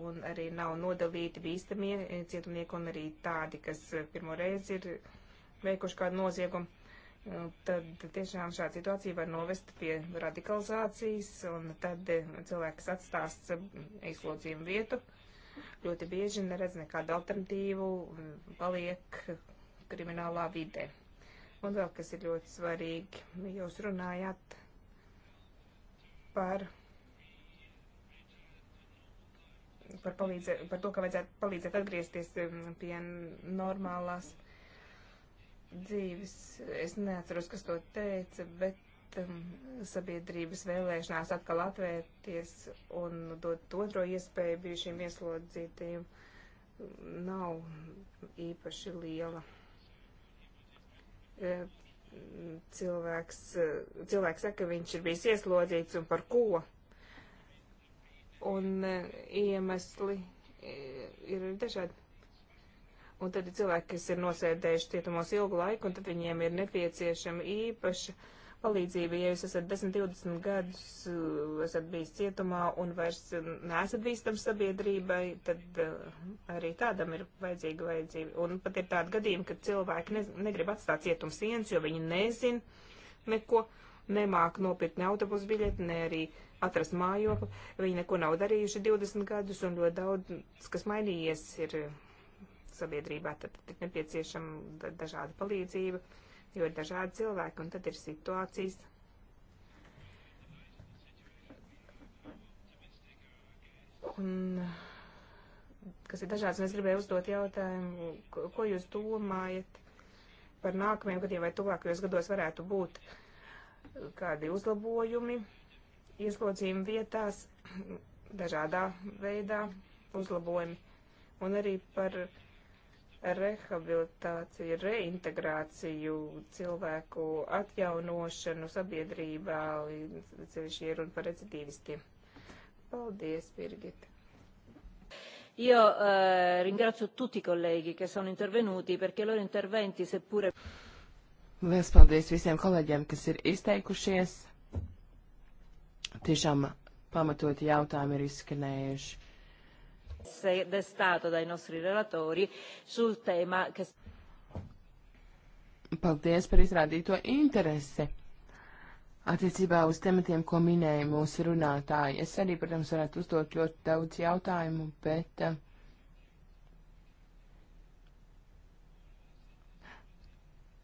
un arī nav nodalīti bīstamie eh, cietumnieki un arī tādi, kas eh, pirmo reizi ir veikuši kādu noziegumu. Tad tiešām šāda situācija var novest pie radikalizācijas un tad cilvēks atstās izslodzījumu vietu. Ļoti bieži neredz nekādu alternatīvu, paliek kriminālā vidē. Un vēl, kas ir ļoti svarīgi, jūs runājāt par, par, palīdzē, par to, ka vajadzētu palīdzēt atgriezties um, pie normālās dzīves. Es neatceros, kas to teica, bet um, sabiedrības vēlēšanās atkal atvērties un dot otro iespēju bijušiem ieslodzītiem nav īpaši liela. Uh, cilvēks, cilvēks saka, ka viņš ir bijis ieslodzīts un par ko. Un e, iemesli e, ir dažādi. Un tad ir cilvēki, kas ir nosēdējuši cietumos ilgu laiku, un tad viņiem ir nepieciešama īpaša uh, palīdzību. Ja jūs esat 10-20 gadus, uh, esat bijis cietumā un vairs uh, nesat bīstam sabiedrībai, tad uh, arī tādam ir vajadzīga vajadzība. Un pat ir tādi gadījumi, ka cilvēki ne, negrib atstāt cietums sienas, jo viņi nezina neko, nemāk nopirkt ne autobusu biļeti, ne arī atrast mājokli. Viņi neko nav darījuši 20 gadus un ļoti daudz, kas mainījies, ir sabiedrībā, tad ir nepieciešama dažāda palīdzība jo ir dažādi cilvēki, un tad ir situācijas. Un, kas ir dažāds, un es gribēju uzdot jautājumu, ko jūs domājat par nākamajiem gadiem vai tuvākajos gados varētu būt kādi uzlabojumi ieslodzījuma vietās, dažādā veidā uzlabojumi, un arī par uh, rehabilitāciju, reintegrāciju, cilvēku atjaunošanu sabiedrībā, ceļš ir un par recidīvistiem. Paldies, Birgit. Io eh, ringrazio tutti i colleghi che sono intervenuti perché i loro interventi, seppure. Lielas paldies visiem kolēģiem, kas ir izteikušies. Tiešām pamatoti jautājumi ir izskanējuši destato dai nostri relatori sul tema, kas. Paldies par izrādīto interesi. Attiecībā uz tematiem, ko minēja mūsu runātāji, es arī, protams, varētu uzdot ļoti daudz jautājumu, bet uh,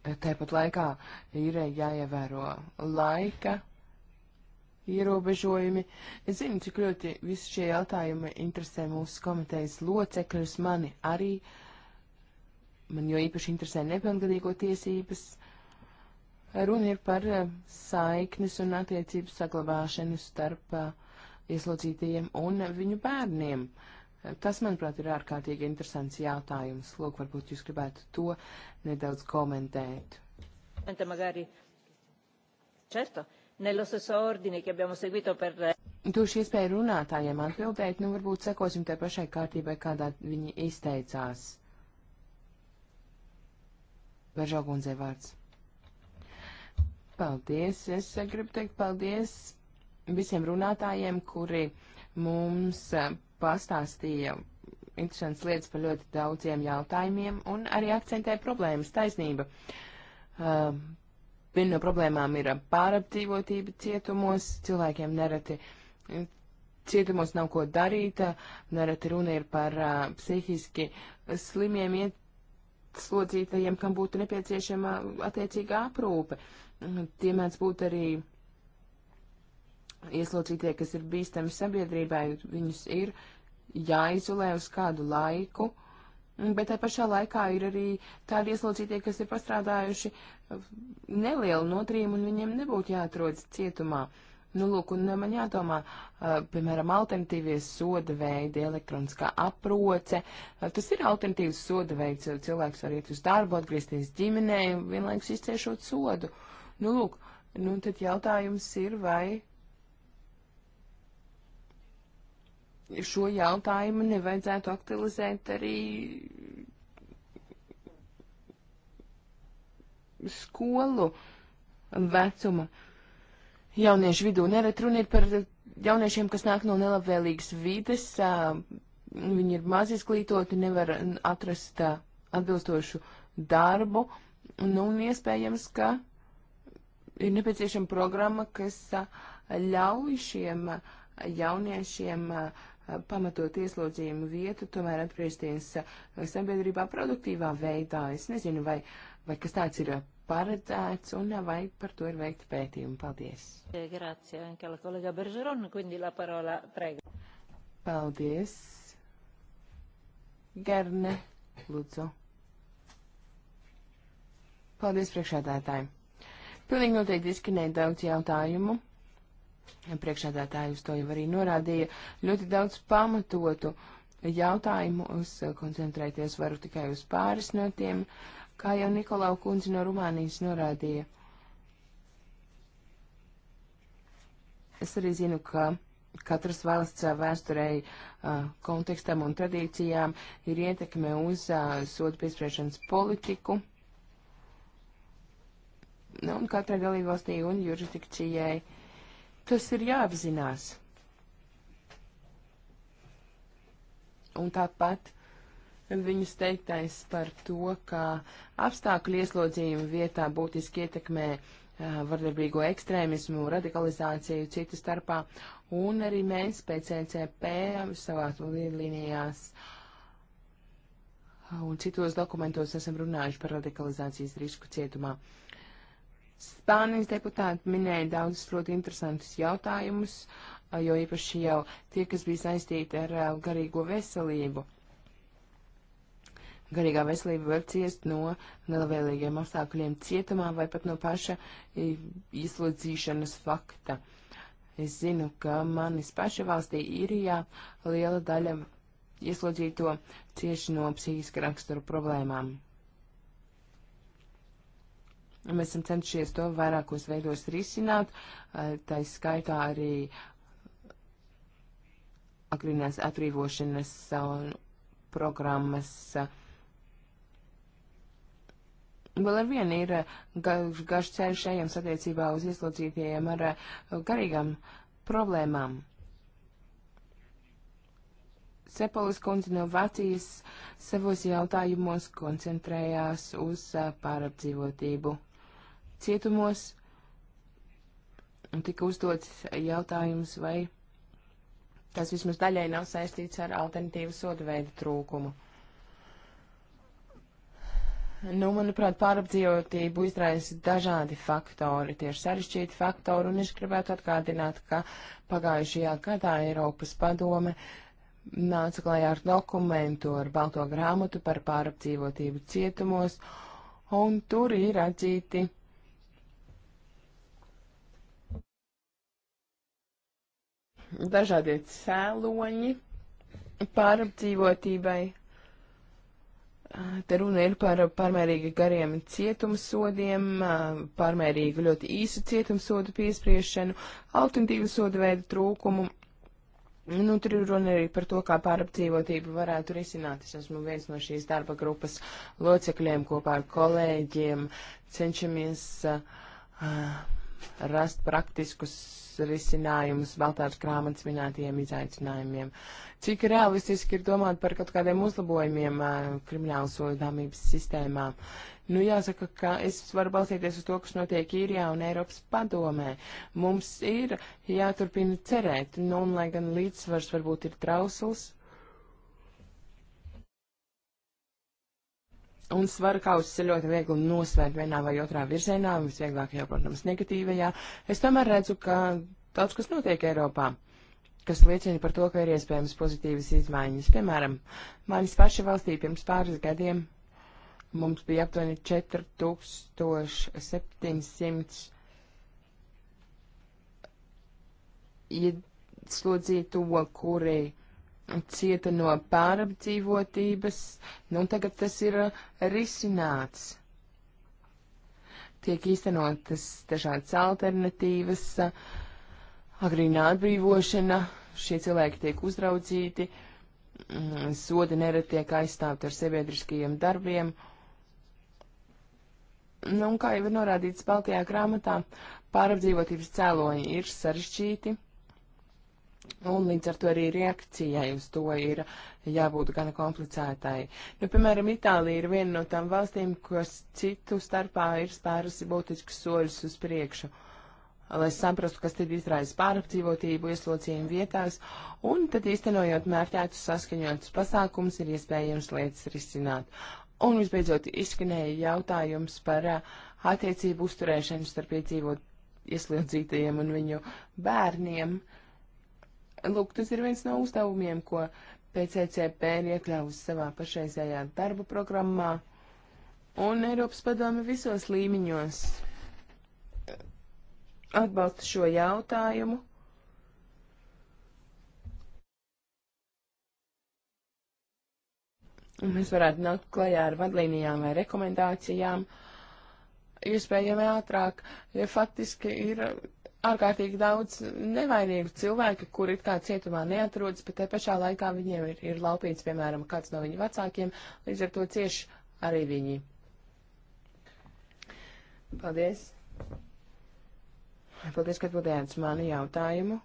Tāpat laikā ir jāievēro laika ierobežojumi. Es zinu, cik ļoti visi šie jautājumi interesē mūsu komitejas locekļus, mani arī. Man jo īpaši interesē nepilngadīgo tiesības. Runa ir par eh, saiknes un attiecības saglabāšanu starp eh, ieslodzītajiem un viņu bērniem. Tas, manuprāt, ir ārkārtīgi interesants jautājums. Lūk, varbūt jūs gribētu to nedaudz komentēt. Certo nello stesso ordine che abbiamo seguito per. Došu eh, iespēju runātājiem atbildēt, nu varbūt sekosim te pašai kārtībai, kādā viņi izteicās. Veržogundzei vārds. Paldies, es gribu teikt paldies visiem runātājiem, kuri mums eh, pastāstīja interesantas lietas par ļoti daudziem jautājumiem un arī akcentēja problēmas taisnība. Uh, Viena no problēmām ir pārapdzīvotība cietumos. Cilvēkiem nereti cietumos nav ko darīt, nereti runa ir par uh, psihiski slimiem ieslodzītajiem, kam būtu nepieciešama attiecīga aprūpe. Tie mēdz būt arī ieslodzītie, kas ir bīstami sabiedrībai, viņus ir jāizolē uz kādu laiku bet tā pašā laikā ir arī tādi ieslodzītie, kas ir pastrādājuši uh, nelielu notrījumu un viņiem nebūtu jāatrodas cietumā. Nu, lūk, un uh, man jādomā, uh, piemēram, alternatīvie soda veidi, elektroniskā aproce. Tas ir alternatīvs soda veids, jo cilvēks var iet uz darbu, atgriezties ģimenē, vienlaikus izciešot sodu. Nu, lūk, nu, tad jautājums ir, vai šo jautājumu nevajadzētu aktualizēt arī skolu vecuma jauniešu vidū. Nereti runa ir par jauniešiem, kas nāk no nelabvēlīgas vides, viņi ir maz izglītoti, nevar atrast atbilstošu darbu, nu, un iespējams, ka ir nepieciešama programma, kas ļauj šiem jauniešiem uh, pamatot ieslodzījumu vietu, tomēr atgriezties eh, sabiedrībā produktīvā veidā. Es nezinu, vai, vai kas tāds ir paredzēts un eh, vai par to ir veikti pētījumi. Paldies! Paldies! Gerne, lūdzu. Paldies priekšādātājiem. Pilnīgi noteikti izskanēja daudz jautājumu priekšādātāji uz to jau arī norādīja, ļoti daudz pamatotu jautājumu, uz eh, koncentrēties varu tikai uz pāris no tiem, kā jau Nikolau kundze no Rumānijas norādīja. Es arī zinu, ka katras valsts eh, vēsturei eh, kontekstam un tradīcijām ir ietekme uz sodu piespriešanas politiku. Nu, un katrai dalībvalstī un jurisdikcijai uh, Tas ir jāapzinās. Un tāpat viņas teiktais par to, ka apstākļu ieslodzījuma vietā būtiski ietekmē uh, vardarbīgo ekstrēmismu, radikalizāciju citu starpā, un arī mēs PCCP e savās līnijās un citos dokumentos esam runājuši par radikalizācijas risku cietumā. Uh, Spānijas deputāti minēja daudzus ļoti interesantus jautājumus, jo īpaši jau tie, kas bija saistīti ar garīgo veselību. Garīgā veselība var ciest no nelabvēlīgiem apstākļiem cietumā vai pat no paša ieslodzīšanas fakta. Es zinu, ka manis paša valstī īrijā liela daļa ieslodzīto cieši no psihiska rakstura problēmām. Mēs esam cenšies to vairākos veidos risināt, eh, tā skaitā arī agrīnās atbrīvošanas eh, programmas. Eh. Vēl ar vienu ir garš ga ceļš ejams attiecībā uz ieslodzītajiem ar garīgām problēmām. Sepolis kundze no Vācijas savos jautājumos koncentrējās uz pārapdzīvotību cietumos, un tika uzdots jautājums, vai tas vismaz daļai nav saistīts ar alternatīvu sodu veidu trūkumu. Nu, manuprāt, pārapdzīvotību izraisa dažādi faktori, tieši sarežģīti faktori, un es gribētu atgādināt, ka pagājušajā gadā Eiropas padome nāca klajā ar dokumentu, ar balto grāmatu par pārapdzīvotību cietumos, un tur ir atzīti dažādie cēloņi pārapdzīvotībai. Te runa ir par pārmērīgi gariem cietumsodiem, pārmērīgu ļoti īsu cietumsodu piespriešanu, alternatīvu sodu veidu trūkumu. Nu, tur ir runa arī par to, kā pārapdzīvotību varētu risināt. Es esmu viens no šīs darba grupas locekļiem kopā ar kolēģiem. Cenšamies uh, rast praktiskus risinājumus Baltāras grāmatas minētajiem izaicinājumiem. Cik realistiski ir domāt par kaut kādiem uzlabojumiem krimināla sodāmības sistēmā? Nu, jāsaka, ka es varu balstīties uz to, kas notiek īrijā un Eiropas padomē. Mums ir jāturpina cerēt, nu, un lai gan līdzsvars varbūt ir trausls, Un svara kausas ir ļoti viegli nosvērt vienā vai otrā virzienā, visvieglākajā, protams, negatīvajā. Es tomēr redzu, ka daudz kas notiek Eiropā, kas liecina par to, ka ir iespējams pozitīvas izmaiņas. Piemēram, manis paša valstī pirms pāris gadiem mums bija aptuveni 4700 ieslodzīto, kuri cieta no pārapdzīvotības, nu tagad tas ir uh, risināts. Tiek īstenotas dažādas alternatīvas, uh, agrīnā atbrīvošana, šie cilvēki tiek uzraudzīti, mm, sodi nereti tiek aizstāvti ar sabiedriskajiem darbiem. Nu, un kā jau ir norādīts Baltajā grāmatā, pārapdzīvotības cēloņi ir sarežģīti Un līdz ar to arī reakcijai uz to ir jābūt gan komplicētai. Nu, piemēram, Itālija ir viena no tām valstīm, kas citu starpā ir spērusi būtiskus soļus uz priekšu, lai saprastu, kas tad izraisa pārapdzīvotību ieslocījumu vietās, un tad īstenojot mērķētus saskaņotus pasākums ir iespējams lietas risināt. Un visbeidzot izskanēja jautājums par uh, attiecību uzturēšanu starp iedzīvot ieslodzītajiem un viņu bērniem. Uh, Lūk, tas ir viens no uzdevumiem, ko PCCP ir iekļāvusi savā pašreizējā darba programmā un Eiropas padomi visos līmeņos atbalsta šo jautājumu. Un mēs varētu nākt klajā ar vadlīnijām vai rekomendācijām, iespējami ātrāk, jo faktiski ir ārkārtīgi daudz nevainīgu cilvēku, kur ir kā cietumā neatrodas, bet te pašā laikā viņiem ir, ir laupīts, piemēram, kāds no viņu vecākiem, līdz ar to cieši arī viņi. Paldies! Paldies, ka atbildējāt uz mani jautājumu.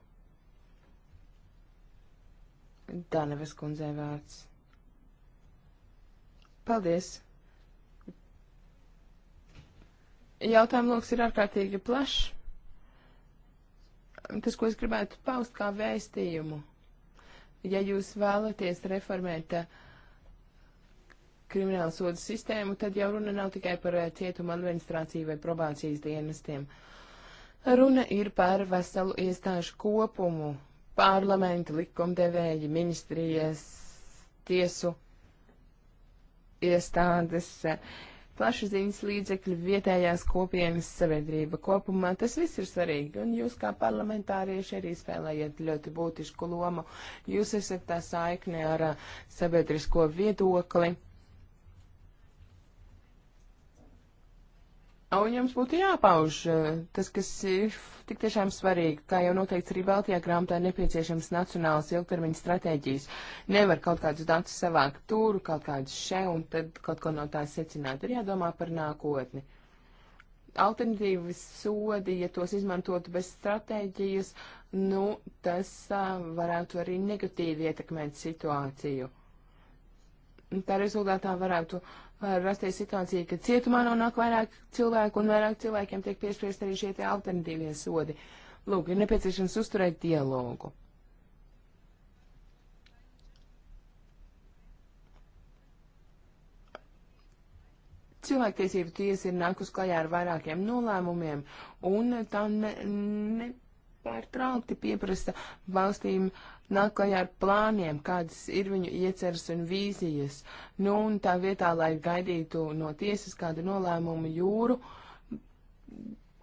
Danevas kundzei vārds. Paldies! Jautājumu loks ir ārkārtīgi plašs tas, ko es gribētu paust kā vēstījumu. Ja jūs vēlaties reformēt eh, kriminālu sodu sistēmu, tad jau runa nav tikai par eh, cietumu administrāciju vai probācijas dienestiem. Runa ir par veselu iestāžu kopumu - parlamentu, likumdevēji, ministrijas, tiesu iestādes. Uh, plašsaziņas līdzekļi, vietējās kopienas sabiedrība kopumā. Tas viss ir svarīgi, un jūs kā parlamentārieši arī spēlējat ļoti būtisku lomu. Jūs esat tā saikne ar sabiedrisko viedokli. Un jums būtu jāpauž tas, kas ir tik tiešām svarīga. Kā jau noteikts arī Baltijā grāmatā ir nepieciešams nacionāls ilgtermiņa stratēģijas. Nevar kaut kādus datus savākt tur, kaut kādus še, un tad kaut ko no tā secināt. Ir jādomā par nākotni. Alternatīvas sodi, ja tos izmantotu bez stratēģijas, nu, tas uh, varētu arī negatīvi ietekmēt situāciju. Tā rezultātā varētu uh, var rasties situācija, ka cietumā nonāk vairāk cilvēku un vairāk cilvēkiem tiek piespriest arī šie alternatīvie sodi. Lūk, ir nepieciešams uzturēt dialogu. Cilvēktiesību tiesa ir nākus klajā ar vairākiem nolēmumiem, un tā ne, ne, nepārtraukti pieprasa valstīm nāk klajā ar plāniem, kādas ir viņu ieceras un vīzijas. Nu, un tā vietā, lai gaidītu no tiesas kādu nolēmumu jūru,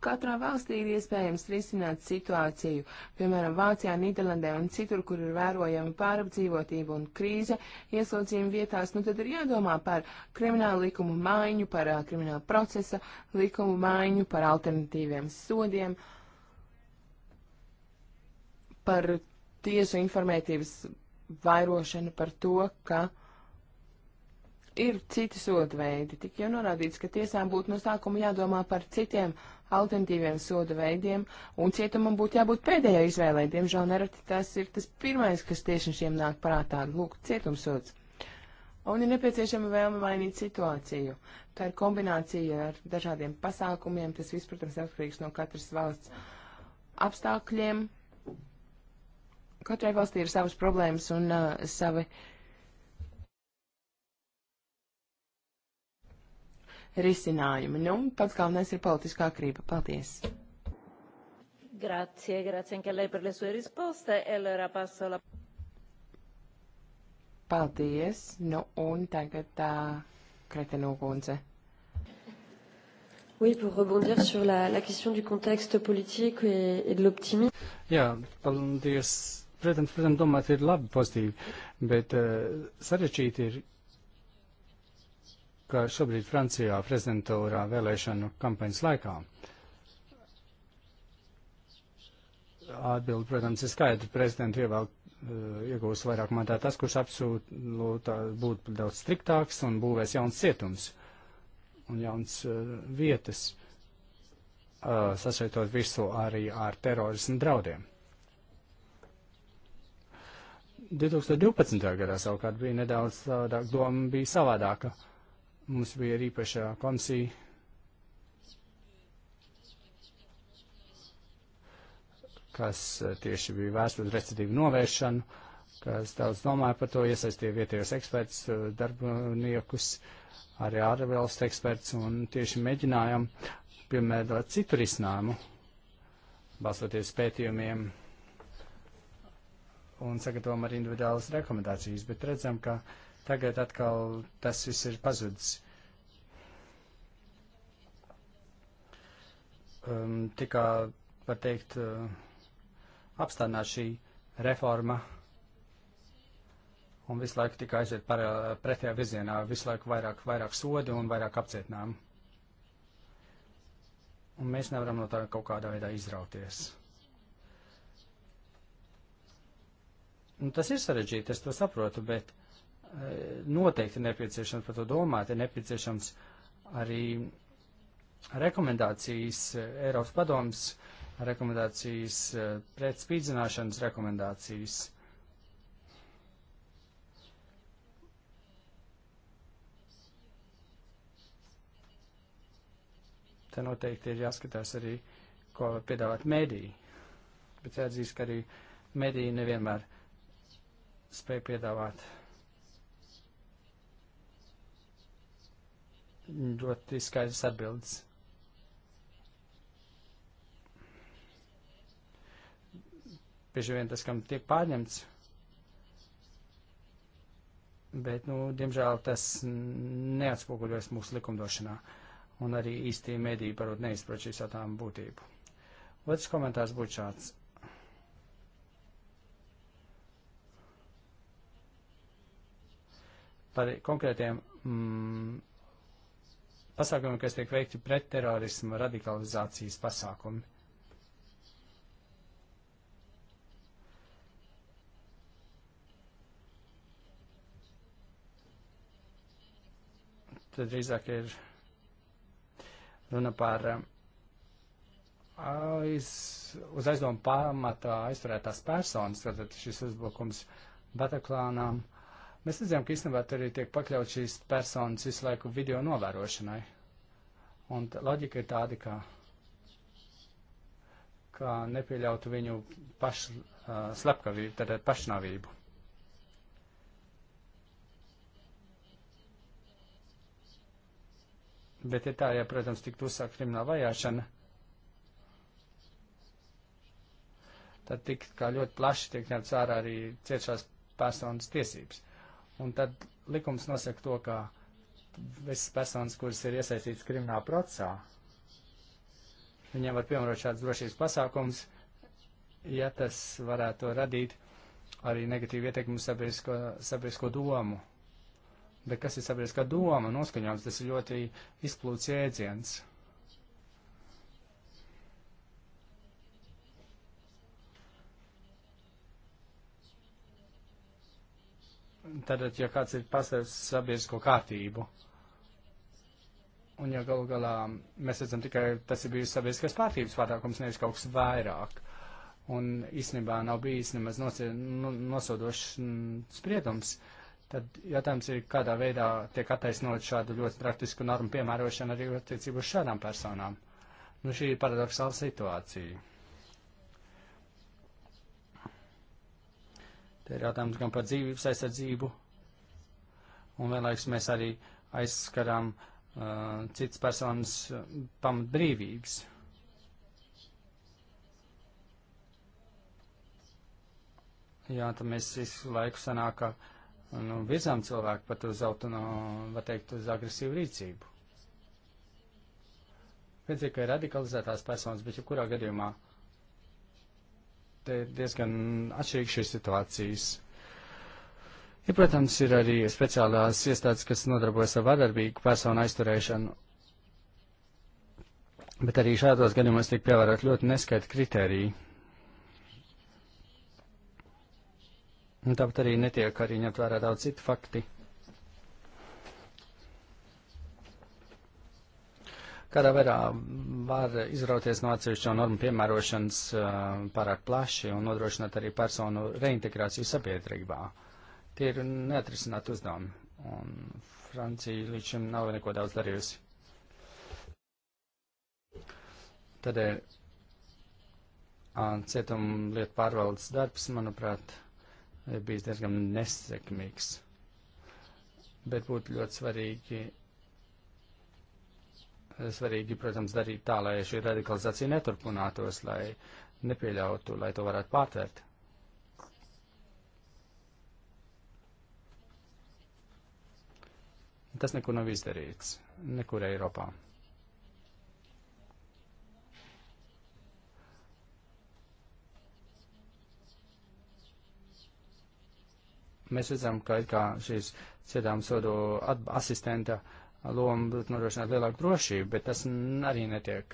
katrā valstī ir iespējams risināt situāciju. Piemēram, Vācijā, Nīderlandē un citur, kur ir vērojama pārapdzīvotība un krīze ieslodzījuma vietās, nu tad ir jādomā par kriminālu likumu maiņu, par uh, kriminālu procesa likumu maiņu, par alternatīviem sodiem. Uh, par tiesu informētības vairošanu par to, ka ir citi sodu veidi. Tik jau norādīts, ka tiesām būtu no sākuma jādomā par citiem alternatīviem sodu veidiem, un cietumam būtu jābūt pēdējai izvēlē. Diemžēl nereti tas ir tas pirmais, kas tiešņiem nāk prātā. Lūk, cietumsods. Un ir nepieciešama vēlme mainīt situāciju. Tā ir kombinācija ar dažādiem pasākumiem, tas viss, protams, atkarīgs no katras valsts apstākļiem, Katrai valstī ir savas problēmas un uh, savi risinājumi. Nu, pats galvenais ir politiskā krīpa. Paldies! Grazie, grazie anche a lei per le sue risposte. E allora passo la... Paldies! Nu, un tagad uh, Kretenu kundze. Oui, pour rebondir sur la, la question du contexte politique et, et de l'optimisme. Jā, paldies protams, protams, domāt ir labi pozitīvi, bet uh, sarežģīti ir, ka šobrīd Francijā prezidentūrā vēlēšanu kampaņas laikā atbildi, protams, ir skaidra. Prezidentu ievēl uh, iegūs vairāk mandāt tas, kurš absolūti būtu daudz striktāks un būvēs jauns cietums un jauns uh, vietas, uh, sašaitot visu arī ar terorismu draudiem. 2012. gadā savukārt bija nedaudz savādāk, doma bija savādāka. Mums bija arī īpašā komisija. kas eh, tieši bija vērsta uz recidīvu novēršanu, kas daudz domāja par to, iesaistīja vietējos eksperts, eh, darbiniekus, arī ārvalstu eksperts, un tieši mēģinājām piemērot citu risinājumu, balstoties pētījumiem un sagatavojam arī individuālas rekomendācijas, bet redzam, ka tagad atkal tas viss ir pazudis. Um, tikā, var teikt, uh, apstādināt šī reforma un visu laiku tikai aiziet par, uh, pretējā virzienā, visu laiku vairāk, vairāk sodu un vairāk apcietinājumu. Un mēs nevaram no tā kaut kādā veidā izrauties. Nu, tas ir sarežģīti, es to saprotu, bet e, noteikti nepieciešams par to domāt, ir nepieciešams arī rekomendācijas, e, Eiropas padomas rekomendācijas, e, pret spīdzināšanas rekomendācijas. Te noteikti ir jāskatās arī, ko piedāvāt mediji. Bet jāatzīst, ka arī mediji nevienmēr spēja piedāvāt ļoti skaidrs atbildes. Bieži vien tas, kam tiek pārņemts, bet, nu, diemžēl tas neatspoguļojas mūsu likumdošanā, un arī īstie mediji parod neizprot šīs jautājumu būtību. Otrs komentārs būtu šāds. par konkrētiem mm, pasākumiem, kas tiek veikti pret terorismu radikalizācijas pasākumi. Tad drīzāk ir runa par um, aiz, uz aizdomu pamatā aizturētās personas, tad šis uzbrukums Bataklānām. Mēs redzējām, ka īstenībā tur arī tiek pakļaut šīs personas visu laiku video novērošanai. Un loģika ir tāda, ka, ka nepieļautu viņu pašu uh, slepkavību, tad pašnāvību. Bet, ja tā, ja, protams, tiktu uzsākt krimināla vajāšana, tad tik kā ļoti plaši tiek ņemts ārā arī ciešās personas tiesības. Un tad likums nosaka to, ka visas personas, kuras ir iesaistītas krimināla procesā, viņiem var piemērot šādas drošības pasākums, ja tas varētu radīt arī negatīvu ietekmi uz sabiedrisko, sabiedrisko domu. Bet kas ir sabiedriskā doma? Noskaņojums tas ir ļoti izplūts jēdziens. tātad, ja kāds ir pastāvis sabiedrisko kārtību, un ja galu galā mēs redzam tikai, tas ir bijis sabiedriskās kārtības pārākums, nevis kaut kas vairāk, un īstenībā nav bijis nemaz nu, nosodošs mm, spriedums, tad jautājums ir, kādā veidā tiek attaisnot šādu ļoti praktisku normu piemērošanu arī attiecību uz šādām personām. Nu, šī ir paradoxāla situācija. Te ir jautājums gan par dzīvības aizsardzību, un vienlaiks mēs arī aizskarām uh, citas personas uh, pamatbrīvības. Jā, tad mēs visu laiku sanāk, ka nu, virzām cilvēku pat uz autono, var teikt, uz agresīvu rīcību. Līdzīgi, ka ir radikalizētās personas, bet jebkurā gadījumā uh, te ir diezgan atšķirīgas šīs situācijas. Ja, protams, ir arī speciālās iestādes, kas nodarbojas ar vardarbīgu personu aizturēšanu, bet arī šādos gadījumos tiek pievērot ļoti neskaita kritērija. Un tāpat arī netiek arī ņemt vērā daudz citu faktu. kādā veidā var izrauties no atsevišķo normu piemērošanas pārāk plaši un nodrošināt arī personu reintegrāciju sabiedrībā. Tie ir neatrisināti uzdevumi, un Francija līdz šim nav neko daudz darījusi. Tādēļ cietuma lietu pārvaldes darbs, manuprāt, ir bijis diezgan nesekmīgs. Bet būtu ļoti svarīgi Svarīgi, protams, darīt tā, lai šī radikalizācija neturpinātos, lai nepieļautu, lai to varētu pārtvērt. Tas nekur nav izdarīts, nekur Eiropā. Mēs redzam, ka ir kā šīs cietām sodu asistenta uh, loma būtu nodrošināt lielāku drošību, bet tas arī netiek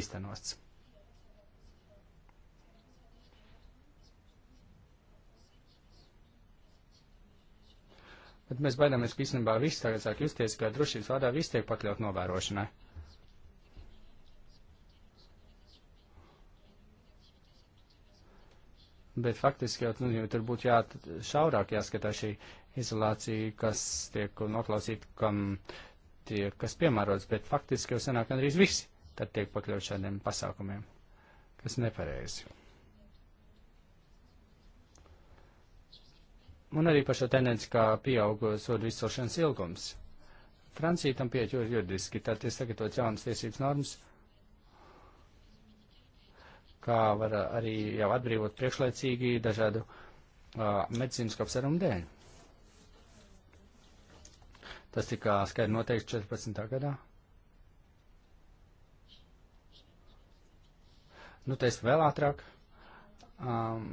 īstenots. Bet mēs baidāmies, ka īstenībā viss tagad sāk justies, ka drošības vārdā viss tiek pakļaut novērošanai. Bet faktiski jau, nu, jau tur būtu jāšaurāk jāskatās šī izolācija, kas tiek noklausīta, kam tie, kas piemērots, bet faktiski jau sanāk gandrīz visi, tad tiek pakļaut šādiem pasākumiem, kas nepareizi. Un arī par šo tendenci, kā pieaug sodu izcelšanas ilgums. Francija tam pieķo juridiski, tad ir sagatavots jaunas tiesības normas, kā var arī jau atbrīvot priekšlaicīgi dažādu uh, medicīnas apsvērumu dēļ. Tas tika skaidri noteikts 14. gadā. Nu, te es vēl ātrāk. Um,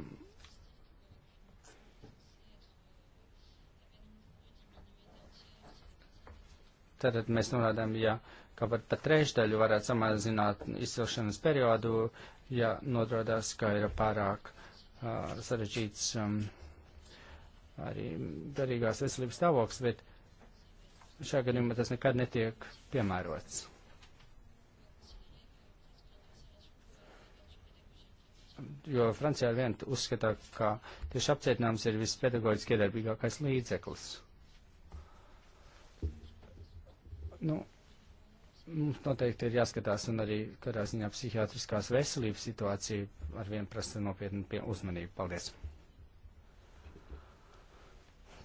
Tātad mēs norādām, ja ka pat par trešdaļu varētu samazināt izcelšanas periodu, ja nodrodās, ka ir pārāk uh, sarežģīts um, arī derīgās veselības stāvoklis, bet uh, Šajā gadījumā tas nekad netiek piemērots. Jo Francijā vien uzskatā, ka tieši apcietinājums ir vispedagoģiski iedarbīgākais līdzeklis. Nu, mums noteikti ir jāskatās un arī kādā ziņā psihiatriskās veselības situācija ar vien prasa nopietnu uzmanību. Paldies!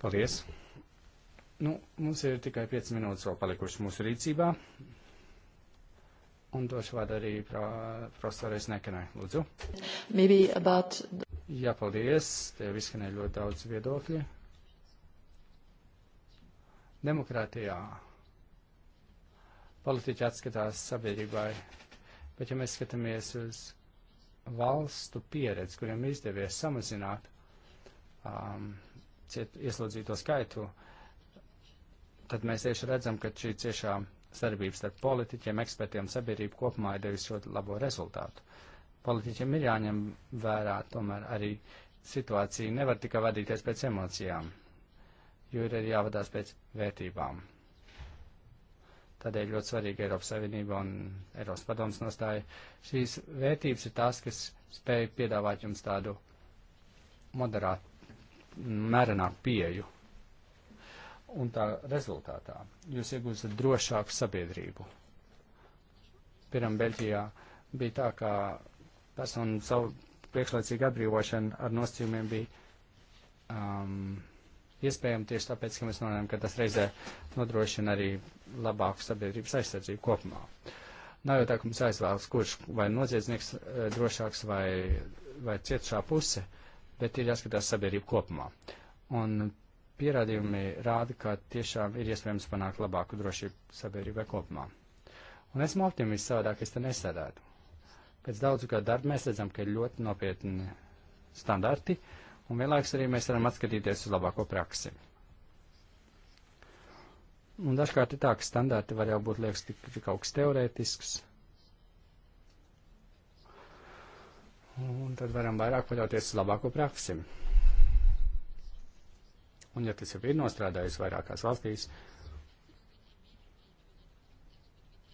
Paldies! Nu, mums ir tikai 5 minūtes vēl palikušas mūsu rīcībā. Un došu vārdu arī profesorais Nekenai, lūdzu. Maybe about... Jā, paldies. Tev izskanēja ļoti daudz viedokļu. Demokrātijā politiķi atskatās sabiedrībai, bet ja mēs skatāmies uz valstu pieredzi, kuriem izdevies samazināt um, ciet, ieslodzīto skaitu, uh, tad mēs tieši redzam, ka šī ciešā sadarbība starp politiķiem, ekspertiem un sabiedrību kopumā ir devis ļoti labo rezultātu. Politiķiem ir jāņem vērā tomēr arī situācija, nevar tikai vadīties pēc emocijām, jo ir arī jāvadās pēc vērtībām. Tādēļ ļoti svarīga Eiropas Savienība un Eiropas padomas nostāja. Šīs vērtības ir tās, kas spēj piedāvāt jums tādu moderātu, mērenāku pieju un tā rezultātā jūs iegūstat drošāku sabiedrību. Piemēram, Beļģijā bija tā, ka personu savu priekšlaicīgu atbrīvošanu ar nosacījumiem bija um, iespējama tieši tāpēc, ka mēs nonākam, ka tas reizē nodrošina arī labāku sabiedrības aizsardzību kopumā. Nav jau tā, ka mums aizvēlas, kurš vai noziedznieks eh, drošāks vai, vai cietušā puse, bet ir jāskatās sabiedrība kopumā. Un pierādījumi rāda, ka tiešām ir iespējams panākt labāku drošību sabiedrībai kopumā. Un esmu optimists savādāk, es te nesēdētu. Pēc daudzu gadu darba mēs redzam, ka ir ļoti nopietni standarti, un vienlaiks arī mēs varam atskatīties uz labāko praksi. Un dažkārt ir tā, ka standarti var jau būt liekas tik, tik kaut kas teorētisks. Un tad varam vairāk paļauties uz labāko praksi. Un ja tas jau ir nostrādājis vairākās valstīs,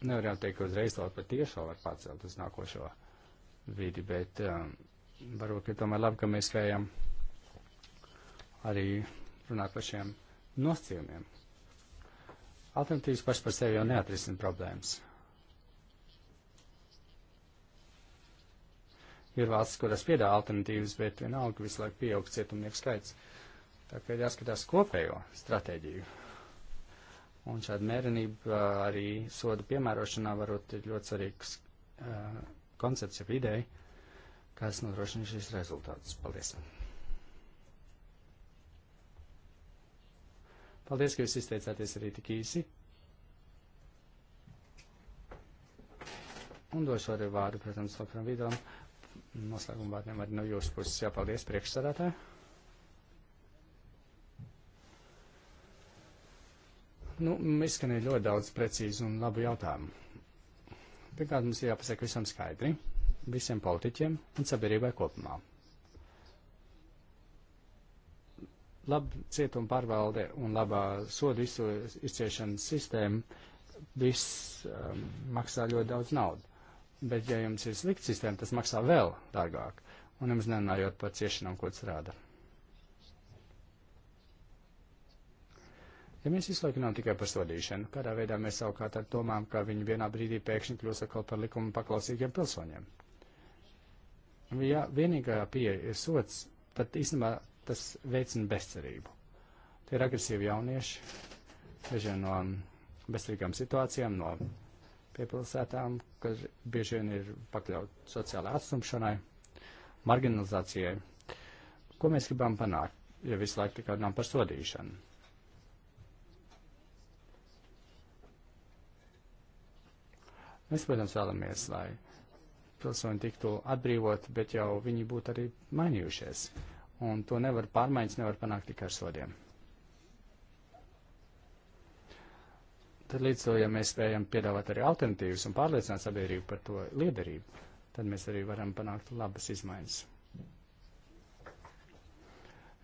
nevarētu teikt, ka uzreiz to patiešo var pacelt uz nākošo vidi, bet um, varbūt, ka tomēr labi, ka mēs spējam arī runāt par šiem nosacījumiem. Alternatīvas pašas par sevi jau neatrisina problēmas. Ir valsts, kuras piedāvā alternatīvas, bet vienalga visu laiku pieaug cietumnieku skaits. Tā kā ir jāskatās kopējo stratēģiju. Un šāda mērenība arī soda piemērošanā varot ir ļoti svarīgs uh, koncepts jau ideja, kas nodrošina šīs rezultātus. Paldies! Paldies, ka jūs izteicāties arī tik īsi. Un došu arī vārdu, protams, Lokram Vidam. Noslēguma vārdiem arī no jūsu puses jāpaldies priekšsādātāji. Nu, izskanēja ļoti daudz precīzu un labu jautājumu. Pirmkārt, mums ir jāpasaka visam skaidri, visiem politiķiem un sabiedrībai kopumā. Laba cietuma pārvalde un labā sodu izciešanas sistēma viss um, maksā ļoti daudz naudu. Bet, ja jums ir slikta sistēma, tas maksā vēl dārgāk. Un jums nenājot par ciešanām, ko tas rāda. Ja mēs visu laiku runājam tikai par sodīšanu, kādā veidā mēs savukārt domājam, ka viņi vienā brīdī pēkšņi kļūs atkal par likumu paklausīgiem pilsoņiem? Ja vienīgā pieeja ir sots, tad īstenībā tas veicina bezcerību. Tie ir agresīvi jaunieši, dažiem no bezcerīgām situācijām, no piepilsētām, kas bieži vien ir pakļaut sociālai atstumšanai, marginalizācijai. Ko mēs gribam panākt, ja visu laiku tikai runājam par sodīšanu? Mēs, protams, vēlamies, lai pilsoņi tiktu atbrīvot, bet jau viņi būtu arī mainījušies. Un to nevar pārmaiņas, nevar panākt tikai ar sodiem. Tad līdz to, ja mēs spējam piedāvāt arī alternatīvas un pārliecināt sabiedrību par to liederību, tad mēs arī varam panākt labas izmaiņas.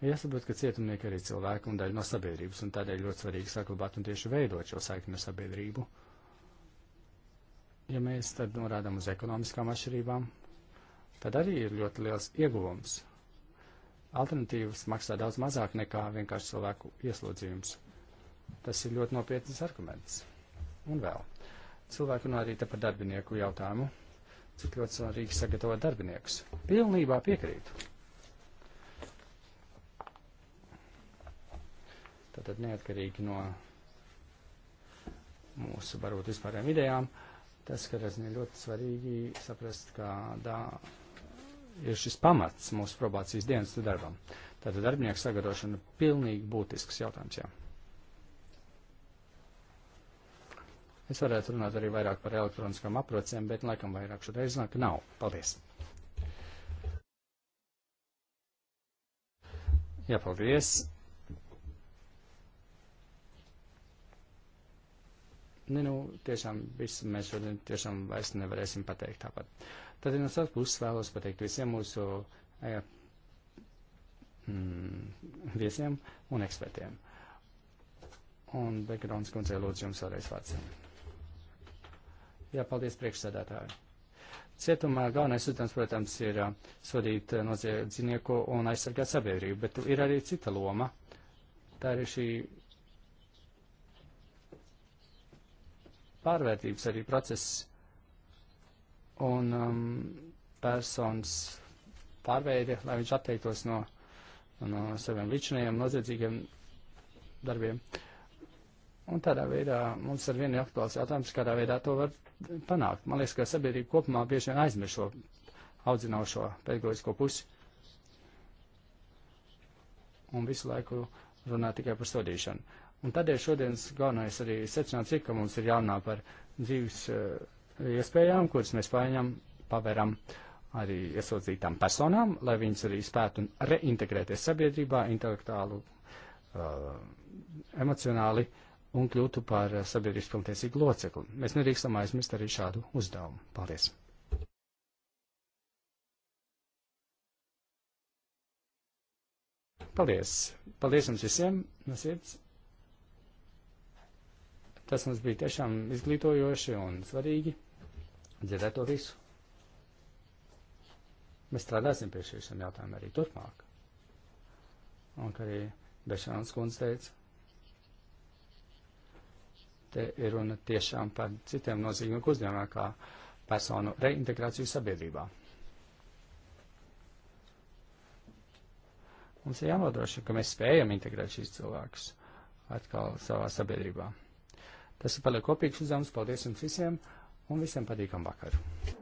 Jāsaprot, ka cietumnieki arī cilvēki un daļa no sabiedrības, un tādēļ ļoti svarīgi saglabāt un tieši veidot šo saikni ar sabiedrību. Uh, Ja mēs tad norādām uz ekonomiskām atšķirībām, tad arī ir ļoti liels ieguvums. Alternatīvas maksā daudz mazāk nekā vienkārši cilvēku ieslodzījums. Tas ir ļoti nopietns arguments. Un vēl. Cilvēku runā arī te par darbinieku jautājumu. Cik ļoti svarīgi sagatavot darbiniekus. Pilnībā piekrītu. Tātad neatkarīgi no mūsu varbūt vispārējām idejām. Uh, Tas, ka ir ļoti svarīgi saprast, kādā ir šis pamats mūsu probācijas dienas darbam. Tātad darbinieku sagatavošana ir pilnīgi būtisks jautājums. Jā. Es varētu runāt arī vairāk par elektroniskām aprocēm, bet laikam vairāk šoreiz nāk nav. Paldies! Jā, paldies! Ne, nu, tiešām visu mēs šodien tiešām vairs nevarēsim pateikt tāpat. Tad no savas puses vēlos pateikt visiem mūsu e, mm, viesiem un ekspertiem. Un Bekarons kundzei lūdzu jums vēlreiz vārds. Jā, paldies priekšsēdētāji. Cietumā galvenais uzdevums, protams, ir e, sodīt e, noziedznieku un aizsargāt sabiedrību, bet ir arī cita loma. Tā ir šī pārvērtības arī process un um, personas pārveide, lai viņš atteiktos no, no saviem līdzinējiem noziedzīgiem darbiem. Un tādā veidā mums ar vienu aktuāls jautājums, kādā veidā to var panākt. Man liekas, ka sabiedrība kopumā bieži vien aizmirst šo audzinošo pedagoģisko pusi. Un visu laiku runā tikai par sodīšanu. Un tādēļ šodienas galvenais arī secināts ir, ka mums ir jārunā par dzīves uh, iespējām, kuras mēs paņem, paveram arī iesaudzītām personām, lai viņas arī spētu reintegrēties sabiedrībā intelektuāli, uh, eh, emocionāli un kļūtu par sabiedrības pilntiesīgu locekli. Mēs nedrīkstam aizmirst arī šādu uzdevumu. Paldies! Paldies! Paldies jums visiem no sirds! Tas mums bija tiešām izglītojoši un svarīgi dzirdēt to visu. Mēs strādāsim pie šīs jautājuma arī turpmāk. Un kā arī Bešāns kundze teica, te ir runa tiešām par citiem nozīmīgiem uzņēmumiem, kā personu reintegrāciju sabiedrībā. Mums ir jānodrošina, ka mēs spējam integrēt šīs cilvēkus atkal savā sabiedrībā. Tas ir paliek kopīgs uzdevums. Paldies jums visiem un visiem patīkam vakaru!